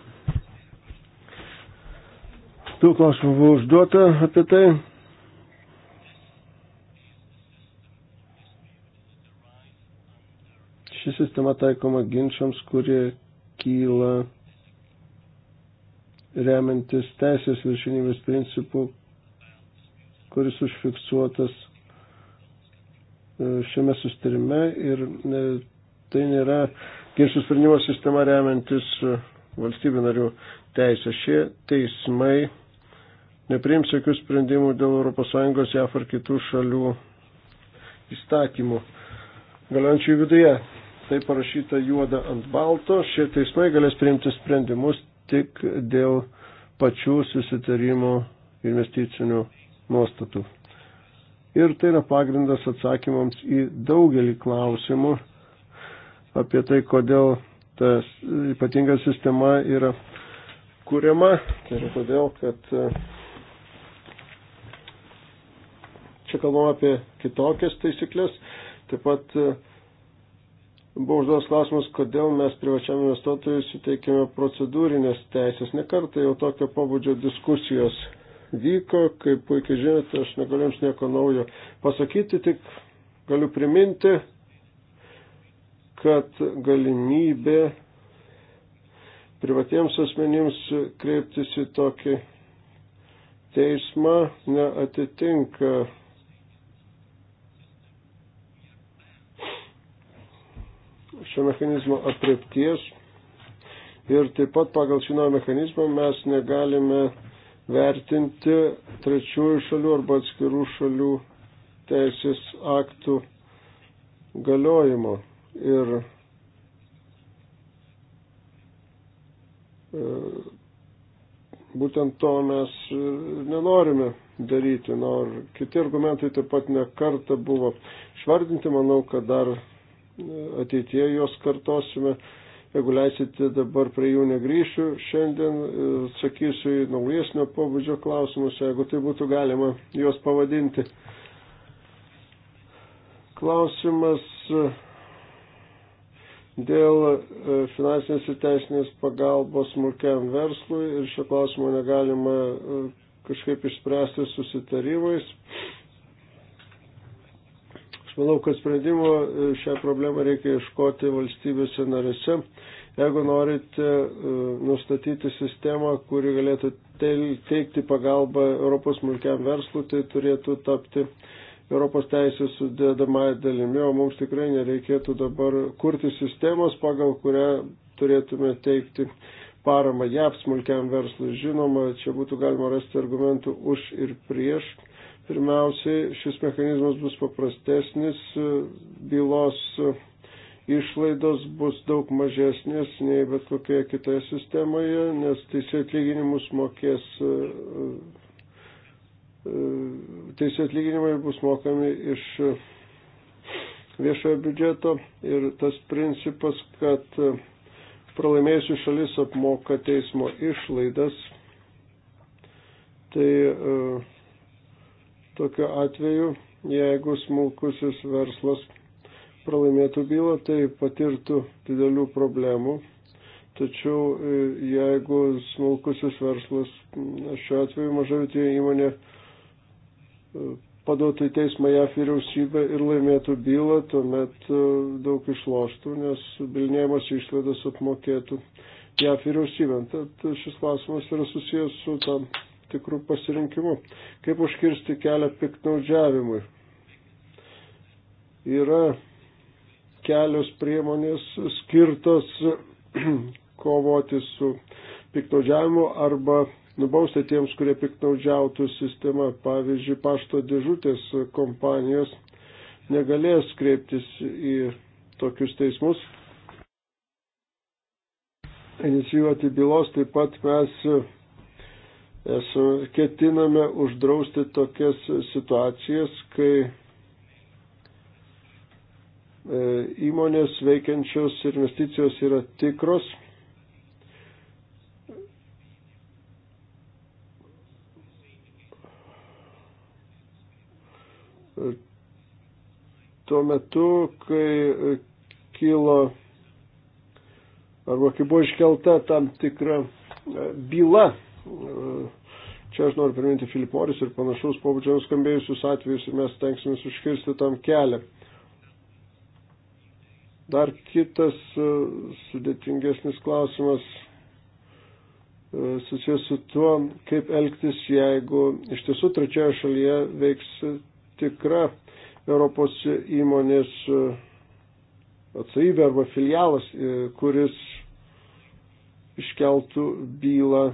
Daug klausimų buvo užduota apie tai. Ši sistema taikoma ginčiams, kurie kyla remiantis teisės viršinybės principų, kuris užfiksuotas e, šiame sustarime ir e, tai nėra ginčių sprendimo sistema remiantis e, valstybių narių teisę. Šie teismai nepriims jokių sprendimų dėl ES, JAF ar kitų šalių įstatymų galiančių viduje. Tai parašyta juoda ant balto. Šie teismai galės priimti sprendimus tik dėl pačių susitarimo investicinių nuostatų. Ir tai yra pagrindas atsakymams į daugelį klausimų apie tai, kodėl ta ypatinga sistema yra kuriama. Tai yra todėl, kad Čia kalbam apie kitokias taisyklės. Taip pat e, buvo užduotas klausimas, kodėl mes privačiam investuotojui suteikėme procedūrinės teisės. Nekartai jau tokio pobūdžio diskusijos vyko, kaip puikiai žinote, aš negaliu jums nieko naujo pasakyti, tik galiu priminti, kad galimybė privatiems asmenims kreiptis į tokį teismą neatitinka šio mechanizmo apriepties ir taip pat pagal šį naują mechanizmą mes negalime vertinti trečiųjų šalių arba atskirų šalių teisės aktų galiojimo. Ir e, būtent to mes nenorime daryti. Nor kiti argumentai taip pat nekarta buvo išvardinti, manau, kad dar ateitie juos kartosime. Jeigu leisite, dabar prie jų negryšiu. Šiandien e, atsakysiu į naujesnio pobūdžio klausimus, jeigu tai būtų galima juos pavadinti. Klausimas e, dėl e, finansinės ir teisinės pagalbos smulkiam verslui ir šio klausimo negalima kažkaip išspręsti susitarimais manau, kad sprendimo e, šią problemą reikia iškoti valstybėse narėse. Jeigu norite e, nustatyti sistemą, kuri galėtų teikti pagalbą Europos smulkiam verslui, tai turėtų tapti Europos teisės sudėdamąją dalimi, o mums tikrai nereikėtų dabar kurti sistemos, pagal kurią turėtume teikti paramą JAP smulkiam verslui. Žinoma, čia būtų galima rasti argumentų už ir prieš Pirmiausiai, šis mechanizmas bus paprastesnis, bylos išlaidos bus daug mažesnės nei bet kokioje kitoje sistemoje, nes teisėjų atlyginimus mokės, teisėjų atlyginimai bus mokami iš viešojo biudžeto ir tas principas, kad pralaimėjusi šalis apmoka teismo išlaidas, tai uh, Tokiu atveju, jeigu smulkusis verslas pralaimėtų bylą, tai patirtų didelių problemų. Tačiau e, jeigu smulkusis verslas, šiuo atveju mažai tie įmonė, e, paduotų į teismą JAF vyriausybę ir laimėtų bylą, tuomet e, daug išloštų, nes bilinėjimas išlaidas apmokėtų JAF vyriausybę. Tad šis klausimas yra susijęs su tam tikrų pasirinkimų. Kaip užkirsti kelią piknaudžiavimui? Yra kelios priemonės skirtos kovoti su piknaudžiavimu arba nubausti tiems, kurie piknaudžiautų sistemą. Pavyzdžiui, pašto dėžutės kompanijos negalės kreiptis į tokius teismus. Inicijuoti bylos taip pat mes Mes ketiname uždrausti tokias situacijas, kai e, įmonės veikiančios investicijos yra tikros. Tuo metu, kai kilo arba kai buvo iškelta tam tikra e, byla E, čia aš noriu priminti Filip Moris ir panašaus pobūdžio nuskambėjusius atvejus ir mes tenksimės užkirsti tam kelią. Dar kitas e, sudėtingesnis klausimas e, susijęs su tuo, kaip elgtis, jeigu iš tiesų trečioje šalyje veiks tikra Europos įmonės atsavybė arba filialas, kuris iškeltų bylą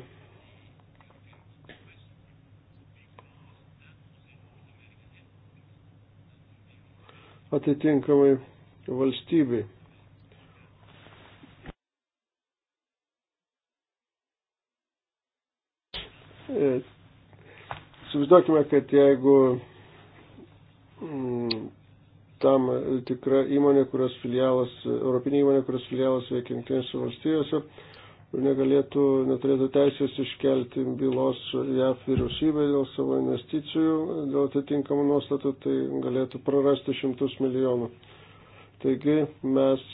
atitinkamai valstybei. E, Suvaizduokime, kad jeigu mm, tam tikra įmonė, kurios filialas, europinė įmonė, kurios filialas veikia Junktinėse valstijose, ir negalėtų, neturėtų teisės iškelti bylos JAF vyriausybė dėl savo investicijų, dėl atitinkamų nuostatų, tai galėtų prarasti šimtus milijonų. Taigi mes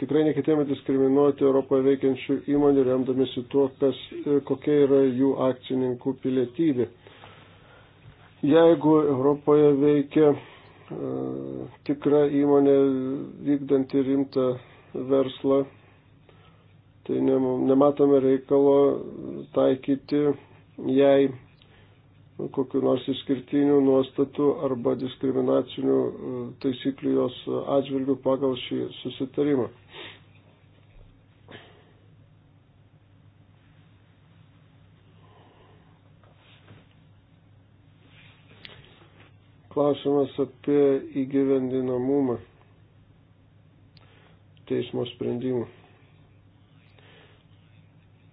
tikrai neketėme diskriminuoti Europoje veikiančių įmonių, remdamėsi tuo, kas, kokia yra jų akcininkų pilietybė. Jeigu Europoje veikia tikra įmonė vykdanti rimtą verslą, tai nematome reikalo taikyti jai kokiu nors išskirtinių nuostatų arba diskriminacinių e, taisyklių jos atžvilgių pagal šį susitarimą. Klausimas apie įgyvendinamumą teismo sprendimų.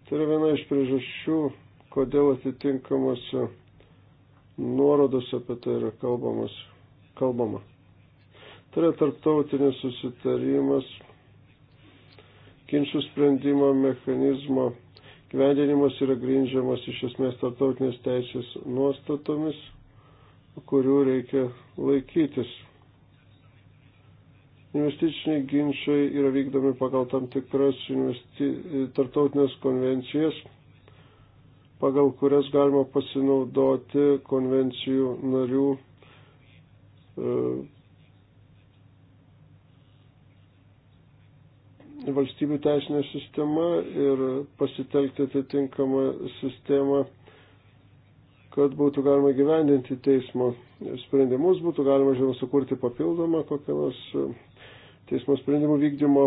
Tai yra viena iš priežasčių, kodėl atitinkamose nuorodos apie tai yra kalbamas, kalbama. Tai yra tarptautinis susitarimas, ginčių sprendimo mechanizmo gyvendinimas yra grindžiamas iš esmės tarptautinės teisės nuostatomis kurių reikia laikytis. Investiciniai ginčiai yra vykdomi pagal tam tikras investi... tartautinės konvencijas, pagal kurias galima pasinaudoti konvencijų narių e, valstybių teisinė sistema ir pasitelkti atitinkamą sistemą kad būtų galima gyvendinti teismo sprendimus, būtų galima, žinoma, sukurti papildomą kokią nors e, teismo sprendimų vykdymo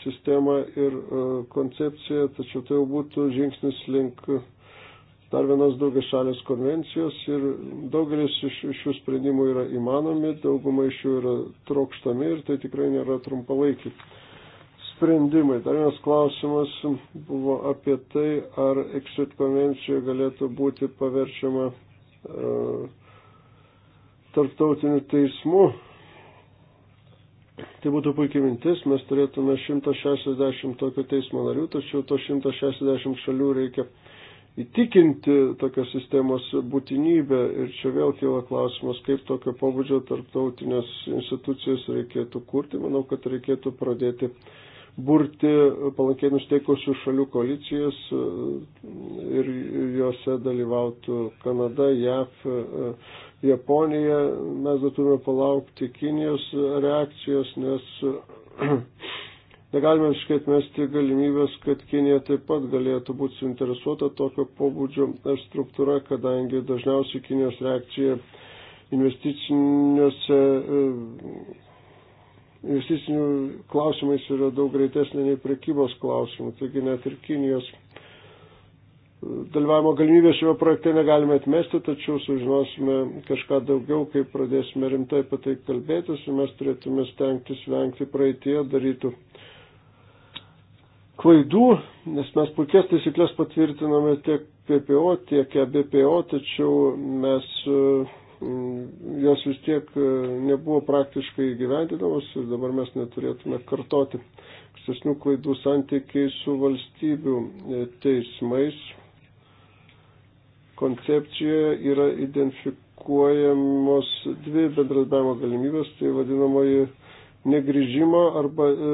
sistemą ir e, koncepciją, tačiau tai jau būtų žingsnis link dar vienos daugia šalės konvencijos ir daugelis iš šių sprendimų yra įmanomi, dauguma iš jų yra trokštami ir tai tikrai nėra trumpalaikiai sprendimai. Dar vienas klausimas buvo apie tai, ar exit konvencija galėtų būti paverčiama e, tarptautiniu teismu. Tai būtų puikiai mintis, mes turėtume 160 tokių teismo narių, tačiau to 160 šalių reikia įtikinti tokios sistemos būtinybę ir čia vėl kyla klausimas, kaip tokio pobūdžio tarptautinės institucijos reikėtų kurti. Manau, kad reikėtų pradėti burti palankiai nusteikusių šalių koalicijas e, ir juose dalyvautų Kanada, JAF, e, Japonija. Mes dar turime palaukti Kinijos reakcijos, nes e, negalime visiškai atmesti galimybės, kad Kinija taip pat galėtų būti suinteresuota tokio pobūdžio struktūra, kadangi dažniausiai Kinijos reakcija investiciniuose investicinių klausimais yra daug greitesnė nei prekybos klausimų. Taigi net ir Kinijos e, dalyvavimo galimybės šio projekte negalime atmesti, tačiau sužinosime kažką daugiau, kai pradėsime rimtai apie tai kalbėtis ir mes turėtume stengtis vengti praeitie darytų klaidų, nes mes puikias taisyklės patvirtiname tiek PPO, tiek EBPO, tačiau mes uh, Mm, jos vis tiek e, nebuvo praktiškai gyvendinamos ir dabar mes neturėtume kartoti ankstesnių klaidų santykiai su valstybių e, teismais. Koncepcijoje yra identifikuojamos dvi bendradarbiavimo galimybės, tai vadinamoji negrįžimo arba e,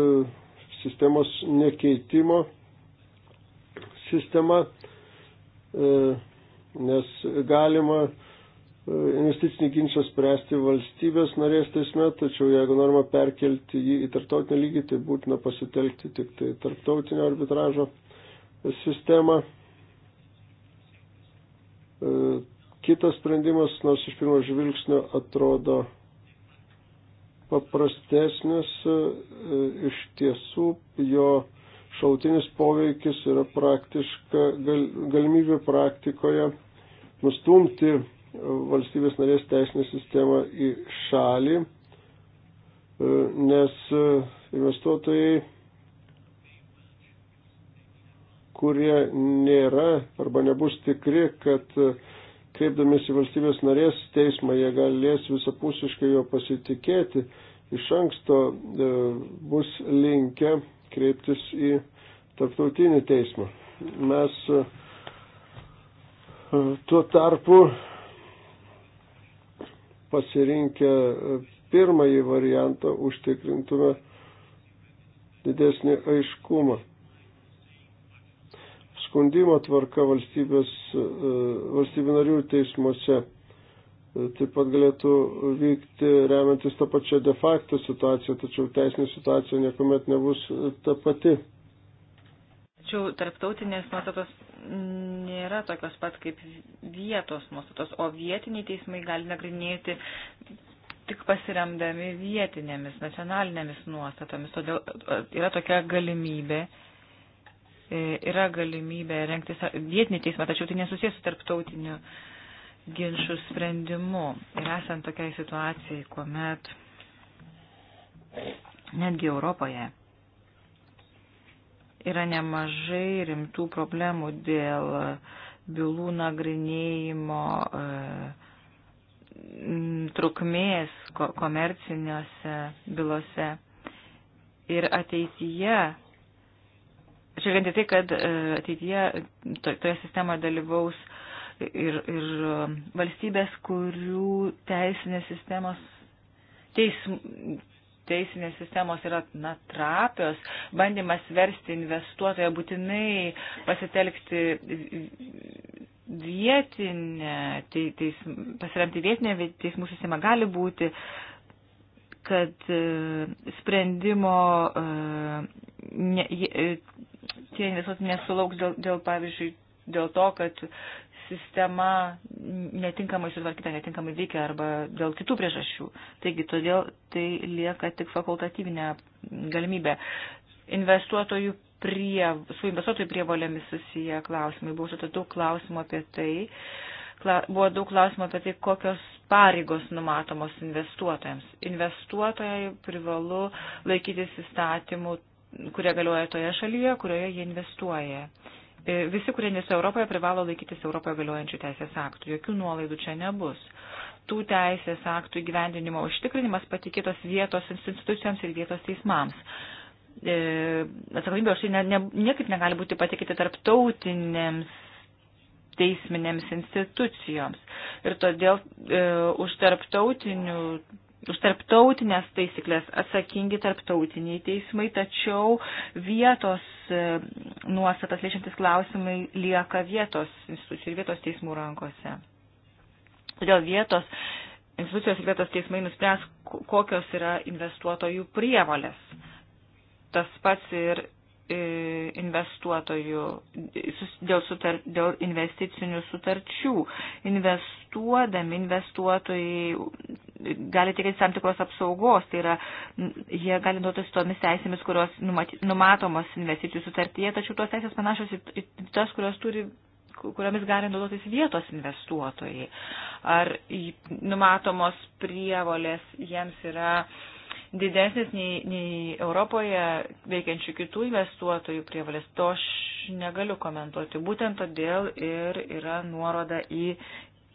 sistemos nekeitimo sistema, e, nes galima e, investicinį ginčą spręsti valstybės narės teisme, tačiau jeigu norima perkelti jį į tarptautinį lygį, tai būtina pasitelkti tik tai tarptautinio arbitražo sistemą. E, kitas sprendimas, nors iš pirmo žvilgsnio atrodo paprastesnis, e, iš tiesų jo šautinis poveikis yra praktiška gal, galimybė praktikoje nustumti valstybės narės teisinę sistemą į šalį, e, nes e, investuotojai, kurie nėra arba nebus tikri, kad e, kreipdamėsi valstybės narės teismą, jie galės visapusiškai jo pasitikėti, iš anksto bus linkę kreiptis į tarptautinį teismą. Mes tuo tarpu pasirinkę e, pirmąjį variantą užtikrintume didesnį aiškumą. Skundimo tvarka valstybės, e, valstybių narių teismuose e, taip pat galėtų vykti remiantis tą pačią de facto situaciją, tačiau teisinė situacija niekuomet nebus ta pati. Tačiau tarptautinės nuostatos nėra tokios pat kaip vietos nuostatos, o vietiniai teismai gali nagrinėti tik pasiremdami vietinėmis, nacionalinėmis nuostatomis. Todėl e, yra tokia galimybė, e, yra galimybė renkti vietinį teismą, tačiau tai nesusijęs su tarptautiniu ginčių sprendimu. Ir esant tokiai situacijai, kuomet netgi Europoje yra nemažai rimtų problemų dėl bylų nagrinėjimo e, trukmės komerciniuose bylose. Ir ateityje, žiūrint į tai, kad e, ateityje toje sistemoje dalyvaus ir, ir valstybės, kurių teisinės sistemos teism, teisinės sistemos yra na, trapios, bandymas versti investuotoją būtinai pasitelkti vietinę, te, teis, pasiremti vietinę teismų sistemą gali būti, kad e, sprendimo e, ne, e, tie investuotojai nesulauks dėl, dėl, pavyzdžiui, dėl to, kad sistema netinkamai sutvarkyta, netinkamai veikia arba dėl kitų priežasčių. Taigi, todėl tai lieka tik fakultatyvinė galimybė. Investuotojų prie, su investuotojų prievolėmis susiję klausimai. Buvo užduota daug klausimų apie tai. Kla, buvo daug klausimų apie tai, kokios pareigos numatomos investuotojams. Investuotojai privalu laikytis įstatymų, kurie galioja toje šalyje, kurioje jie investuoja. Uh, E, visi, kurie nesi Europoje, privalo laikytis Europoje galiojančių teisės aktų. Jokių nuolaidų čia nebus. Tų teisės aktų įgyvendinimo užtikrinimas patikėtos vietos institucijoms ir vietos teismams. E, atsakomybė už tai ne, ne, niekaip negali būti patikėti tarptautinėms teisminėms institucijoms. Ir todėl e, už tarptautinių už tarptautinės taisyklės atsakingi tarptautiniai teismai, tačiau vietos e, nuostatas liečiantis klausimai lieka vietos institucijų ir vietos teismų rankose. Todėl vietos institucijos ir vietos teismai nuspręs, kokios yra investuotojų prievalės. Tas pats ir E, investuotojų dėl, sutar, dėl investicinių sutarčių. Investuodami investuotojai gali tikėtis tam tikros apsaugos, tai yra jie gali nuotis tomis teisėmis, kurios numatomos investicijų sutartyje, tačiau tos teisės panašios į tas, kurios turi kuriomis gali naudotis vietos investuotojai. Ar numatomos prievolės jiems yra uh, didesnis nei, nei Europoje veikiančių kitų investuotojų prievalės. To aš negaliu komentuoti. Būtent todėl ir yra nuoroda į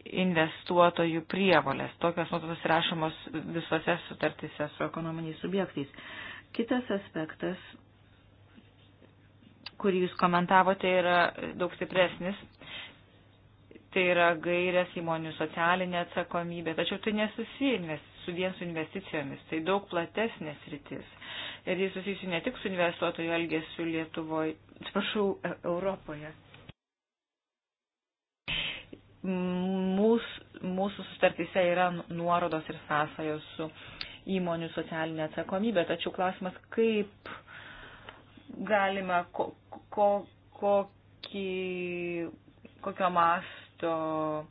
investuotojų prievalės. Tokios nuotraukos rašomos visose sutartyse su ekonominiais subjektais. Kitas aspektas, kurį jūs komentavote, yra daug stipresnis tai yra gairės įmonių socialinė atsakomybė, tačiau tai nesusiję su vien su investicijomis, tai daug platesnės rytis. Ir jis susijusi ne tik su investuotojų elgesiu Lietuvoje, atsiprašau, e, Europoje. Mūsų, mūsų sutartyse yra nuorodos ir sąsajos su įmonių socialinė atsakomybė, tačiau klausimas, kaip galima, ko, ko, kokį kokio mas, to,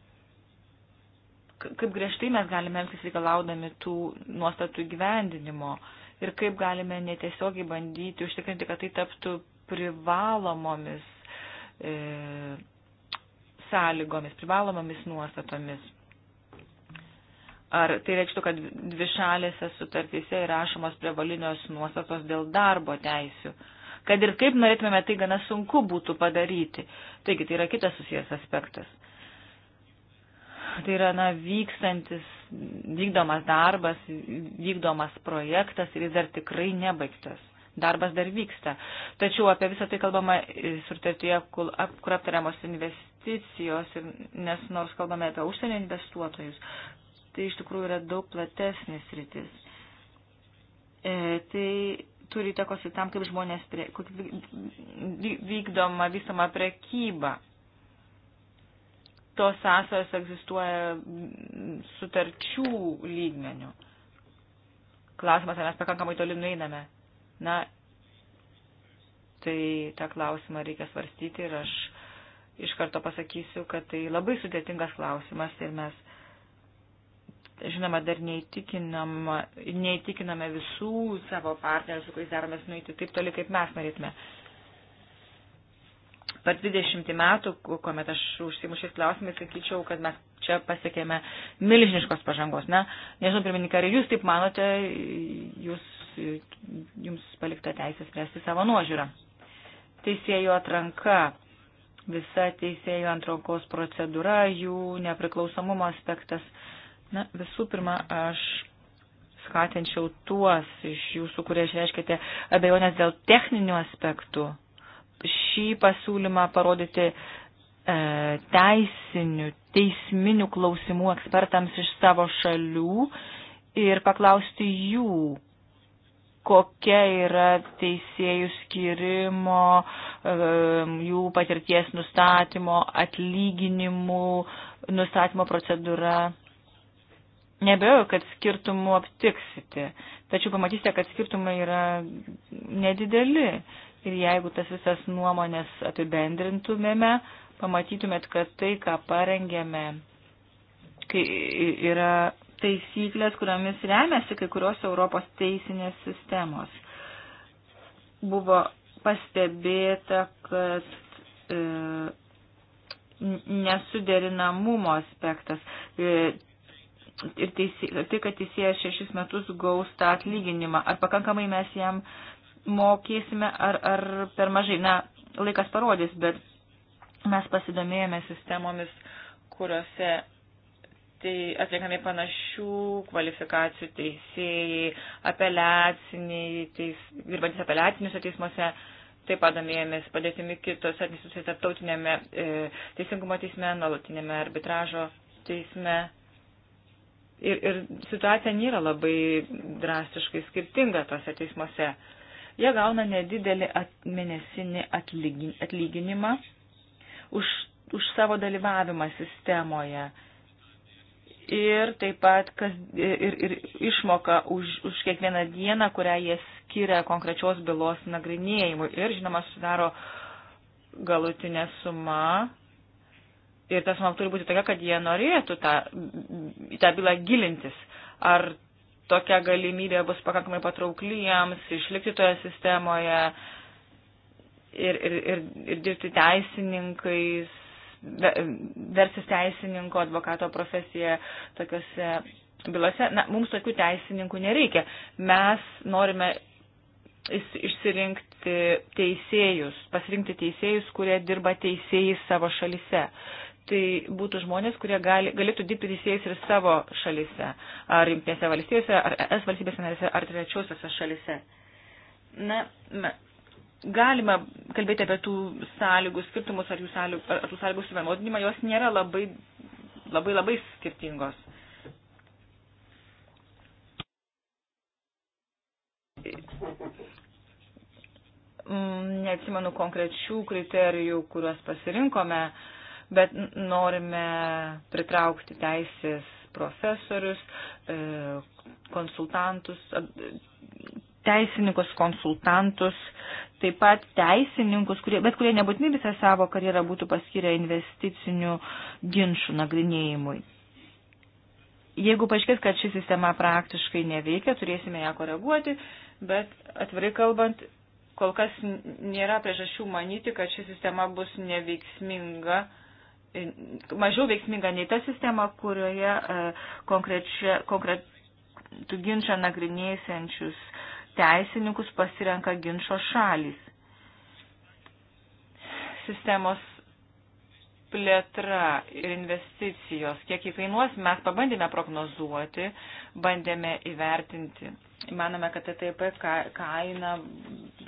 kaip griežtai mes galime elgtis reikalaudami tų nuostatų gyvendinimo ir kaip galime netiesiogiai bandyti užtikrinti, kad tai taptų privalomomis e, sąlygomis, privalomomis nuostatomis. Ar tai reikštų, kad dvišalėse sutartyse įrašomos prievalinios nuostatos dėl darbo teisių? Kad ir kaip norėtume, tai gana sunku būtų padaryti. Taigi, tai yra kitas susijęs aspektas tai yra na, vykstantis, vykdomas darbas, vykdomas projektas ir jis dar tikrai nebaigtas. Darbas dar vyksta. Tačiau apie visą tai kalbama sutartyje, kur aptariamos investicijos, ir, nes nors kalbame apie užsienio investuotojus, tai iš tikrųjų yra daug platesnis rytis. E, tai turi įtakos ir tam, kaip žmonės, prie, kaip vykdoma, vystoma prekyba tos sąsajos egzistuoja sutarčių lygmenių. Klausimas, ar mes pakankamai toli nueiname. Na, tai tą klausimą reikia svarstyti ir aš iš karto pasakysiu, kad tai labai sudėtingas klausimas ir mes, žinoma, dar neįtikiname visų savo partnerių, su kuriais daromės nueiti taip toli, kaip mes norėtume. Per 20 metų, kuomet aš užsimu šiais klausimais, sakyčiau, kad mes čia pasiekėme milžiniškos pažangos. Na, nežinau, pirmininkai, ar jūs taip manote, jūs, jums palikta teisė spręsti savo nuožiūrą. Teisėjų atranka, visa teisėjų antrankos procedūra, jų nepriklausomumo aspektas. Na, visų pirma, aš skatinčiau tuos iš jūsų, kurie išreiškite abejonės dėl techninių aspektų šį pasiūlymą parodyti e, teisinių, teisminių klausimų ekspertams iš savo šalių ir paklausti jų, kokia yra teisėjų skirimo, e, jų patirties nustatymo, atlyginimų, nustatymo procedūra. Nebejoju, kad skirtumų aptiksite, tačiau pamatysite, kad skirtumai yra nedideli. Ir jeigu tas visas nuomonės apibendrintumėme, pamatytumėt, kad tai, ką parengėme, kai yra taisyklės, kuriomis remiasi kai kurios Europos teisinės sistemos. Buvo pastebėta, kad e, nesuderinamumo aspektas e, ir teisė, tai, kad teisėjas šešis metus gaus tą atlyginimą, ar pakankamai mes jam e, mokėsime ar, ar per mažai. Na, laikas parodys, bet mes pasidomėjome sistemomis, kuriuose tai atliekami panašių kvalifikacijų teisėjai, apeliaciniai, teis, dirbantis apeliaciniuose teismuose. Taip pat domėjomės padėtimi kitose administracijose tarptautinėme e, teisingumo teisme, nuolatinėme arbitražo teisme. Ir, ir situacija nėra labai drastiškai skirtinga tose teismuose. E, Jie gauna nedidelį at, mėnesinį atlygin, atlyginimą už, už savo dalyvavimą sistemoje ir taip pat kas, ir, ir išmoka už, už kiekvieną dieną, kurią jie skiria konkrečios bylos nagrinėjimui. Ir, žinoma, sudaro galutinė suma. Ir tas suma turi būti tokia, kad jie norėtų tą, tą bylą gilintis. Ar tokia galimybė bus pakankamai patraukli jiems išlikti toje sistemoje ir, ir, ir, ir dirbti teisininkais, versis teisininko advokato profesija tokiuose bylose. Na, mums tokių teisininkų nereikia. Mes norime išsirinkti teisėjus, pasirinkti teisėjus, kurie dirba teisėjai savo šalise. Uh, tai būtų žmonės, kurie gali, galėtų dirbti teisėjais ir savo šalise, ar jungtinėse valstijose, ar ES valstybėse narėse, ar trečiosiose šalise. Na, me, galima kalbėti apie tų sąlygų skirtumus ar, jų sąlygų, ar tų sąlygų suvienodinimą, jos nėra labai, labai, labai skirtingos. Mm, neatsimenu konkrečių kriterijų, kuriuos pasirinkome. Uh, bet norime pritraukti teisės profesorius, e, konsultantus, e, teisininkus, konsultantus, taip pat teisininkus, kurie, bet kurie nebūtinai visą savo karjerą būtų paskyrę investicinių ginčių nagrinėjimui. Jeigu paaiškės, kad ši sistema praktiškai neveikia, turėsime ją koreguoti, bet atvirai kalbant, kol kas nėra priežasčių manyti, kad ši sistema bus neveiksminga uh, mažiau veiksminga nei ta sistema, kurioje e, konkretų ginčą nagrinėsiančius teisininkus pasirenka ginčio šalis. Sistemos plėtra ir investicijos, kiek įkainuos, mes pabandėme prognozuoti, bandėme įvertinti. Manome, kad TTIP kaina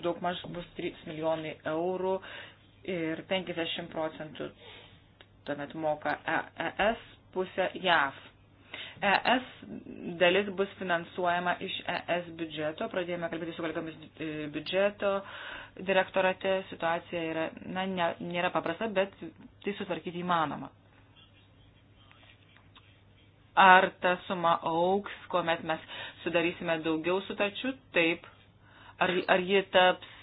daugmaž bus 3 milijonai eurų ir 50 procentų tuomet moka ES e pusę JAV. ES e dalis bus finansuojama iš ES e biudžeto. Pradėjome kalbėti su kolegomis biudžeto direktorate. Situacija yra, na, ne, nėra paprasta, bet tai sutvarkyti įmanoma. Ar ta suma auks, kuomet mes sudarysime daugiau sutarčių? Taip. Ar, ar ji taps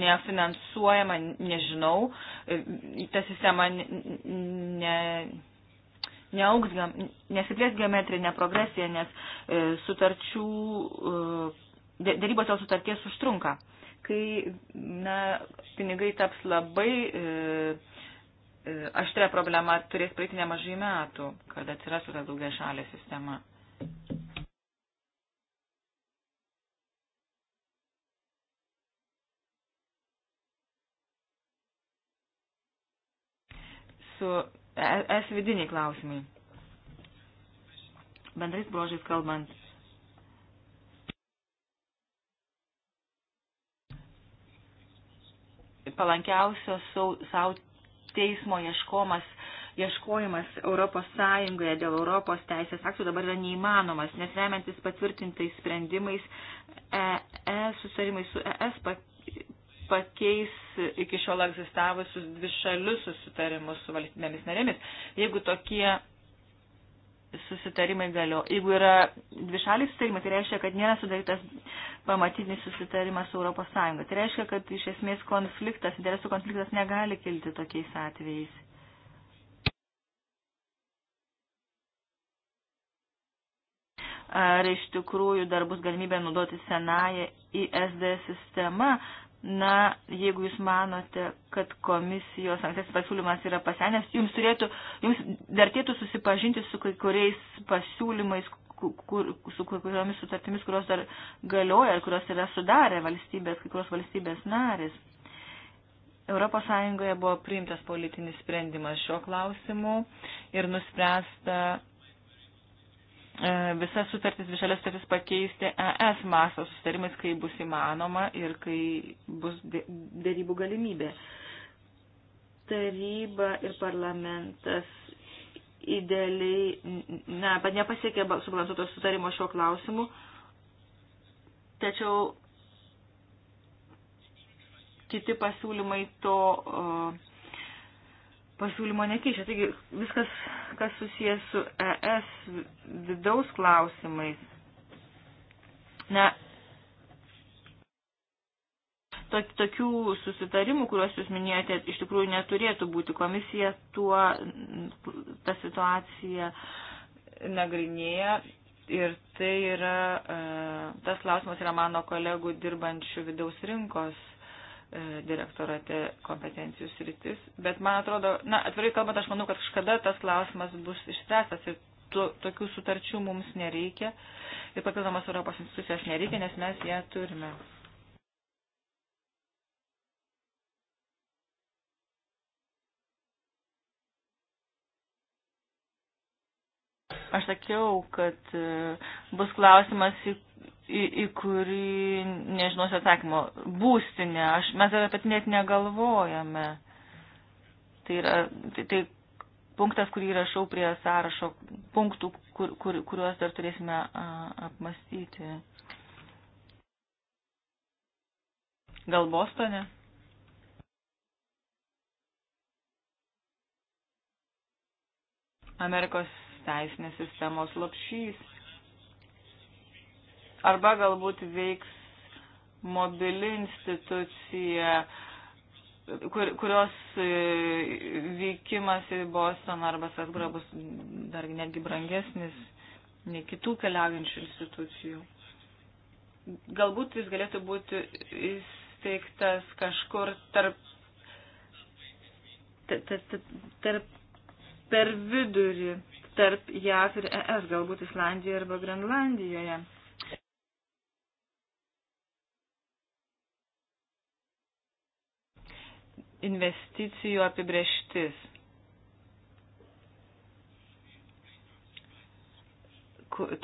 nefinansuojama, nežinau, ta sistema ne, ne, neaugs, nesiplės geometrinė progresija, nes e, sutarčių, e, darybos dėl sutarties užtrunka. Kai na, pinigai taps labai e, e, aštria problema, turės praeiti nemažai metų, kad atsirastų ta daugia šalė sistema. mūsų es vidiniai klausimai. Bendrais brožais kalbant. Palankiausio savo teismo ieškomas, ieškojimas Europos Sąjungoje dėl Europos teisės aktų dabar yra neįmanomas, nes remiantis patvirtintais sprendimais, ES e susitarimai su ES pakeis iki šiol egzistavusius dvišalius susitarimus su valstybėmis narėmis. Jeigu tokie susitarimai galio, jeigu yra dvišaliai susitarimai, tai reiškia, kad nėra sudarytas pamatinis susitarimas su Europos Sąjunga. Tai reiškia, kad iš esmės konfliktas, interesų konfliktas negali kilti tokiais atvejais. ar iš tikrųjų dar bus galimybė naudoti senąją ISD sistemą, Na, jeigu jūs manote, kad komisijos ankstesnis pasiūlymas yra pasenęs, jums, turėtų, jums vertėtų susipažinti su kai kuriais pasiūlymais, kur, su kai kuriomis sutartimis, kurios dar galioja ir kurios yra sudarę valstybės, kai kurios valstybės narės. Europos Sąjungoje buvo priimtas politinis sprendimas šiuo klausimu ir nuspręsta E, visas sutartis, višalės sutartis pakeisti ES maso sustarimais, kai bus įmanoma ir kai bus dėrybų galimybė. Taryba ir parlamentas idealiai ne, nepasiekė subalansuoto sutarimo šiuo klausimu, tačiau kiti pasiūlymai to uh, pasiūlymo nekeičia. Taigi viskas, kas susijęs su ES vidaus klausimais. Na, tokių susitarimų, kuriuos jūs minėjote, iš tikrųjų neturėtų būti. Komisija tuo tą situaciją nagrinėja ir tai yra, e, tas klausimas yra mano kolegų dirbančių vidaus rinkos E, direktorate kompetencijų sritis, bet man atrodo, na, atvirai kalbant, aš manau, kad kažkada tas klausimas bus išspręstas ir to, tokių sutarčių mums nereikia ir papildomas Europos institucijos nereikia, nes mes ją turime. Aš sakiau, kad e, bus klausimas, į, į kurį nežinosiu atsakymo. Būstinė, aš, mes apie tai net negalvojame. Tai yra tai, tai punktas, kurį rašau prie sąrašo punktų, kur, kur, kuriuos dar turėsime a, apmastyti. Gal Bostone? Amerikos teisinės sistemos lopšys. Arba galbūt veiks mobili institucija, kur, kurios e, vykimas į Bostoną arba Sasgrą bus dar netgi brangesnis nei kitų keliaujančių institucijų. Galbūt jis galėtų būti įsteigtas kažkur tarp, tarp, tarp per vidurį tarp JAV ir ES, galbūt Islandijoje arba Grenlandijoje. investicijų apibrieštis,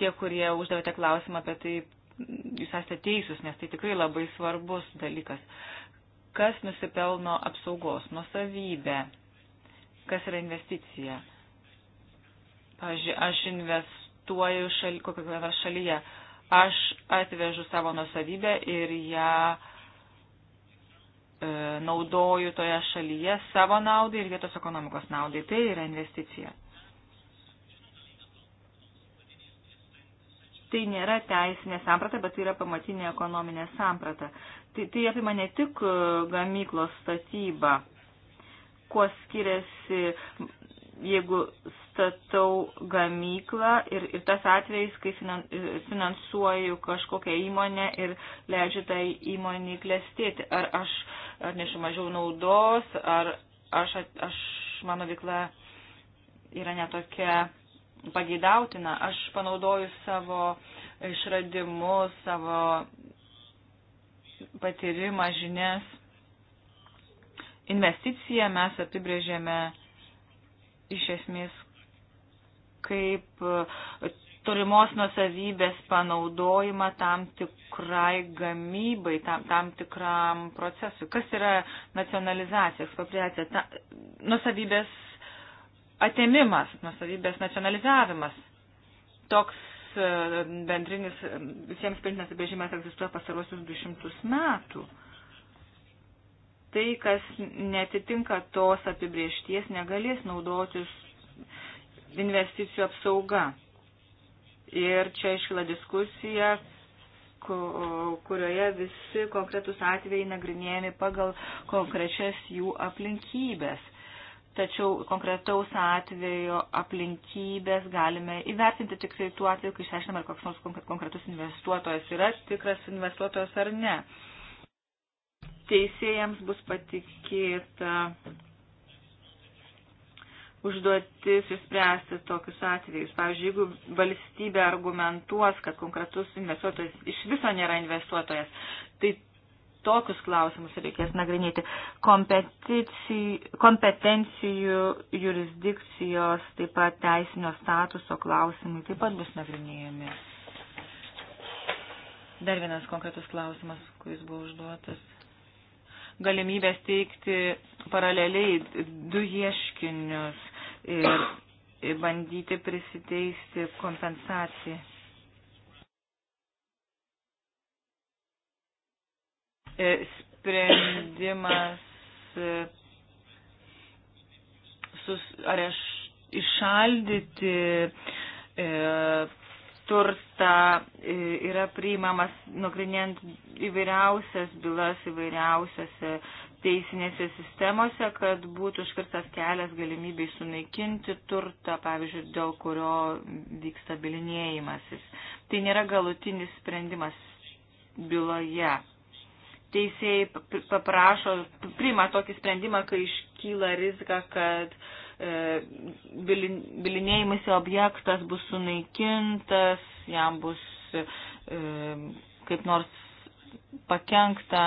tie, kurie uždavėte klausimą apie tai, jūs esate teisūs, nes tai tikrai labai svarbus dalykas. Kas nusipelno apsaugos, nusavybė, kas yra investicija. Pavyzdžiui, aš investuoju šal, kokioje nors šalyje, aš atvežu savo nusavybę ir ją E, naudoju toje šalyje savo naudai ir vietos ekonomikos naudai. Tai yra investicija. Tai nėra teisinė samprata, bet tai yra pamatinė ekonominė samprata. Tai, tai apima ne tik e, gamyklos statybą, kuo skiriasi jeigu statau gamyklą ir, ir tas atvejis, kai finansuoju kažkokią įmonę ir leidžiu tai įmonį klestėti, ar aš atnešu mažiau naudos, ar aš, aš mano veikla yra netokia pageidautina, aš panaudoju savo išradimus, savo patyrimą, žinias. Investiciją mes apibrėžėme iš esmės kaip e, tolimos nusavybės panaudojimą tam tikrai gamybai, tam, tam tikram procesui. Kas yra nacionalizacija, ekspropriacija? Ta, nusavybės atėmimas, nusavybės nacionalizavimas. Toks e, bendrinis e, visiems priimtinas apibrėžimas egzistuoja pasaruosius 200 metų tai, kas netitinka tos apibriešties, negalės naudotis investicijų apsauga. Ir čia iškila diskusija, kurioje visi konkretus atvejai nagrinėjami pagal konkrečias jų aplinkybės. Tačiau konkretaus atvejo aplinkybės galime įvertinti tik tai tuo atveju, kai išsiaiškiname, ar koks nors konkretus investuotojas yra tikras investuotojas ar ne. Uh, teisėjams bus patikėta užduotis išspręsti tokius atvejus. Pavyzdžiui, jeigu valstybė argumentuos, kad konkretus investuotojas iš viso nėra investuotojas, tai tokius klausimus reikės nagrinėti. Kompetencijų, kompetencijų jurisdikcijos, taip pat teisinio statuso klausimai taip pat bus nagrinėjami. Dar vienas konkretus klausimas, kuris buvo užduotas galimybės teikti paraleliai du ieškinius ir bandyti prisiteisti kompensaciją. E, sprendimas e, sus, ar aš išaldyti e, turtą e, yra priimamas nagrinėjant įvairiausias bylas įvairiausiose teisinėse sistemose, kad būtų iškirtas kelias galimybei sunaikinti turtą, pavyzdžiui, dėl kurio vyksta bilinėjimasis. Tai nėra galutinis sprendimas byloje. Teisėjai paprašo, priima tokį sprendimą, kai iškyla rizika, kad uh, E, bilinėjimuose objektas bus sunaikintas, jam bus e, e, kaip nors pakengta.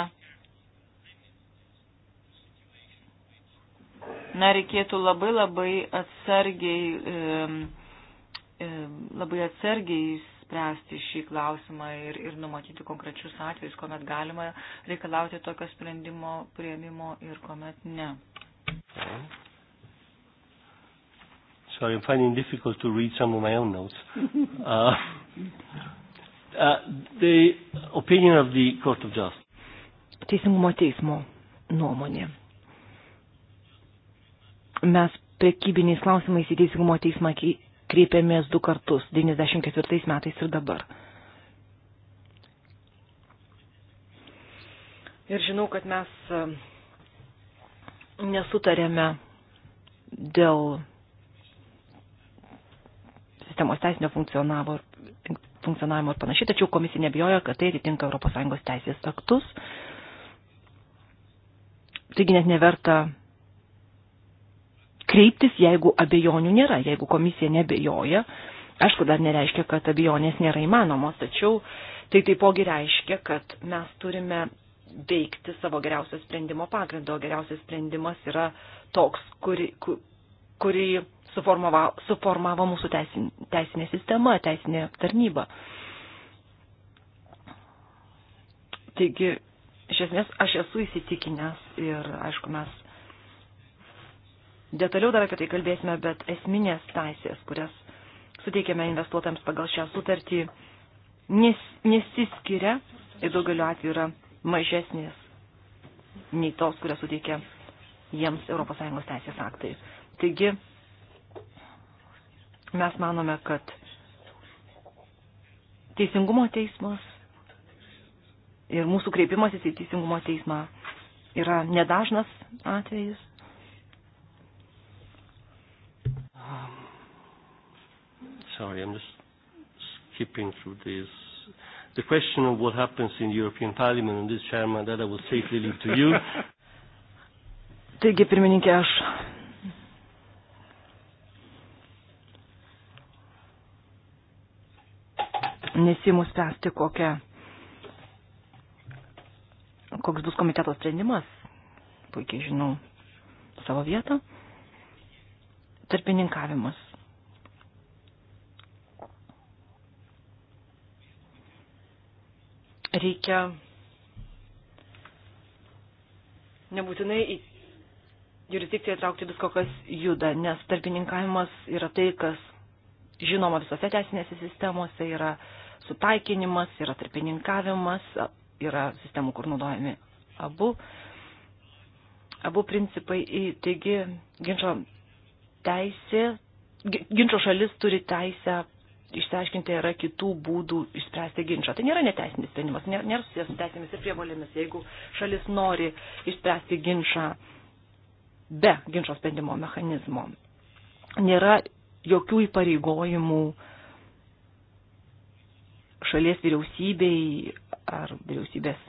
Na, reikėtų labai labai atsargiai, labai atsargiai spręsti šį klausimą ir, ir numatyti konkrečius atvejus, kuomet galima reikalauti tokio sprendimo prieimimo ir kuomet ne. Okay. Sorry, I'm finding it difficult to read some of my own notes. uh, uh, the opinion of the Court of Justice. Teisingumo teismo nuomonė. Mes prekybiniais klausimais į Teisingumo teismą kreipėmės du kartus - 94 metais ir dabar. Ir žinau, kad mes um, nesutarėme dėl sistemos teisinio funkcionavimo ir panašiai, tačiau komisija nebijoja, kad tai atitinka ES teisės aktus. Taigi net neverta kreiptis, jeigu abejonių nėra, jeigu komisija nebejoja. Aišku, dar nereiškia, kad abejonės nėra įmanomos, tačiau tai taipogi reiškia, kad mes turime veikti savo geriausio sprendimo pagrindo. Geriausias sprendimas yra toks, kuri, kuri suformavo, suformavo mūsų teisin, teisinė sistema, teisinė tarnyba. Taigi, iš esmės, aš esu įsitikinęs ir, aišku, mes detaliau dar apie tai kalbėsime, bet esminės teisės, kurias suteikėme investuotams pagal šią sutartį, nes, nesiskiria ir daugeliu atveju yra mažesnės nei tos, kurias suteikia jiems ES teisės aktai. Taigi, Mes manome, kad teisingumo teismas ir mūsų kreipimasis į teisingumo teismą yra nedažnas atvejis. Um, sorry, I'm just skipping through this. The question of what happens in European Parliament on this chairman, that I will safely leave to you. Taigi, pirmininkė, aš nesimu spręsti, kokia, koks bus komiteto sprendimas. Puikiai žinau savo vietą. Tarpininkavimas. Reikia nebūtinai į jurisdikciją traukti visko, kas juda, nes tarpininkavimas yra tai, kas žinoma visose teisinėse sistemose, yra sutaikinimas, yra tarpininkavimas, yra sistemų, kur naudojami abu, abu principai. Taigi, ginčio teisė, ginčio šalis turi teisę išsiaiškinti, yra kitų būdų išspręsti ginčą. Tai nėra neteisinis sprendimas, nėra, nėra susijęs su teisėmis ir prievolėmis. Jeigu šalis nori išspręsti ginčą be ginčio sprendimo mechanizmo, nėra jokių įpareigojimų uh, šalies vyriausybei ar vyriausybės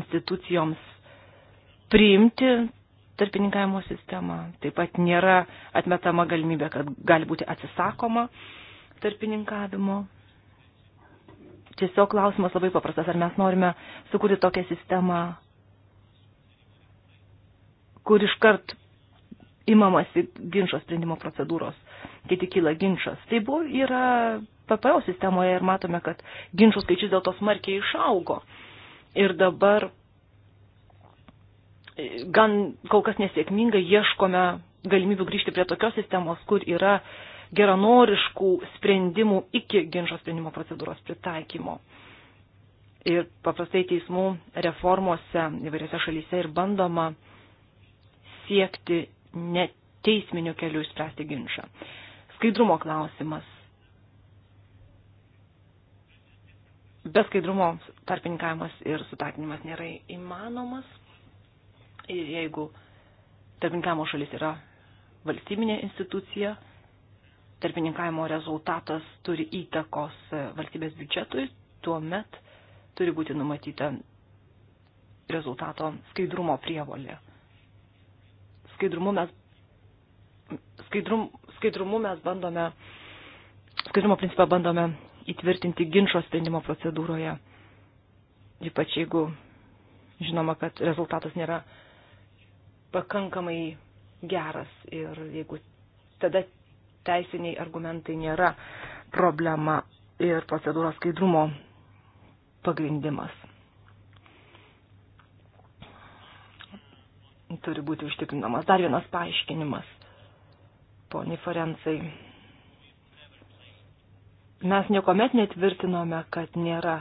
institucijoms priimti tarpininkavimo sistemą. Taip pat nėra atmetama galimybė, kad gali būti atsisakoma tarpininkavimo. Tiesiog klausimas labai paprastas, ar mes norime sukurti tokią sistemą, kur iškart imamasi ginčio sprendimo procedūros, kai tik kyla ginčas. Tai buvo, yra PPO sistemoje ir matome, kad ginčių skaičius dėl to smarkiai išaugo. Ir dabar e, gan kol kas nesėkmingai ieškome galimybių grįžti prie tokios sistemos, kur yra geranoriškų sprendimų iki ginčio sprendimo procedūros pritaikymo. Ir paprastai teismų reformose įvairiose šalyse ir bandoma siekti neteisminių kelių išspręsti ginčą. Skaidrumo klausimas. be skaidrumo tarpininkavimas ir sutartinimas nėra įmanomas. Ir jeigu tarpininkavimo šalis yra valstybinė institucija, tarpininkavimo rezultatas turi įtakos valstybės biudžetui, tuomet turi būti numatyta rezultato skaidrumo prievolė. Skaidrumu mes, skaidrum, skaidrumu mes bandome, skaidrumo principą bandome įtvirtinti ginčio sprendimo procedūroje. Ypač jeigu žinoma, kad rezultatas nėra pakankamai geras ir jeigu tada teisiniai argumentai nėra problema ir procedūros skaidrumo pagrindimas. Turi būti užtikrinamas dar vienas paaiškinimas, poniai Forencijai. Mes niekuomet netvirtinome, kad nėra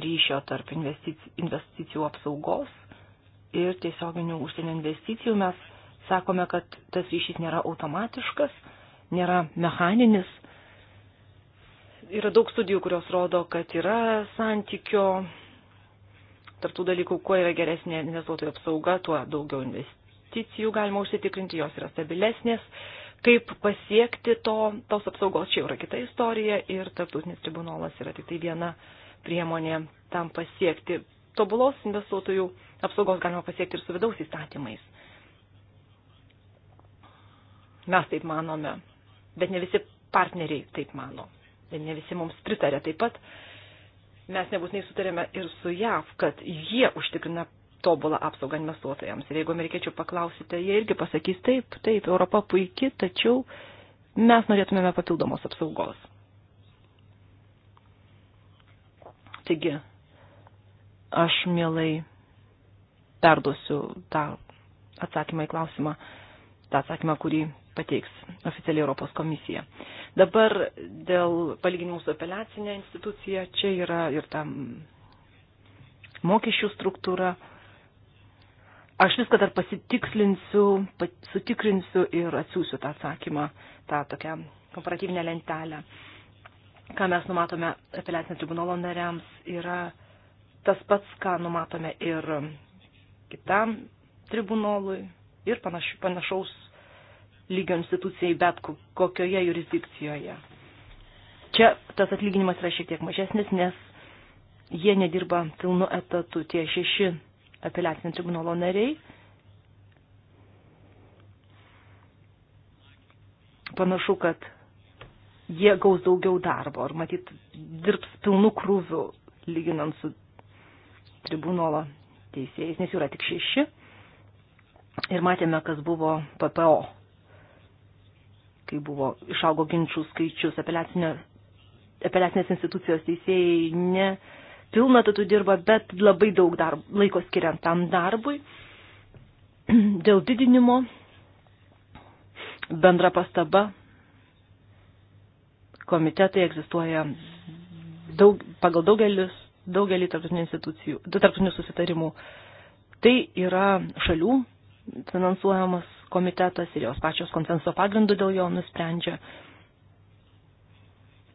ryšio tarp investicijų apsaugos ir tiesioginių užsienio investicijų. Mes sakome, kad tas ryšys nėra automatiškas, nėra mechaninis. Yra daug studijų, kurios rodo, kad yra santykio tarptų dalykų, kuo yra geresnė investuotojų apsauga, tuo daugiau investicijų galima užsitikrinti, jos yra stabilesnės Kaip pasiekti to, tos apsaugos, čia yra kita istorija ir tarptautinis tribunolas yra tik tai viena priemonė tam pasiekti. Tobulos investuotojų apsaugos galima pasiekti ir su vidaus įstatymais. Mes taip manome, bet ne visi partneriai taip mano, bet ne visi mums pritarė taip pat. Mes nebūtinai sutarėme ir su JAV, kad jie užtikrina tobulą apsaugą investuotojams. Ir jeigu amerikiečių paklausite, jie irgi pasakys taip, taip, Europa puikiai, tačiau mes norėtumėme papildomos apsaugos. Taigi, aš mielai perduosiu tą atsakymą į klausimą, tą atsakymą, kurį pateiks oficialiai Europos komisija. Dabar dėl palyginimų su apeliacinė institucija, čia yra ir tam mokesčių struktūra, Aš viską dar pasitikslinsiu, sutikrinsiu ir atsiųsiu tą atsakymą, tą tokią komparatyvinę lentelę. Ką mes numatome apeliacinio tribunolo nariams yra tas pats, ką numatome ir kitam tribunolui ir panaš, panašaus lygio institucijai bet kokioje jurisdikcijoje. Čia tas atlyginimas yra šiek tiek mažesnis, nes jie nedirba pilnu etatu tie šeši apeliacinio tribunolo nariai. Panašu, kad jie gaus daugiau darbo ir matyt dirbs pilnu krūviu lyginant su tribunolo teisėjais, nes jų yra tik šeši. Ir matėme, kas buvo PPO, kai buvo išaugo ginčių skaičius, apeliacinės institucijos teisėjai ne pilna tatų dirba, bet labai daug darb, laiko skiriant tam darbui. Dėl didinimo bendra pastaba komitetai egzistuoja daug, pagal daugelis, daugelį tarptautinių institucijų, tarptautinių susitarimų. Tai yra šalių finansuojamas komitetas ir jos pačios konsenso pagrindu dėl jo nusprendžia.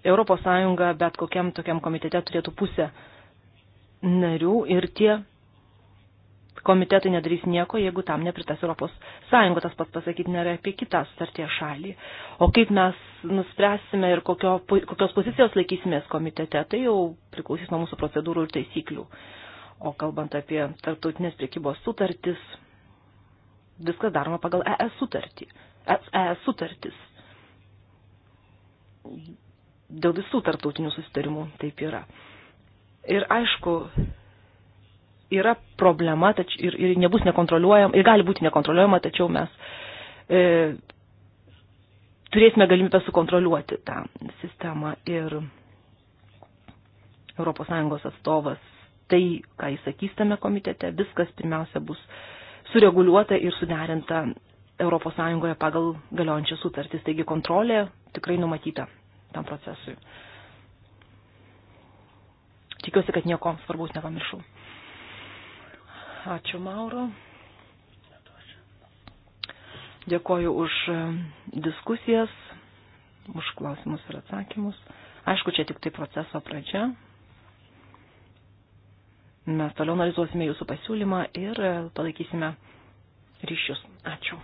Europos Sąjunga bet kokiam tokiam komitete turėtų pusę narių ir tie komitetai nedarys nieko, jeigu tam nepritas Europos Sąjunga, tas pats pasakyti nėra apie kitą sutarties šalį. O kaip mes nuspręsime ir kokio, kokios pozicijos laikysimės komitete, tai jau priklausys nuo mūsų procedūrų ir taisyklių. O kalbant apie tarptautinės priekybos sutartis, viskas daroma pagal ES sutartį. ES sutartis. Dėl visų tarptautinių susitarimų taip yra. Ir aišku, yra problema tač, ir, ir nebus nekontroliuojama, ir gali būti nekontroliuojama, tačiau mes e, turėsime galimybę sukontroliuoti tą sistemą. Ir ES atstovas tai, ką jis sakys tame komitete, viskas pirmiausia bus sureguliuota ir suderinta ES pagal galiojančias sutartis. Taigi kontrolė tikrai numatyta tam procesui tikiuosi, kad nieko svarbaus nepamiršau. Ačiū, Mauro. Dėkoju už e, diskusijas, už klausimus ir atsakymus. Aišku, čia tik tai proceso pradžia. Mes toliau analizuosime jūsų pasiūlymą ir e, palaikysime ryšius. Ačiū.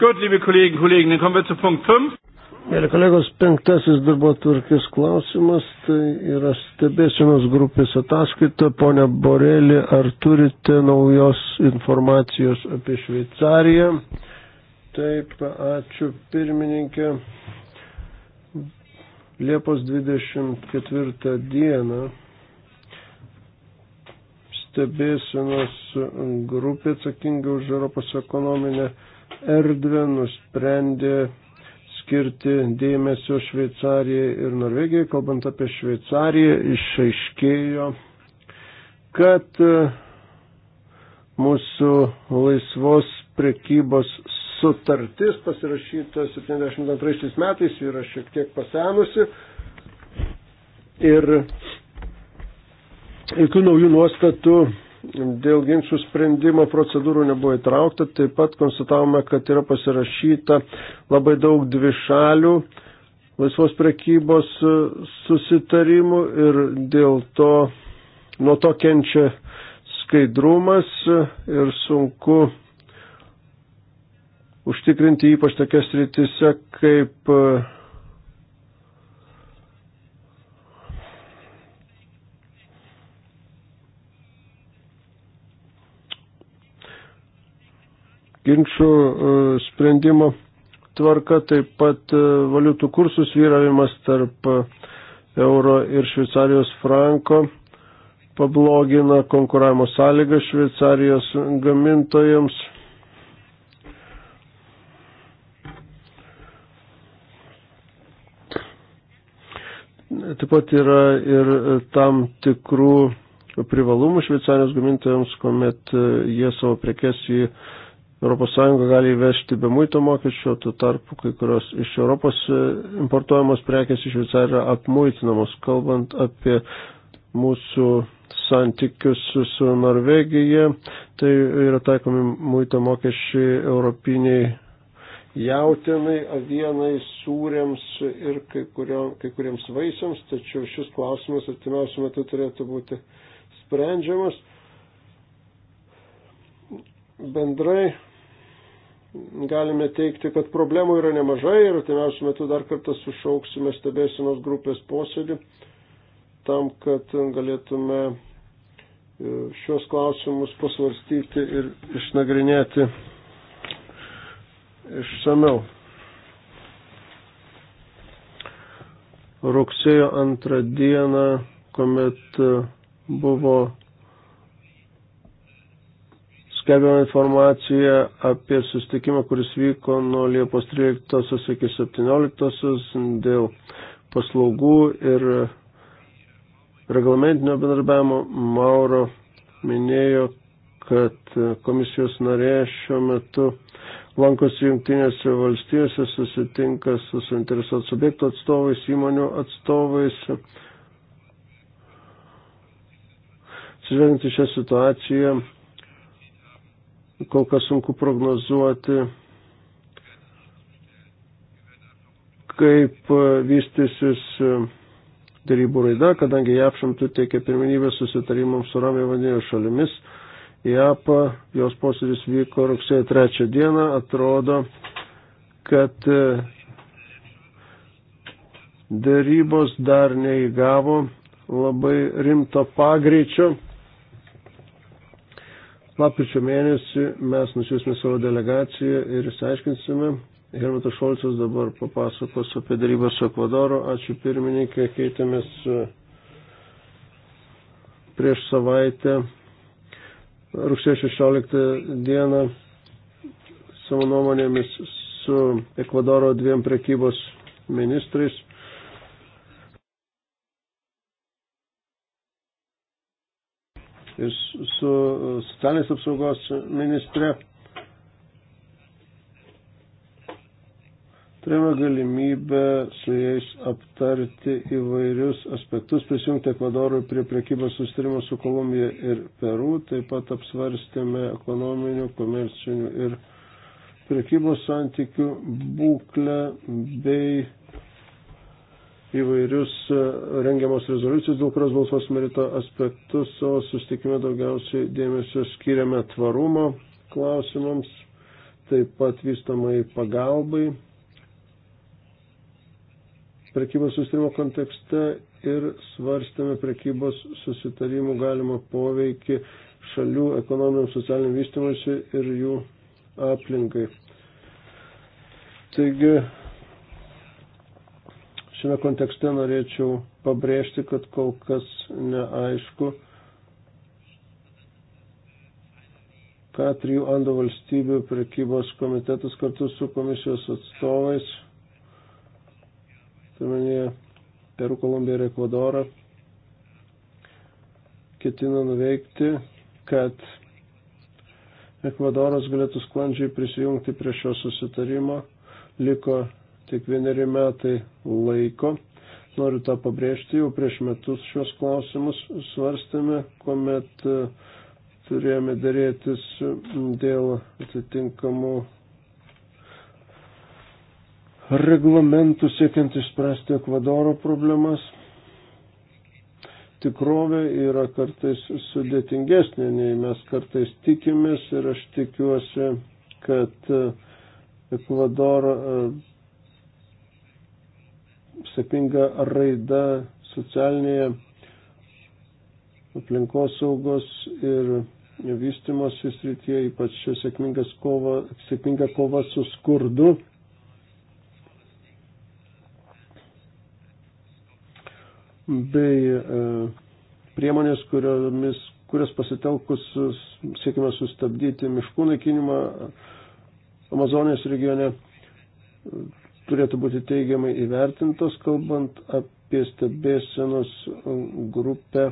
Gut, liebe Kollegen, Kollegen, dann kommen wir zu Punkt 5. Mėly kolegos, penktasis darbo tvarkės klausimas, tai yra stebėsienos grupės ataskaita. Pone Borelį, ar turite naujos informacijos apie Šveicariją? Taip, ačiū pirmininkė. Liepos 24 dieną stebėsienos grupė atsakinga už Europos ekonominę erdvę, nusprendė skirti dėmesio Šveicarijai ir Norvegijai. Kalbant apie Šveicariją, išaiškėjo, kad e, mūsų laisvos prekybos sutartis pasirašyta 72 metais yra šiek tiek pasenusi ir jokių naujų nuostatų dėl ginčių sprendimo procedūrų nebuvo įtraukta. Taip pat konstatavome, kad yra pasirašyta labai daug dvišalių laisvos prekybos e, susitarimų ir dėl to nuo to kenčia skaidrumas e, ir sunku užtikrinti ypač tokias rytise kaip e, ginčių e, sprendimo tvarka, taip pat e, valiutų kursų sviravimas tarp e, euro ir Šveicarijos franko pablogina konkuravimo sąlygas Šveicarijos gamintojams. Taip pat yra ir tam tikrų privalumų šveicarijos gamintojams, kuomet jie savo prekes į uh, ES gali įvežti be muito mokesčio, tuo tarpu kai kurios iš Europos e, importuojamos prekės iš Šveicariją apmuitinamos. Kalbant apie mūsų santykius su Norvegija, tai yra taikomi muito mokesčiai europiniai jautinai, avienai, sūriams ir kai, kurio, kai kuriems vaisiams, tačiau šis klausimas artimiausiu metu turėtų būti sprendžiamas. Bendrai galime teikti, kad problemų yra nemažai ir atimiausiu metu dar kartą sušauksime stebėsinos grupės posėdį tam, kad galėtume e, šios klausimus pasvarstyti ir išnagrinėti išsameu. Rugsėjo antrą dieną, kuomet buvo skelbiama informacija apie sustikimą, kuris vyko nuo Liepos 13 iki 17 dėl paslaugų ir reglamentinio bendarbiavimo. Mauro minėjo, kad komisijos narė šiuo metu lankosi jungtinėse valstijose, susitinka su suinteresuotų subjektų atstovais, įmonių atstovais. Atsižvelgiant į šią situaciją, kol kas sunku prognozuoti, kaip e, vystysis e, darybų raida, kadangi JAP šimtų teikia pirmenybę susitarimams su Ramė Vanėjo šalimis. JAP jos posėdis vyko rugsėjo trečią dieną, atrodo, kad e, darybos dar neįgavo labai rimto pagreičio Lapkričio mėnesį mes nusiusime savo delegaciją ir išsiaiškinsime. Hermatas Šolcas dabar papasakos apie darybą su Ekvadoru. Ačiū pirmininkė, keitėmės e, prieš savaitę, rugsėjo 16 dieną, savo nuomonėmis su Ekvadoro dviem prekybos ministrais ir su socialinės apsaugos ministre. Turėjome galimybę su jais aptarti įvairius aspektus, prisijungti Ekvadorui prie prekybos sustarimo su Kolumbija ir Peru, taip pat apsvarstėme ekonominių, komercinių ir prekybos santykių būklę bei įvairius e, rengiamos rezoliucijos, dėl kurios balsuosime ryto aspektus, o sustikime daugiausiai dėmesio skiriame tvarumo klausimams, taip pat vystamai pagalbai, prekybos susitarimo kontekste ir svarstėme prekybos susitarimų galimą poveikį šalių ekonominiam socialiniam vystymuisi ir jų aplinkai. Taigi Šiame kontekste norėčiau pabrėžti, kad kol kas neaišku, ką trijų Ando valstybių prekybos komitetas kartu su komisijos atstovais, turiminėje Peru, Kolumbiją ir Ekvadorą, ketina nuveikti, kad Ekvadoras galėtų sklandžiai prisijungti prie šio susitarimo. Liko tik vieneri metai laiko. Noriu tą pabrėžti, jau prieš metus šios klausimus svarstėme, kuomet e, turėjome dėrėtis dėl atitinkamų reglamentų siekiant išspręsti Ekvadoro problemas. Tikrovė yra kartais sudėtingesnė, nei mes kartais tikimės ir aš tikiuosi, kad Ekvadoro e, sėkminga raida socialinėje aplinkos saugos ir vystimosi srityje, ypač kova, sėkminga kova su skurdu. bei e, priemonės, kuriomis, kurias pasitelkus siekime sustabdyti miškų naikinimą Amazonės regione, turėtų būti teigiamai įvertintos, kalbant apie stebėsenos um, grupę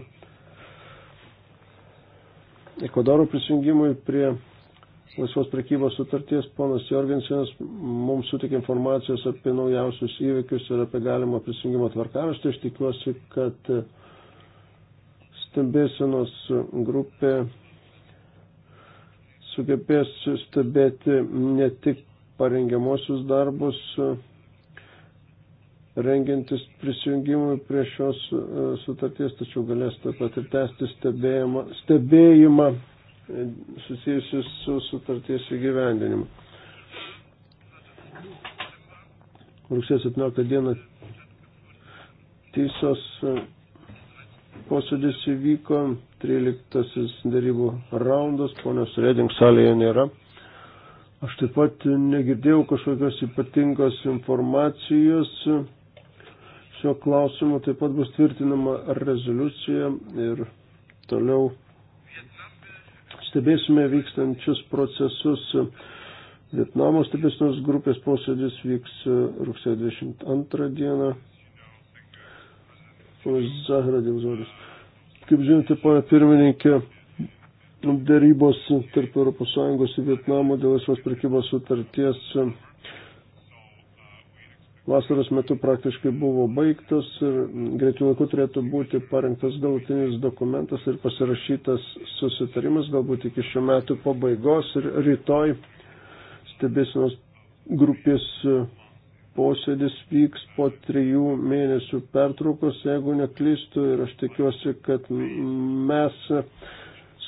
Ekvadoro prisijungimui prie laisvos prekybos sutarties. Ponas Jorgensenas mums sutikė informacijos apie naujausius įvykius ir apie galimą prisijungimo tvarkaraštį. Aš tikiuosi, kad uh, stebėsenos uh, grupė sugebės stebėti ne tik parengiamosius darbus uh, rengiantis prisijungimui prie šios e, sutarties, tačiau galės taip pat ir tęsti stebėjimą, stebėjimą e, susijusius su sutarties įgyvendinimu. Rugsės 17 dieną teisos e, posėdis įvyko, 13 darybų raundas, ponios Reding salėje nėra. Aš taip pat negirdėjau kažkokios ypatingos informacijos Šio klausimu taip pat bus tvirtinama rezoliucija ir toliau stebėsime vykstančius procesus. Vietnamo stebėsinos grupės posėdis vyks rugsėjo 22 dieną. Zahra Dėvzoris. Kaip žinote, pana pirmininkė, darybos tarp ES ir Vietnamo dėl laisvos prekybos sutarties vasaros metu praktiškai buvo baigtos ir greitų laikų turėtų būti parengtas galutinis dokumentas ir pasirašytas susitarimas galbūt iki šių metų pabaigos ir rytoj stebėsinos grupės posėdis vyks po trijų mėnesių pertraukos, jeigu neklystu, ir aš tikiuosi, kad mes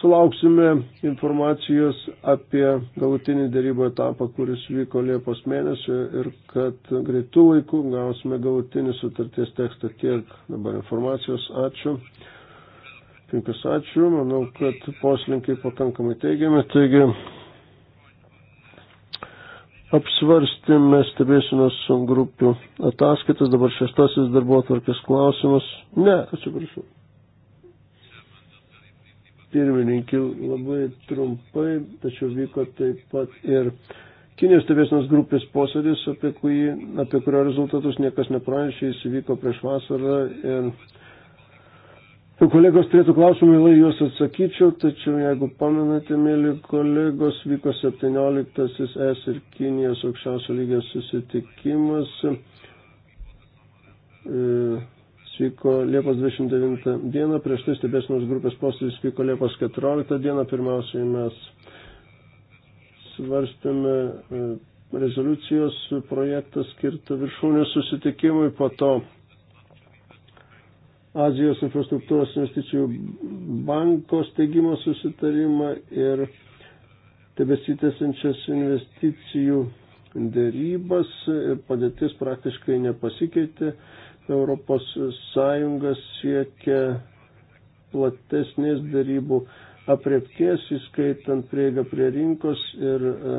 sulauksime informacijos apie galutinį darybų etapą, kuris vyko Liepos mėnesio ir kad greitų laikų gausime galutinį sutarties tekstą tiek dabar informacijos. Ačiū. Pinkas ačiū. Manau, kad poslinkiai pakankamai teigiami. Taigi, apsvarstėme stebėsinos grupių ataskaitas. Dabar šeštasis darbo atvarkės klausimas. Ne, atsiprašau pirmininkė, labai trumpai, tačiau vyko taip pat ir Kinijos stebėsinos grupės posėdis, apie, kurį, apie kurio rezultatus niekas nepranešė, jis įvyko prieš vasarą ir kolegos turėtų klausimų, lai juos atsakyčiau, tačiau jeigu pamenate, mėly kolegos, vyko 17 S ir Kinijos aukščiausio lygio susitikimas. E, vyko Liepos 29 dieną, prieš tai stebėsinos grupės posėdis vyko Liepos 14 dieną. Pirmiausiai mes svarstėme e, rezoliucijos projektą skirtą viršūnės susitikimui, po to Azijos infrastruktūros investicijų banko steigimo susitarimą ir tebesitęsiančias investicijų dėrybas ir padėtis praktiškai nepasikeitė. Europos Sąjunga siekia platesnės darybų apriepties, įskaitant prieigą prie rinkos ir e,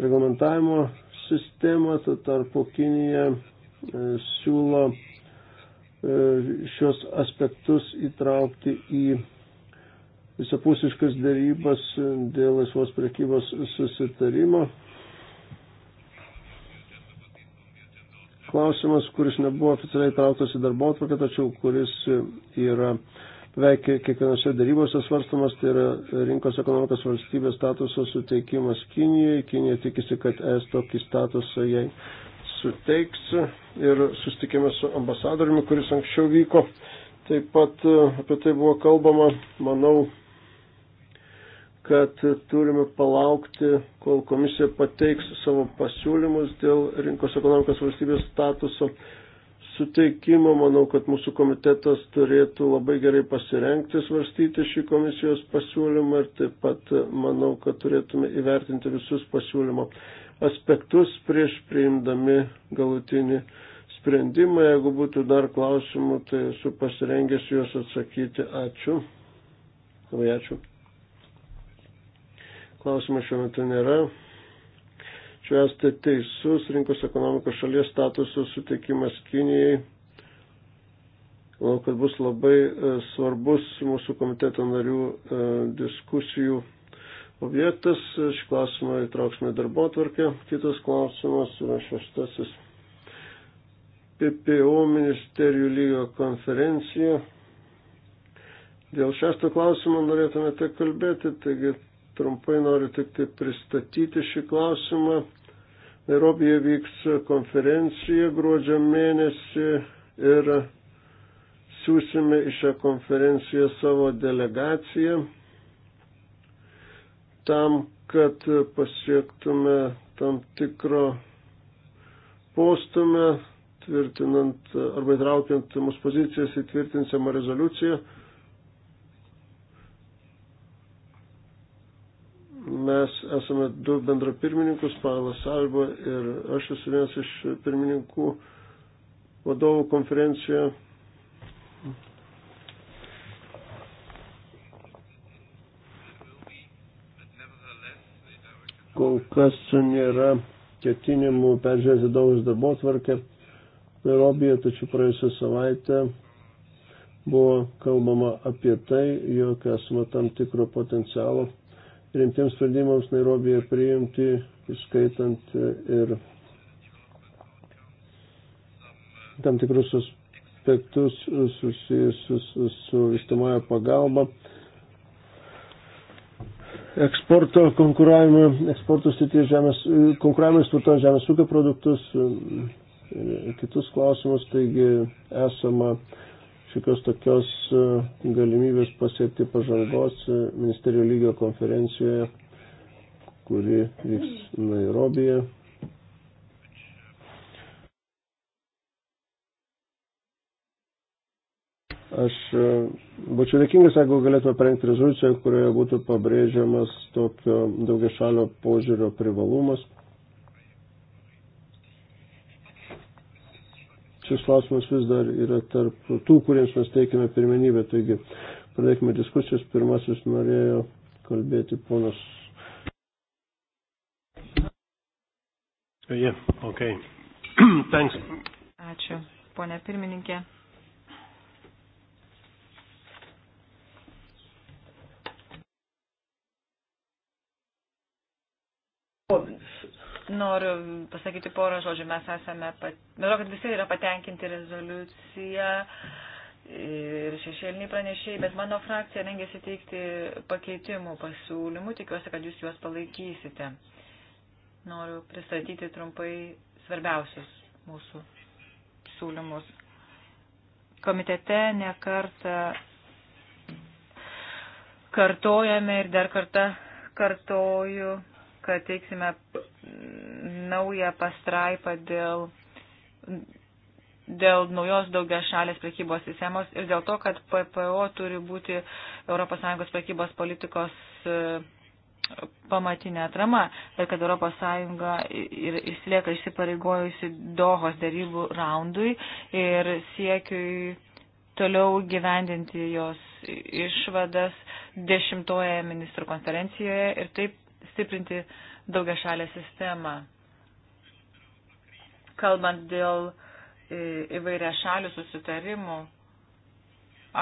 reglamentavimo sistemą, tuo tarpu Kinija e, siūlo e, šios aspektus įtraukti į visapusiškas darybas dėl laisvos prekybos susitarimo. klausimas, kuris nebuvo oficialiai trauktas į darbo atvarkę, tačiau kuris yra beveik kiekvienose darybose svarstamas, tai yra rinkos ekonomikos valstybės statuso suteikimas Kinijai. Kinija tikisi, kad es tokį statusą jai suteiks ir sustikime su ambasadoriumi, kuris anksčiau vyko. Taip pat e, apie tai buvo kalbama, manau, kad turime palaukti, kol komisija pateiks savo pasiūlymus dėl rinkos ekonomikos valstybės statuso suteikimo. Manau, kad mūsų komitetas turėtų labai gerai pasirenkti svarstyti šį komisijos pasiūlymą ir taip pat manau, kad turėtume įvertinti visus pasiūlymo aspektus prieš priimdami galutinį sprendimą. Jeigu būtų dar klausimų, tai esu pasirengęs juos atsakyti. Ačiū. Labai ačiū klausimą šiuo metu nėra. Čia esate teisus, rinkos ekonomikos šalies statuso suteikimas Kinijai. Manau, kad bus labai e, svarbus mūsų komiteto narių e, diskusijų objektas. Šį klausimą įtrauksime darbo tvarkę. Kitas klausimas yra šeštasis. PPO ministerijų lygio konferencija. Dėl šešto klausimo norėtumėte kalbėti, taigi Trumpai noriu tik tai pristatyti šį klausimą. Nairobije vyks konferencija gruodžio mėnesį ir siūsime į šią konferenciją savo delegaciją tam, kad pasiektume tam tikro postumę, tvirtinant arba įtraukiant mūsų pozicijas įtvirtinsiamą rezoliuciją mes esame du bendra pirmininkus, Pavelas Alba ir aš esu vienas iš pirmininkų vadovų konferencijoje. Kol kas nėra ketinimų peržiūrėti daug darbo tvarkę Nairobije, tačiau praėjusią savaitę buvo kalbama apie tai, jog esame tam tikro potencialo rimtiems sprendimams Nairobėje priimti, įskaitant ir tam tikrus aspektus susijusius su vystamoje pagalba. Eksporto konkuravimo, eksporto srityje žemės, konkuravimo eksportuojant žemės ūkio produktus ir kitus klausimus, taigi esama uh, šiokios tokios e, galimybės pasiekti pažangos e, ministerijų lygio konferencijoje, kuri vyks Nairobije. Aš e, būčiau dėkingas, jeigu galėtume parengti rezoliuciją, kurioje būtų pabrėžiamas tokio daugiašalio požiūrio privalumas. šis klausimas vis dar yra tarp tų, kuriems mes teikiame pirmenybę. Taigi, pradėkime diskusijas. Pirmasis norėjo kalbėti ponas. Yeah, okay. Thanks. Ačiū, ponia pirmininkė. Noriu pasakyti porą žodžių. Mes esame, pat... manau, kad visi yra patenkinti rezoliuciją ir šešėliniai pranešėjai, bet mano frakcija rengėsi teikti pakeitimų pasiūlymų, tikiuosi, kad jūs juos palaikysite. Noriu pristatyti trumpai svarbiausius mūsų siūlymus. Komitete nekartą kartojame ir dar kartą kartoju kad teiksime naują pastraipą dėl, dėl naujos daugia šalės prekybos sistemos ir dėl to, kad PPO turi būti ES prekybos politikos e, pamatinė atrama ir kad ES ir išlieka išsipareigojusi Dohos darybų raundui ir siekiui toliau gyvendinti jos išvadas dešimtoje ministrų konferencijoje ir taip stiprinti daugia šalę sistemą. Kalbant dėl e, įvairia šalių susitarimų,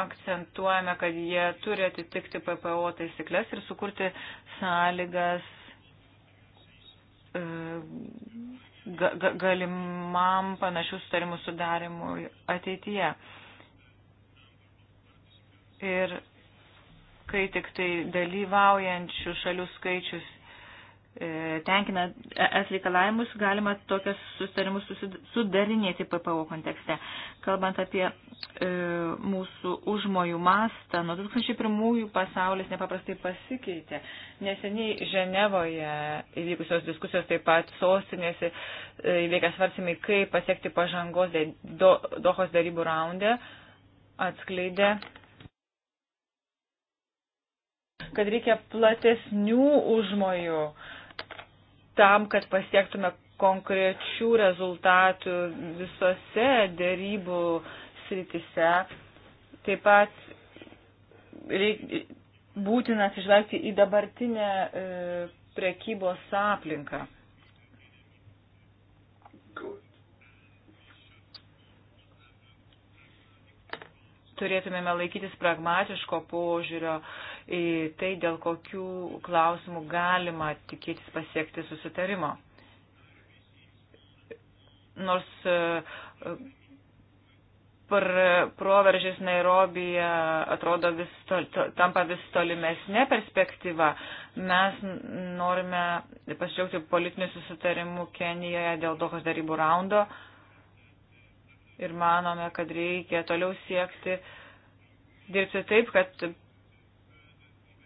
akcentuojame, kad jie turi atitikti PPO taisyklės ir sukurti sąlygas e, ga, ga, galimam panašių sutarimų sudarimui ateityje. Ir kai tik tai dalyvaujančių šalių skaičius e, tenkina es reikalavimus, galima tokias sustarimus sudarinėti PPO kontekste. Kalbant apie e, mūsų užmojų mastą, nuo 2001 pasaulis nepaprastai pasikeitė. Neseniai Ženevoje įvykusios diskusijos taip pat sostinėse e, įveikia svarsimai, kaip pasiekti pažangos Dohos darybų raunde atskleidė kad reikia platesnių užmojų tam, kad pasiektume konkrečių rezultatų visose dėrybų sritise. Taip pat reik, būtina atsižvelgti į dabartinę e, prekybos aplinką. Turėtumėme laikytis pragmatiško požiūrio tai, dėl kokių klausimų galima tikėtis pasiekti susitarimo. Nors e, proveržis Nairobija atrodo vis tol, to, tampa vis tolimesnė perspektyva. Mes norime pasidžiaugti politiniu susitarimu Kenijoje dėl Dohos darybų raundo ir manome, kad reikia toliau siekti dirbti taip, kad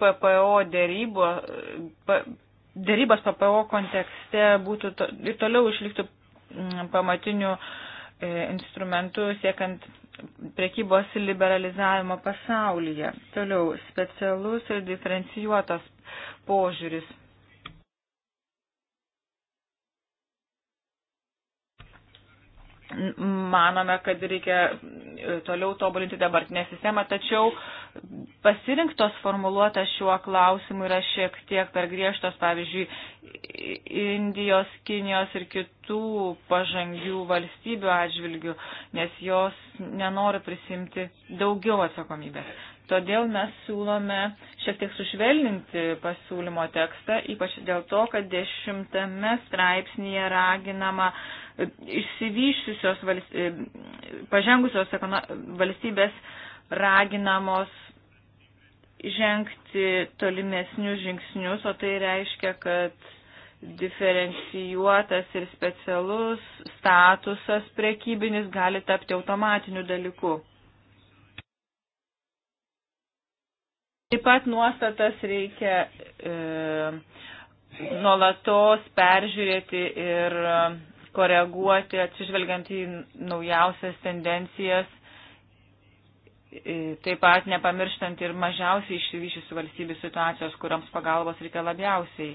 PPO dėrybo, dėrybas PPO kontekste būtų to, ir toliau išliktų mm, pamatinių e, instrumentų siekant prekybos liberalizavimo pasaulyje. Toliau specialus ir diferencijuotas požiūris. manome, kad reikia e, toliau tobulinti dabartinę sistemą, tačiau pasirinktos formuluotas šiuo klausimu yra šiek tiek per griežtos, pavyzdžiui, Indijos, Kinijos ir kitų pažangių valstybių atžvilgių, nes jos nenori prisimti daugiau atsakomybės. Todėl mes siūlome šiek tiek sušvelninti pasiūlymo tekstą, ypač dėl to, kad dešimtame straipsnėje raginama išsivyščiusios valstybės, e, pažengusios valstybės raginamos žengti tolimesnius žingsnius, o tai reiškia, kad diferencijuotas ir specialus statusas prekybinis gali tapti automatiniu dalyku. Taip pat nuostatas reikia e, nuolatos peržiūrėti ir e, koreguoti, atsižvelgiant į naujausias tendencijas, e, taip pat nepamirštant ir mažiausiai išsivyšusių valstybių situacijos, kuriams pagalbos reikia labiausiai.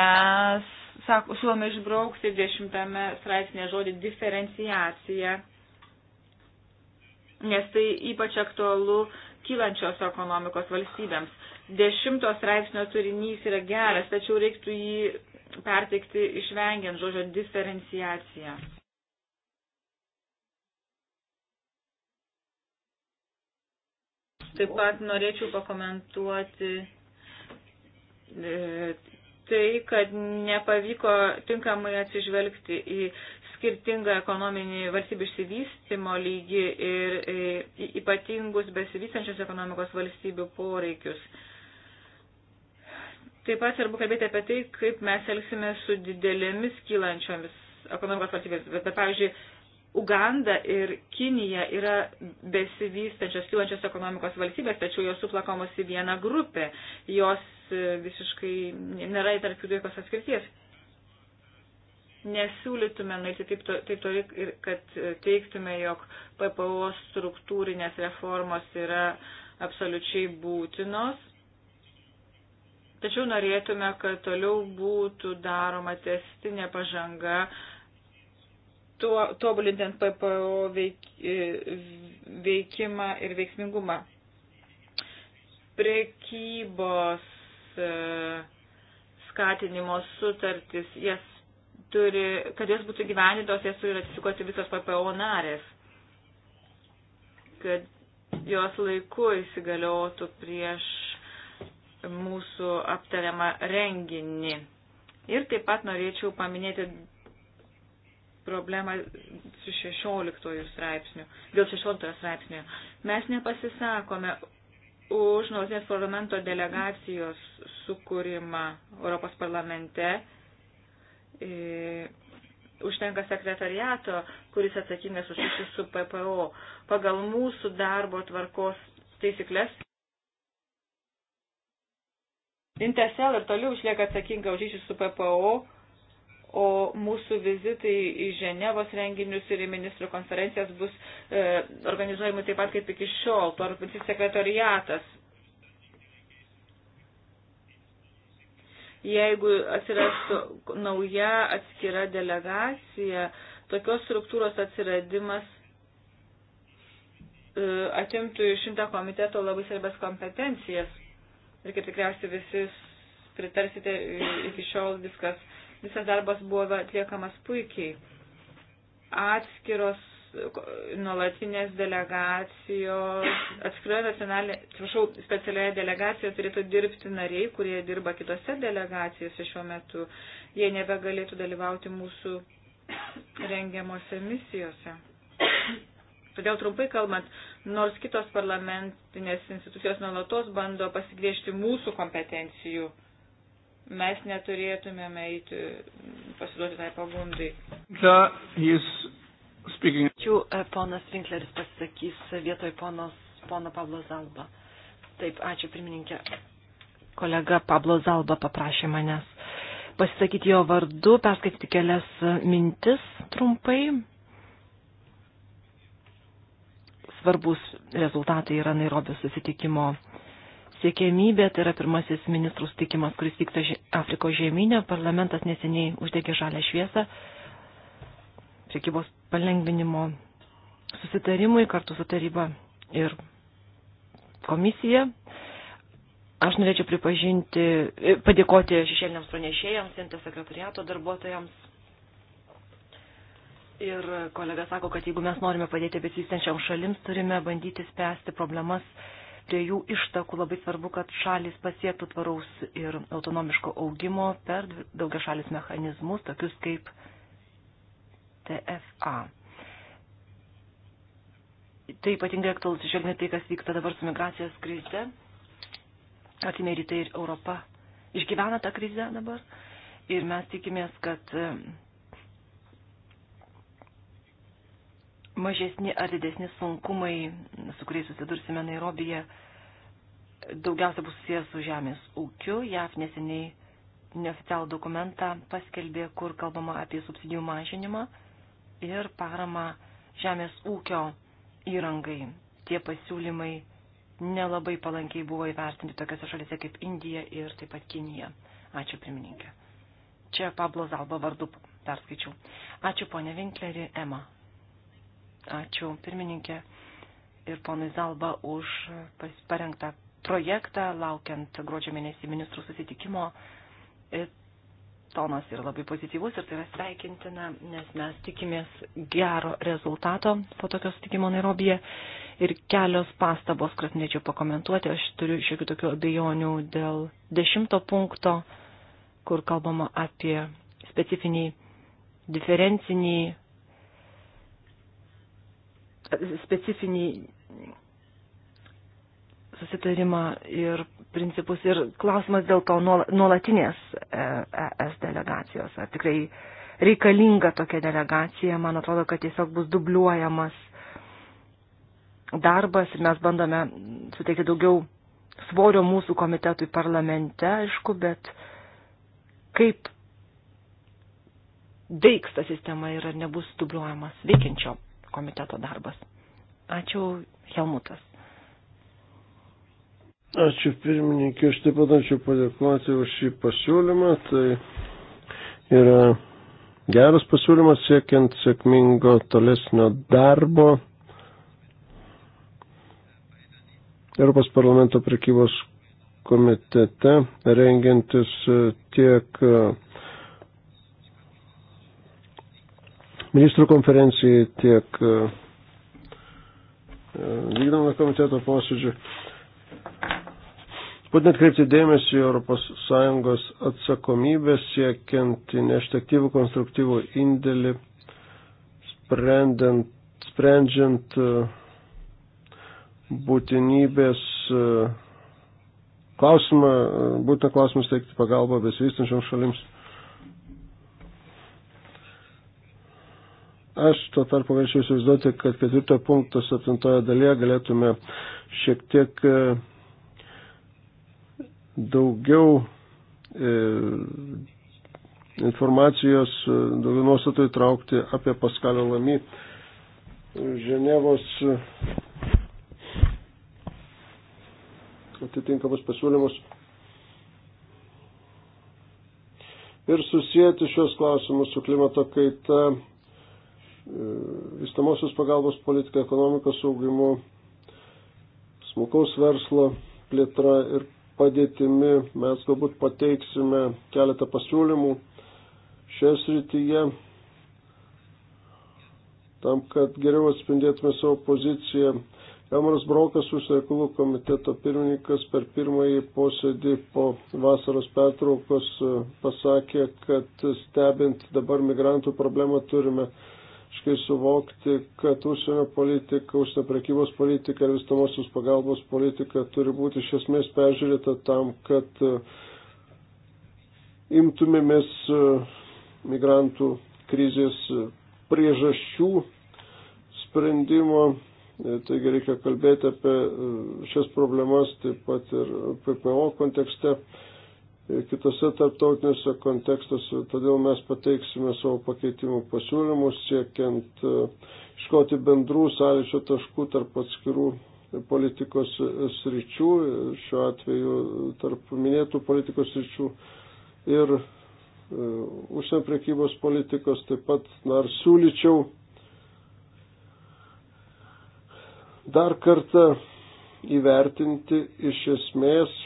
Mes sako, siūlome išbraukti dešimtame straipsnėje žodį diferenciacija nes tai ypač aktualu kylančios ekonomikos valstybėms. Dešimto straipsnio turinys yra geras, tačiau reiktų jį perteikti išvengiant žodžio diferenciaciją. Taip pat norėčiau pakomentuoti e, tai, kad nepavyko tinkamai atsižvelgti į skirtingą ekonominį valstybių išsivystimo lygį ir e, ypatingus besivystančios ekonomikos valstybių poreikius. Taip pat svarbu kalbėti apie tai, kaip mes elgsime su didelėmis kylančiomis ekonomikos valstybės. Bet, pavyzdžiui, Uganda ir Kinija yra besivystančios kylančios ekonomikos valstybės, tačiau jos suplakomos į vieną grupę. Jos e, visiškai nėra tarp jų jokios atskirties nesiūlytume nueiti taip, to, taip toli, kad teiktume, jog PPO struktūrinės reformos yra absoliučiai būtinos. Tačiau norėtume, kad toliau būtų daroma testinė pažanga, tuo, tobulintant PPO veik, veikimą ir veiksmingumą. Prekybos e, skatinimo sutartis, jas turi, kad jos būtų gyvenintos, jas turi ratifikuoti visos PPO narės, kad jos laiku įsigaliotų prieš mūsų aptariamą renginį. Ir taip pat norėčiau paminėti problemą su 16 straipsniu, dėl 16 straipsnio. Mes nepasisakome už nuolatinės parlamento delegacijos sukūrimą Europos parlamente E, užtenka sekretariato, kuris atsakingas už ryšius su PPO. Pagal mūsų darbo tvarkos taisyklės. Intercel ir toliau išlieka atsakinga už ryšius su PPO, o mūsų vizitai į Ženevos renginius ir į ministrų konferencijas bus e, organizuojami taip pat kaip iki šiol, tuo rūpinsis sekretariatas jeigu atsirastų nauja atskira delegacija, tokios struktūros atsiradimas e, atimtų iš šimtą komiteto labai svarbias kompetencijas. Ir kaip tikriausiai visi pritarsite, e, iki šiol viskas, visas darbas buvo atliekamas puikiai. Atskiros nuolatinės delegacijos, atskiroje nacionalinė, atsiprašau, specialioje delegacijoje turėtų dirbti nariai, kurie dirba kitose delegacijose šiuo metu. Jie nebegalėtų dalyvauti mūsų rengiamose misijose. Todėl trumpai kalbant, nors kitos parlamentinės institucijos nuolatos bando pasigriežti mūsų kompetencijų, mes neturėtumėme eiti pasiduoti tai pagundai. Speaking... Ačiū, e, ponas Winkleris pasisakys vietoj ponos, pono Pablo Zalba. Taip, ačiū pirmininkė. Kolega Pablo Zalba paprašė manęs pasisakyti jo vardu, perskaityti kelias mintis trumpai. Svarbus rezultatai yra Nairobio susitikimo siekiamybė, tai yra pirmasis ministrų sutikimas, kuris vyksta Afrikos žemynė, parlamentas neseniai uždegė žalę šviesą, priekybos palengvinimo susitarimui kartu su taryba ir komisija. Aš norėčiau pripažinti, e, padėkoti šešėliniams pranešėjams, Sintės sekretariato darbuotojams. Ir kolega sako, kad jeigu mes norime padėti besistenčiam šalims, turime bandyti spręsti problemas prie jų ištakų. Labai svarbu, kad šalis pasiektų tvaraus ir autonomiško augimo per daugia šalis mechanizmus, tokius kaip TFA. Tai ypatingai aktualus išvelgiant tai, kas vyksta dabar su migracijos krize. Artimieji rytai ir Europa išgyvena tą krizę dabar. Ir mes tikimės, kad um, mažesni ar didesni sunkumai, su kuriais susidursime Nairobije, daugiausia bus susijęs su žemės ūkiu. JAF neseniai neoficialų dokumentą paskelbė, kur kalbama apie subsidijų mažinimą ir paramą žemės ūkio įrangai. Tie pasiūlymai nelabai palankiai buvo įvertinti tokiose šalise kaip Indija ir taip pat Kinija. Ačiū pirmininkė. Čia Pablo Zalba vardu perskaičiau. Ačiū ponė Vinklerį, Ema. Ačiū pirmininkė ir ponui Zalba už parengtą projektą, laukiant gruodžio mėnesį ministrų susitikimo tonas yra labai pozityvus ir tai yra sveikintina, nes mes tikimės gero rezultato po tokio sutikimo Nairobije. Ir kelios pastabos, kurias norėčiau pakomentuoti, aš turiu šiokių tokių abejonių dėl dešimto punkto, kur kalbama apie specifinį diferencinį specifinį susitarimą ir principus ir klausimas dėl to nuolatinės ES e delegacijos. Ar tikrai reikalinga tokia delegacija, man atrodo, kad tiesiog bus dubliuojamas darbas ir mes bandome suteikti daugiau svorio mūsų komitetui parlamente, aišku, bet kaip veiks ta sistema ir ar nebus dubliuojamas veikiančio komiteto darbas. Ačiū, Helmutas. Ačiū pirmininkė, aš taip pat ačiū padėkoti už šį pasiūlymą. Tai yra geras pasiūlymas siekiant sėkmingo tolesnio darbo. Europos parlamento prekybos komitete rengiantis tiek ministrų konferencijai, tiek e, vykdomą komiteto posėdžiui. Būtent kreipti dėmesį ES atsakomybę siekiant įnešti aktyvų konstruktyvų indėlį, sprendant, sprendžiant e, būtinybės e, klausimą, e, būtent klausimus teikti pagalbą besivystančioms šalims. Aš tuo tarpu galėčiau įsivaizduoti, kad ketvirtojo punkto septintoje dalyje galėtume šiek tiek daugiau e, informacijos, e, daugiau nuostatų įtraukti apie Paskalio Lamy e, Ženevos e, atitinkamus pasiūlymus ir susijęti šios klausimus su klimato kaita, vystamosios pagalbos politika, ekonomikos augimu, smukaus verslo plėtra ir padėtimi mes galbūt pateiksime keletą pasiūlymų šioje srityje, tam, kad geriau atspindėtume savo poziciją. Elmaras Brokas, užsienio reikalų komiteto pirmininkas, per pirmąjį posėdį po vasaros pertraukos e, pasakė, kad stebint dabar migrantų problemą turime aiškiai suvokti, kad užsienio politika, užsienio prekybos politika ir vystamosios pagalbos politika turi būti iš esmės peržiūrėta tam, kad e, imtumėmės e, migrantų krizės priežasčių sprendimo. E, taigi reikia kalbėti apie šias problemas taip pat ir PPO kontekste. E, kitose tarptautiniuose kontekstuose, todėl mes pateiksime savo pakeitimų pasiūlymus, siekiant e, iškoti bendrų sąlyčio taškų tarp atskirų politikos sričių, šiuo atveju tarp minėtų politikos sričių ir e, užsienio prekybos politikos, taip pat dar siūlyčiau dar kartą įvertinti iš esmės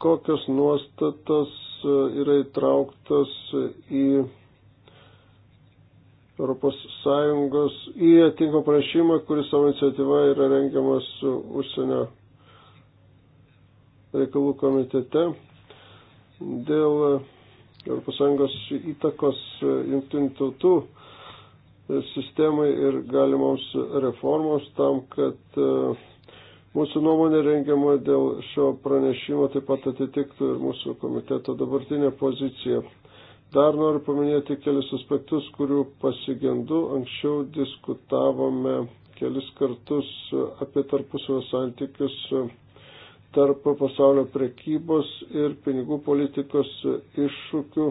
kokios nuostatos e, yra įtrauktos į ES, į atinkamą prašymą, kuris savo iniciatyva yra rengiamas užsienio reikalų komitete dėl ES įtakos jungtinių tautų sistemai ir galimoms reformoms tam, kad uh, Mūsų nuomonė rengiama dėl šio pranešimo taip pat atitiktų ir mūsų komiteto dabartinė pozicija. Dar noriu paminėti kelis aspektus, kurių pasigendu. Anksčiau diskutavome kelis kartus apie tarpusavio santykius tarp pasaulio prekybos ir pinigų politikos iššūkių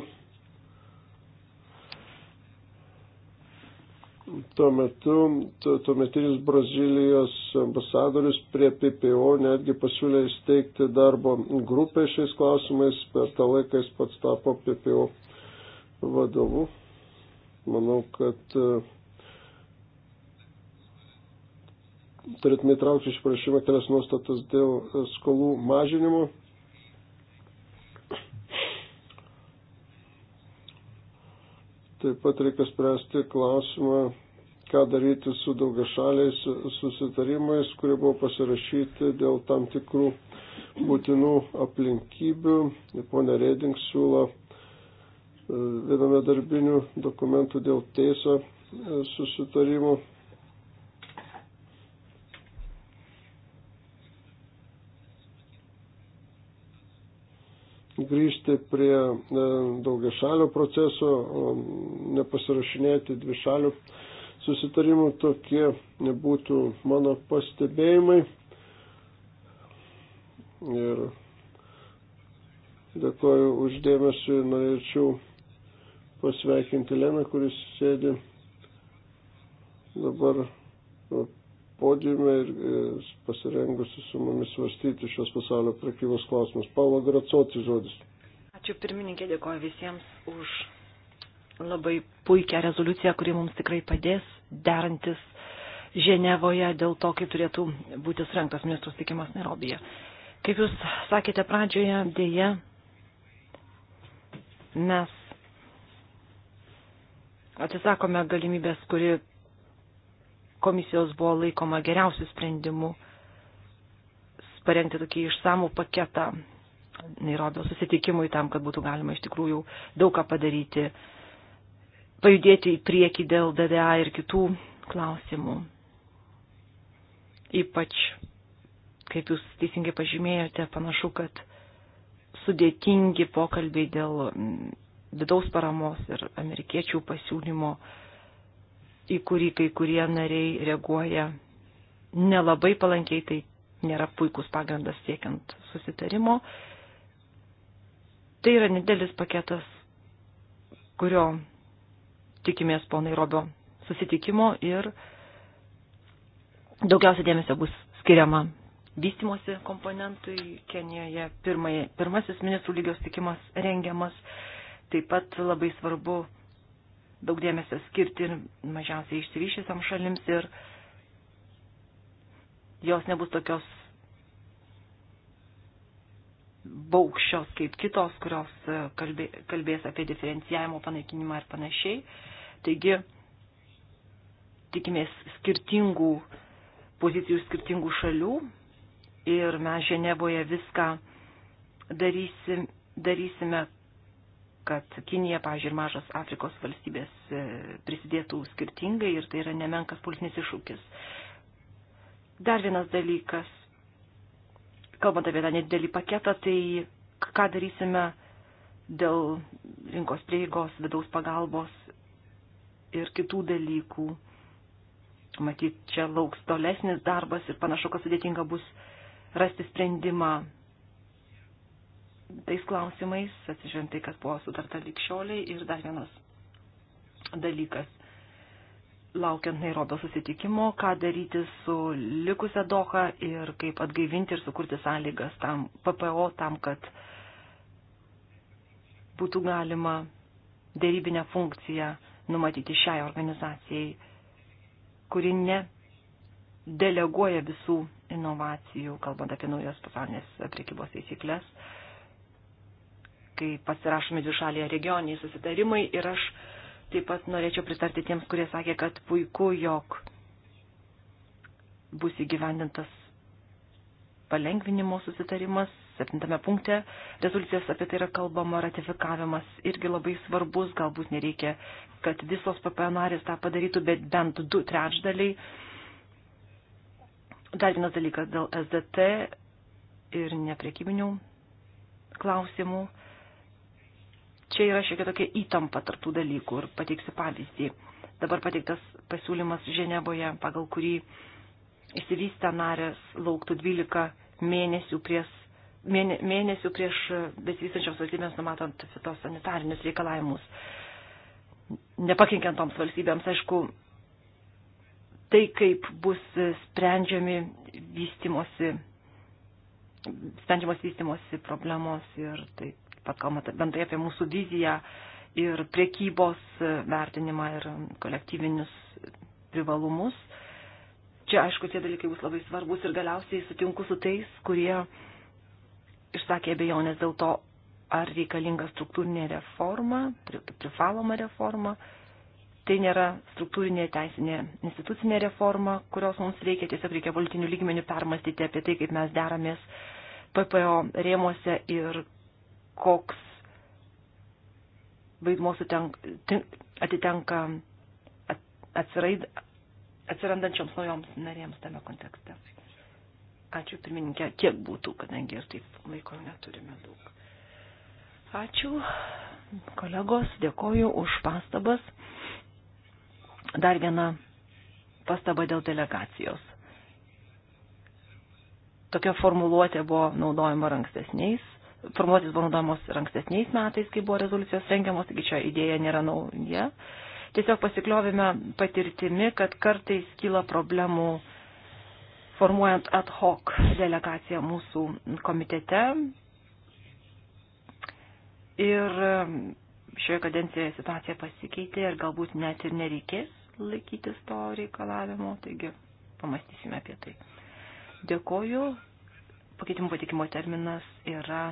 tuo metu tuometinis Brazilijos ambasadorius prie PPO netgi pasiūlė įsteigti darbo grupę šiais klausimais, per tą laiką jis pats tapo PPO vadovu. Manau, kad e, turėtume įtraukti iš prašymą kelias nuostatas dėl skolų mažinimo Taip pat reikia spręsti klausimą, ką daryti su daugiašaliais susitarimais, kurie buvo pasirašyti dėl tam tikrų būtinų aplinkybių. Pone Reding siūlo e, viename darbinių dokumentų dėl teisą e, susitarimų grįžti prie e, daugia šalio proceso, nepasirašinėti dvi šalių susitarimų. Tokie nebūtų mano pastebėjimai. Ir dėkoju uždėmesi, norėčiau pasveikinti Leną, kuris sėdi dabar podiume ir pasirengusi su mumis svarstyti šios pasaulio prekybos klausimus. Paulo Gracoti žodis. Ačiū pirmininkė, dėkoju visiems už labai puikią rezoliuciją, kuri mums tikrai padės derantis Ženevoje dėl to, kaip turėtų būti surinktas ministrų stikimas Nairobije. Kaip jūs sakėte pradžioje, dėje mes atsisakome galimybės, kuri komisijos buvo laikoma geriausių sprendimų parengti tokį išsamų paketą Nairobio susitikimui tam, kad būtų galima iš tikrųjų daug ką padaryti, pajudėti į priekį dėl DDA ir kitų klausimų. Ypač, kaip jūs teisingai pažymėjote, panašu, kad sudėtingi pokalbiai dėl vidaus paramos ir amerikiečių pasiūlymo uh, į kurį kai kurie nariai reaguoja nelabai palankiai, tai nėra puikus pagrindas siekiant susitarimo. Tai yra nedėlis paketas, kurio tikimės po Nairobio susitikimo ir daugiausia dėmesio bus skiriama vystimosi komponentui Kenijoje. Pirmai, pirmasis ministrų lygios tikimas rengiamas. Taip pat labai svarbu daug dėmesio skirti ir mažiausiai išsivyšysiam šalims ir jos nebus tokios baukščios kaip kitos, kurios e, kalbė, kalbės apie diferencijavimo panaikinimą ir panašiai. Taigi, tikimės skirtingų pozicijų skirtingų šalių ir mes Ženevoje viską darysim, darysime kad Kinija, pažiūrėjau, ir mažos Afrikos valstybės e, prisidėtų skirtingai ir tai yra nemenkas politinis iššūkis. Dar vienas dalykas, kalbant apie tą nedidelį paketą, tai ką darysime dėl rinkos prieigos, vidaus pagalbos ir kitų dalykų. Matyt, čia lauks tolesnis darbas ir panašu, kad sudėtinga bus rasti sprendimą tais klausimais, atsižiūrint tai, kas buvo sutarta likščioliai. Ir dar vienas dalykas, laukiant Nairobio susitikimo, ką daryti su likusia Doha ir kaip atgaivinti ir sukurti sąlygas tam PPO, tam, kad būtų galima dėrybinę funkciją numatyti šiai organizacijai, kuri ne deleguoja visų inovacijų, kalbant apie naujas pasaulinės prekybos teisiklės kai pasirašomi dvišaliai regioniniai susitarimai ir aš taip pat norėčiau pritarti tiems, kurie sakė, kad puiku, jog bus įgyvendintas palengvinimo susitarimas, septintame punkte rezoliucijos apie tai yra kalbama, ratifikavimas irgi labai svarbus, galbūt nereikia, kad visos PPA narės tą padarytų, bet bent du trečdaliai. Dar vienas dalykas dėl SDT ir neprekybinių klausimų čia yra šiek tiek tokia įtampa tarptų dalykų ir pateiksiu pavyzdį. Dabar pateiktas pasiūlymas Ženeboje, pagal kurį įsivystę narės lauktų 12 mėnesių prieš mėnesių prieš besivystančios valstybėms numatant fitosanitarinius reikalavimus, nepakenkiant toms valstybėms, aišku, tai kaip bus sprendžiami vystimosi, sprendžiamos vystimosi problemos ir taip taip pat kalbant bendrai apie mūsų viziją ir priekybos e, vertinimą ir kolektyvinius privalumus. Čia, aišku, tie dalykai bus labai svarbus ir galiausiai sutinku su tais, kurie išsakė abejonės dėl to, ar reikalinga struktūrinė reforma, privaloma reforma. Tai nėra struktūrinė teisinė institucinė reforma, kurios mums reikia, tiesiog reikia politinių lygmenių permastyti apie tai, kaip mes deramės PPO rėmuose ir koks vaidmuo atitenka atsiraid, atsirandančioms naujoms narėms tame kontekste. Ačiū pirmininkė, kiek būtų, kadangi ir taip laiko neturime daug. Ačiū kolegos, dėkoju už pastabas. Dar viena pastaba dėl delegacijos. Tokia formuluotė buvo naudojama ankstesniais formuotės buvo naudojamos ir ankstesniais metais, kai buvo rezoliucijos rengiamos, taigi čia idėja nėra nauja. Tiesiog pasikliovime patirtimi, kad kartais kyla problemų formuojant ad hoc delegaciją mūsų komitete. Ir šioje kadencijoje situacija pasikeitė ir galbūt net ir nereikės laikytis to reikalavimo, taigi pamastysime apie tai. Dėkoju. Pakeitimų patikimo terminas yra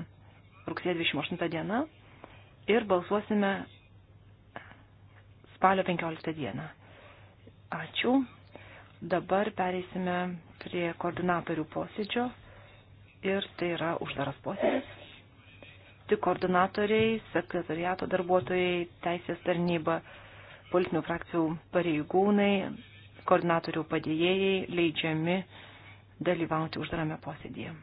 rugsėjo 28 dieną ir balsuosime spalio 15 dieną. Ačiū. Dabar pereisime prie koordinatorių posėdžio ir tai yra uždaras posėdis. Tik koordinatoriai, sekretariato darbuotojai, teisės tarnyba, politinių frakcijų pareigūnai, koordinatorių padėjėjai leidžiami dalyvauti uždarame posėdėje.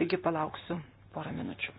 Taigi palauksiu porą minučių.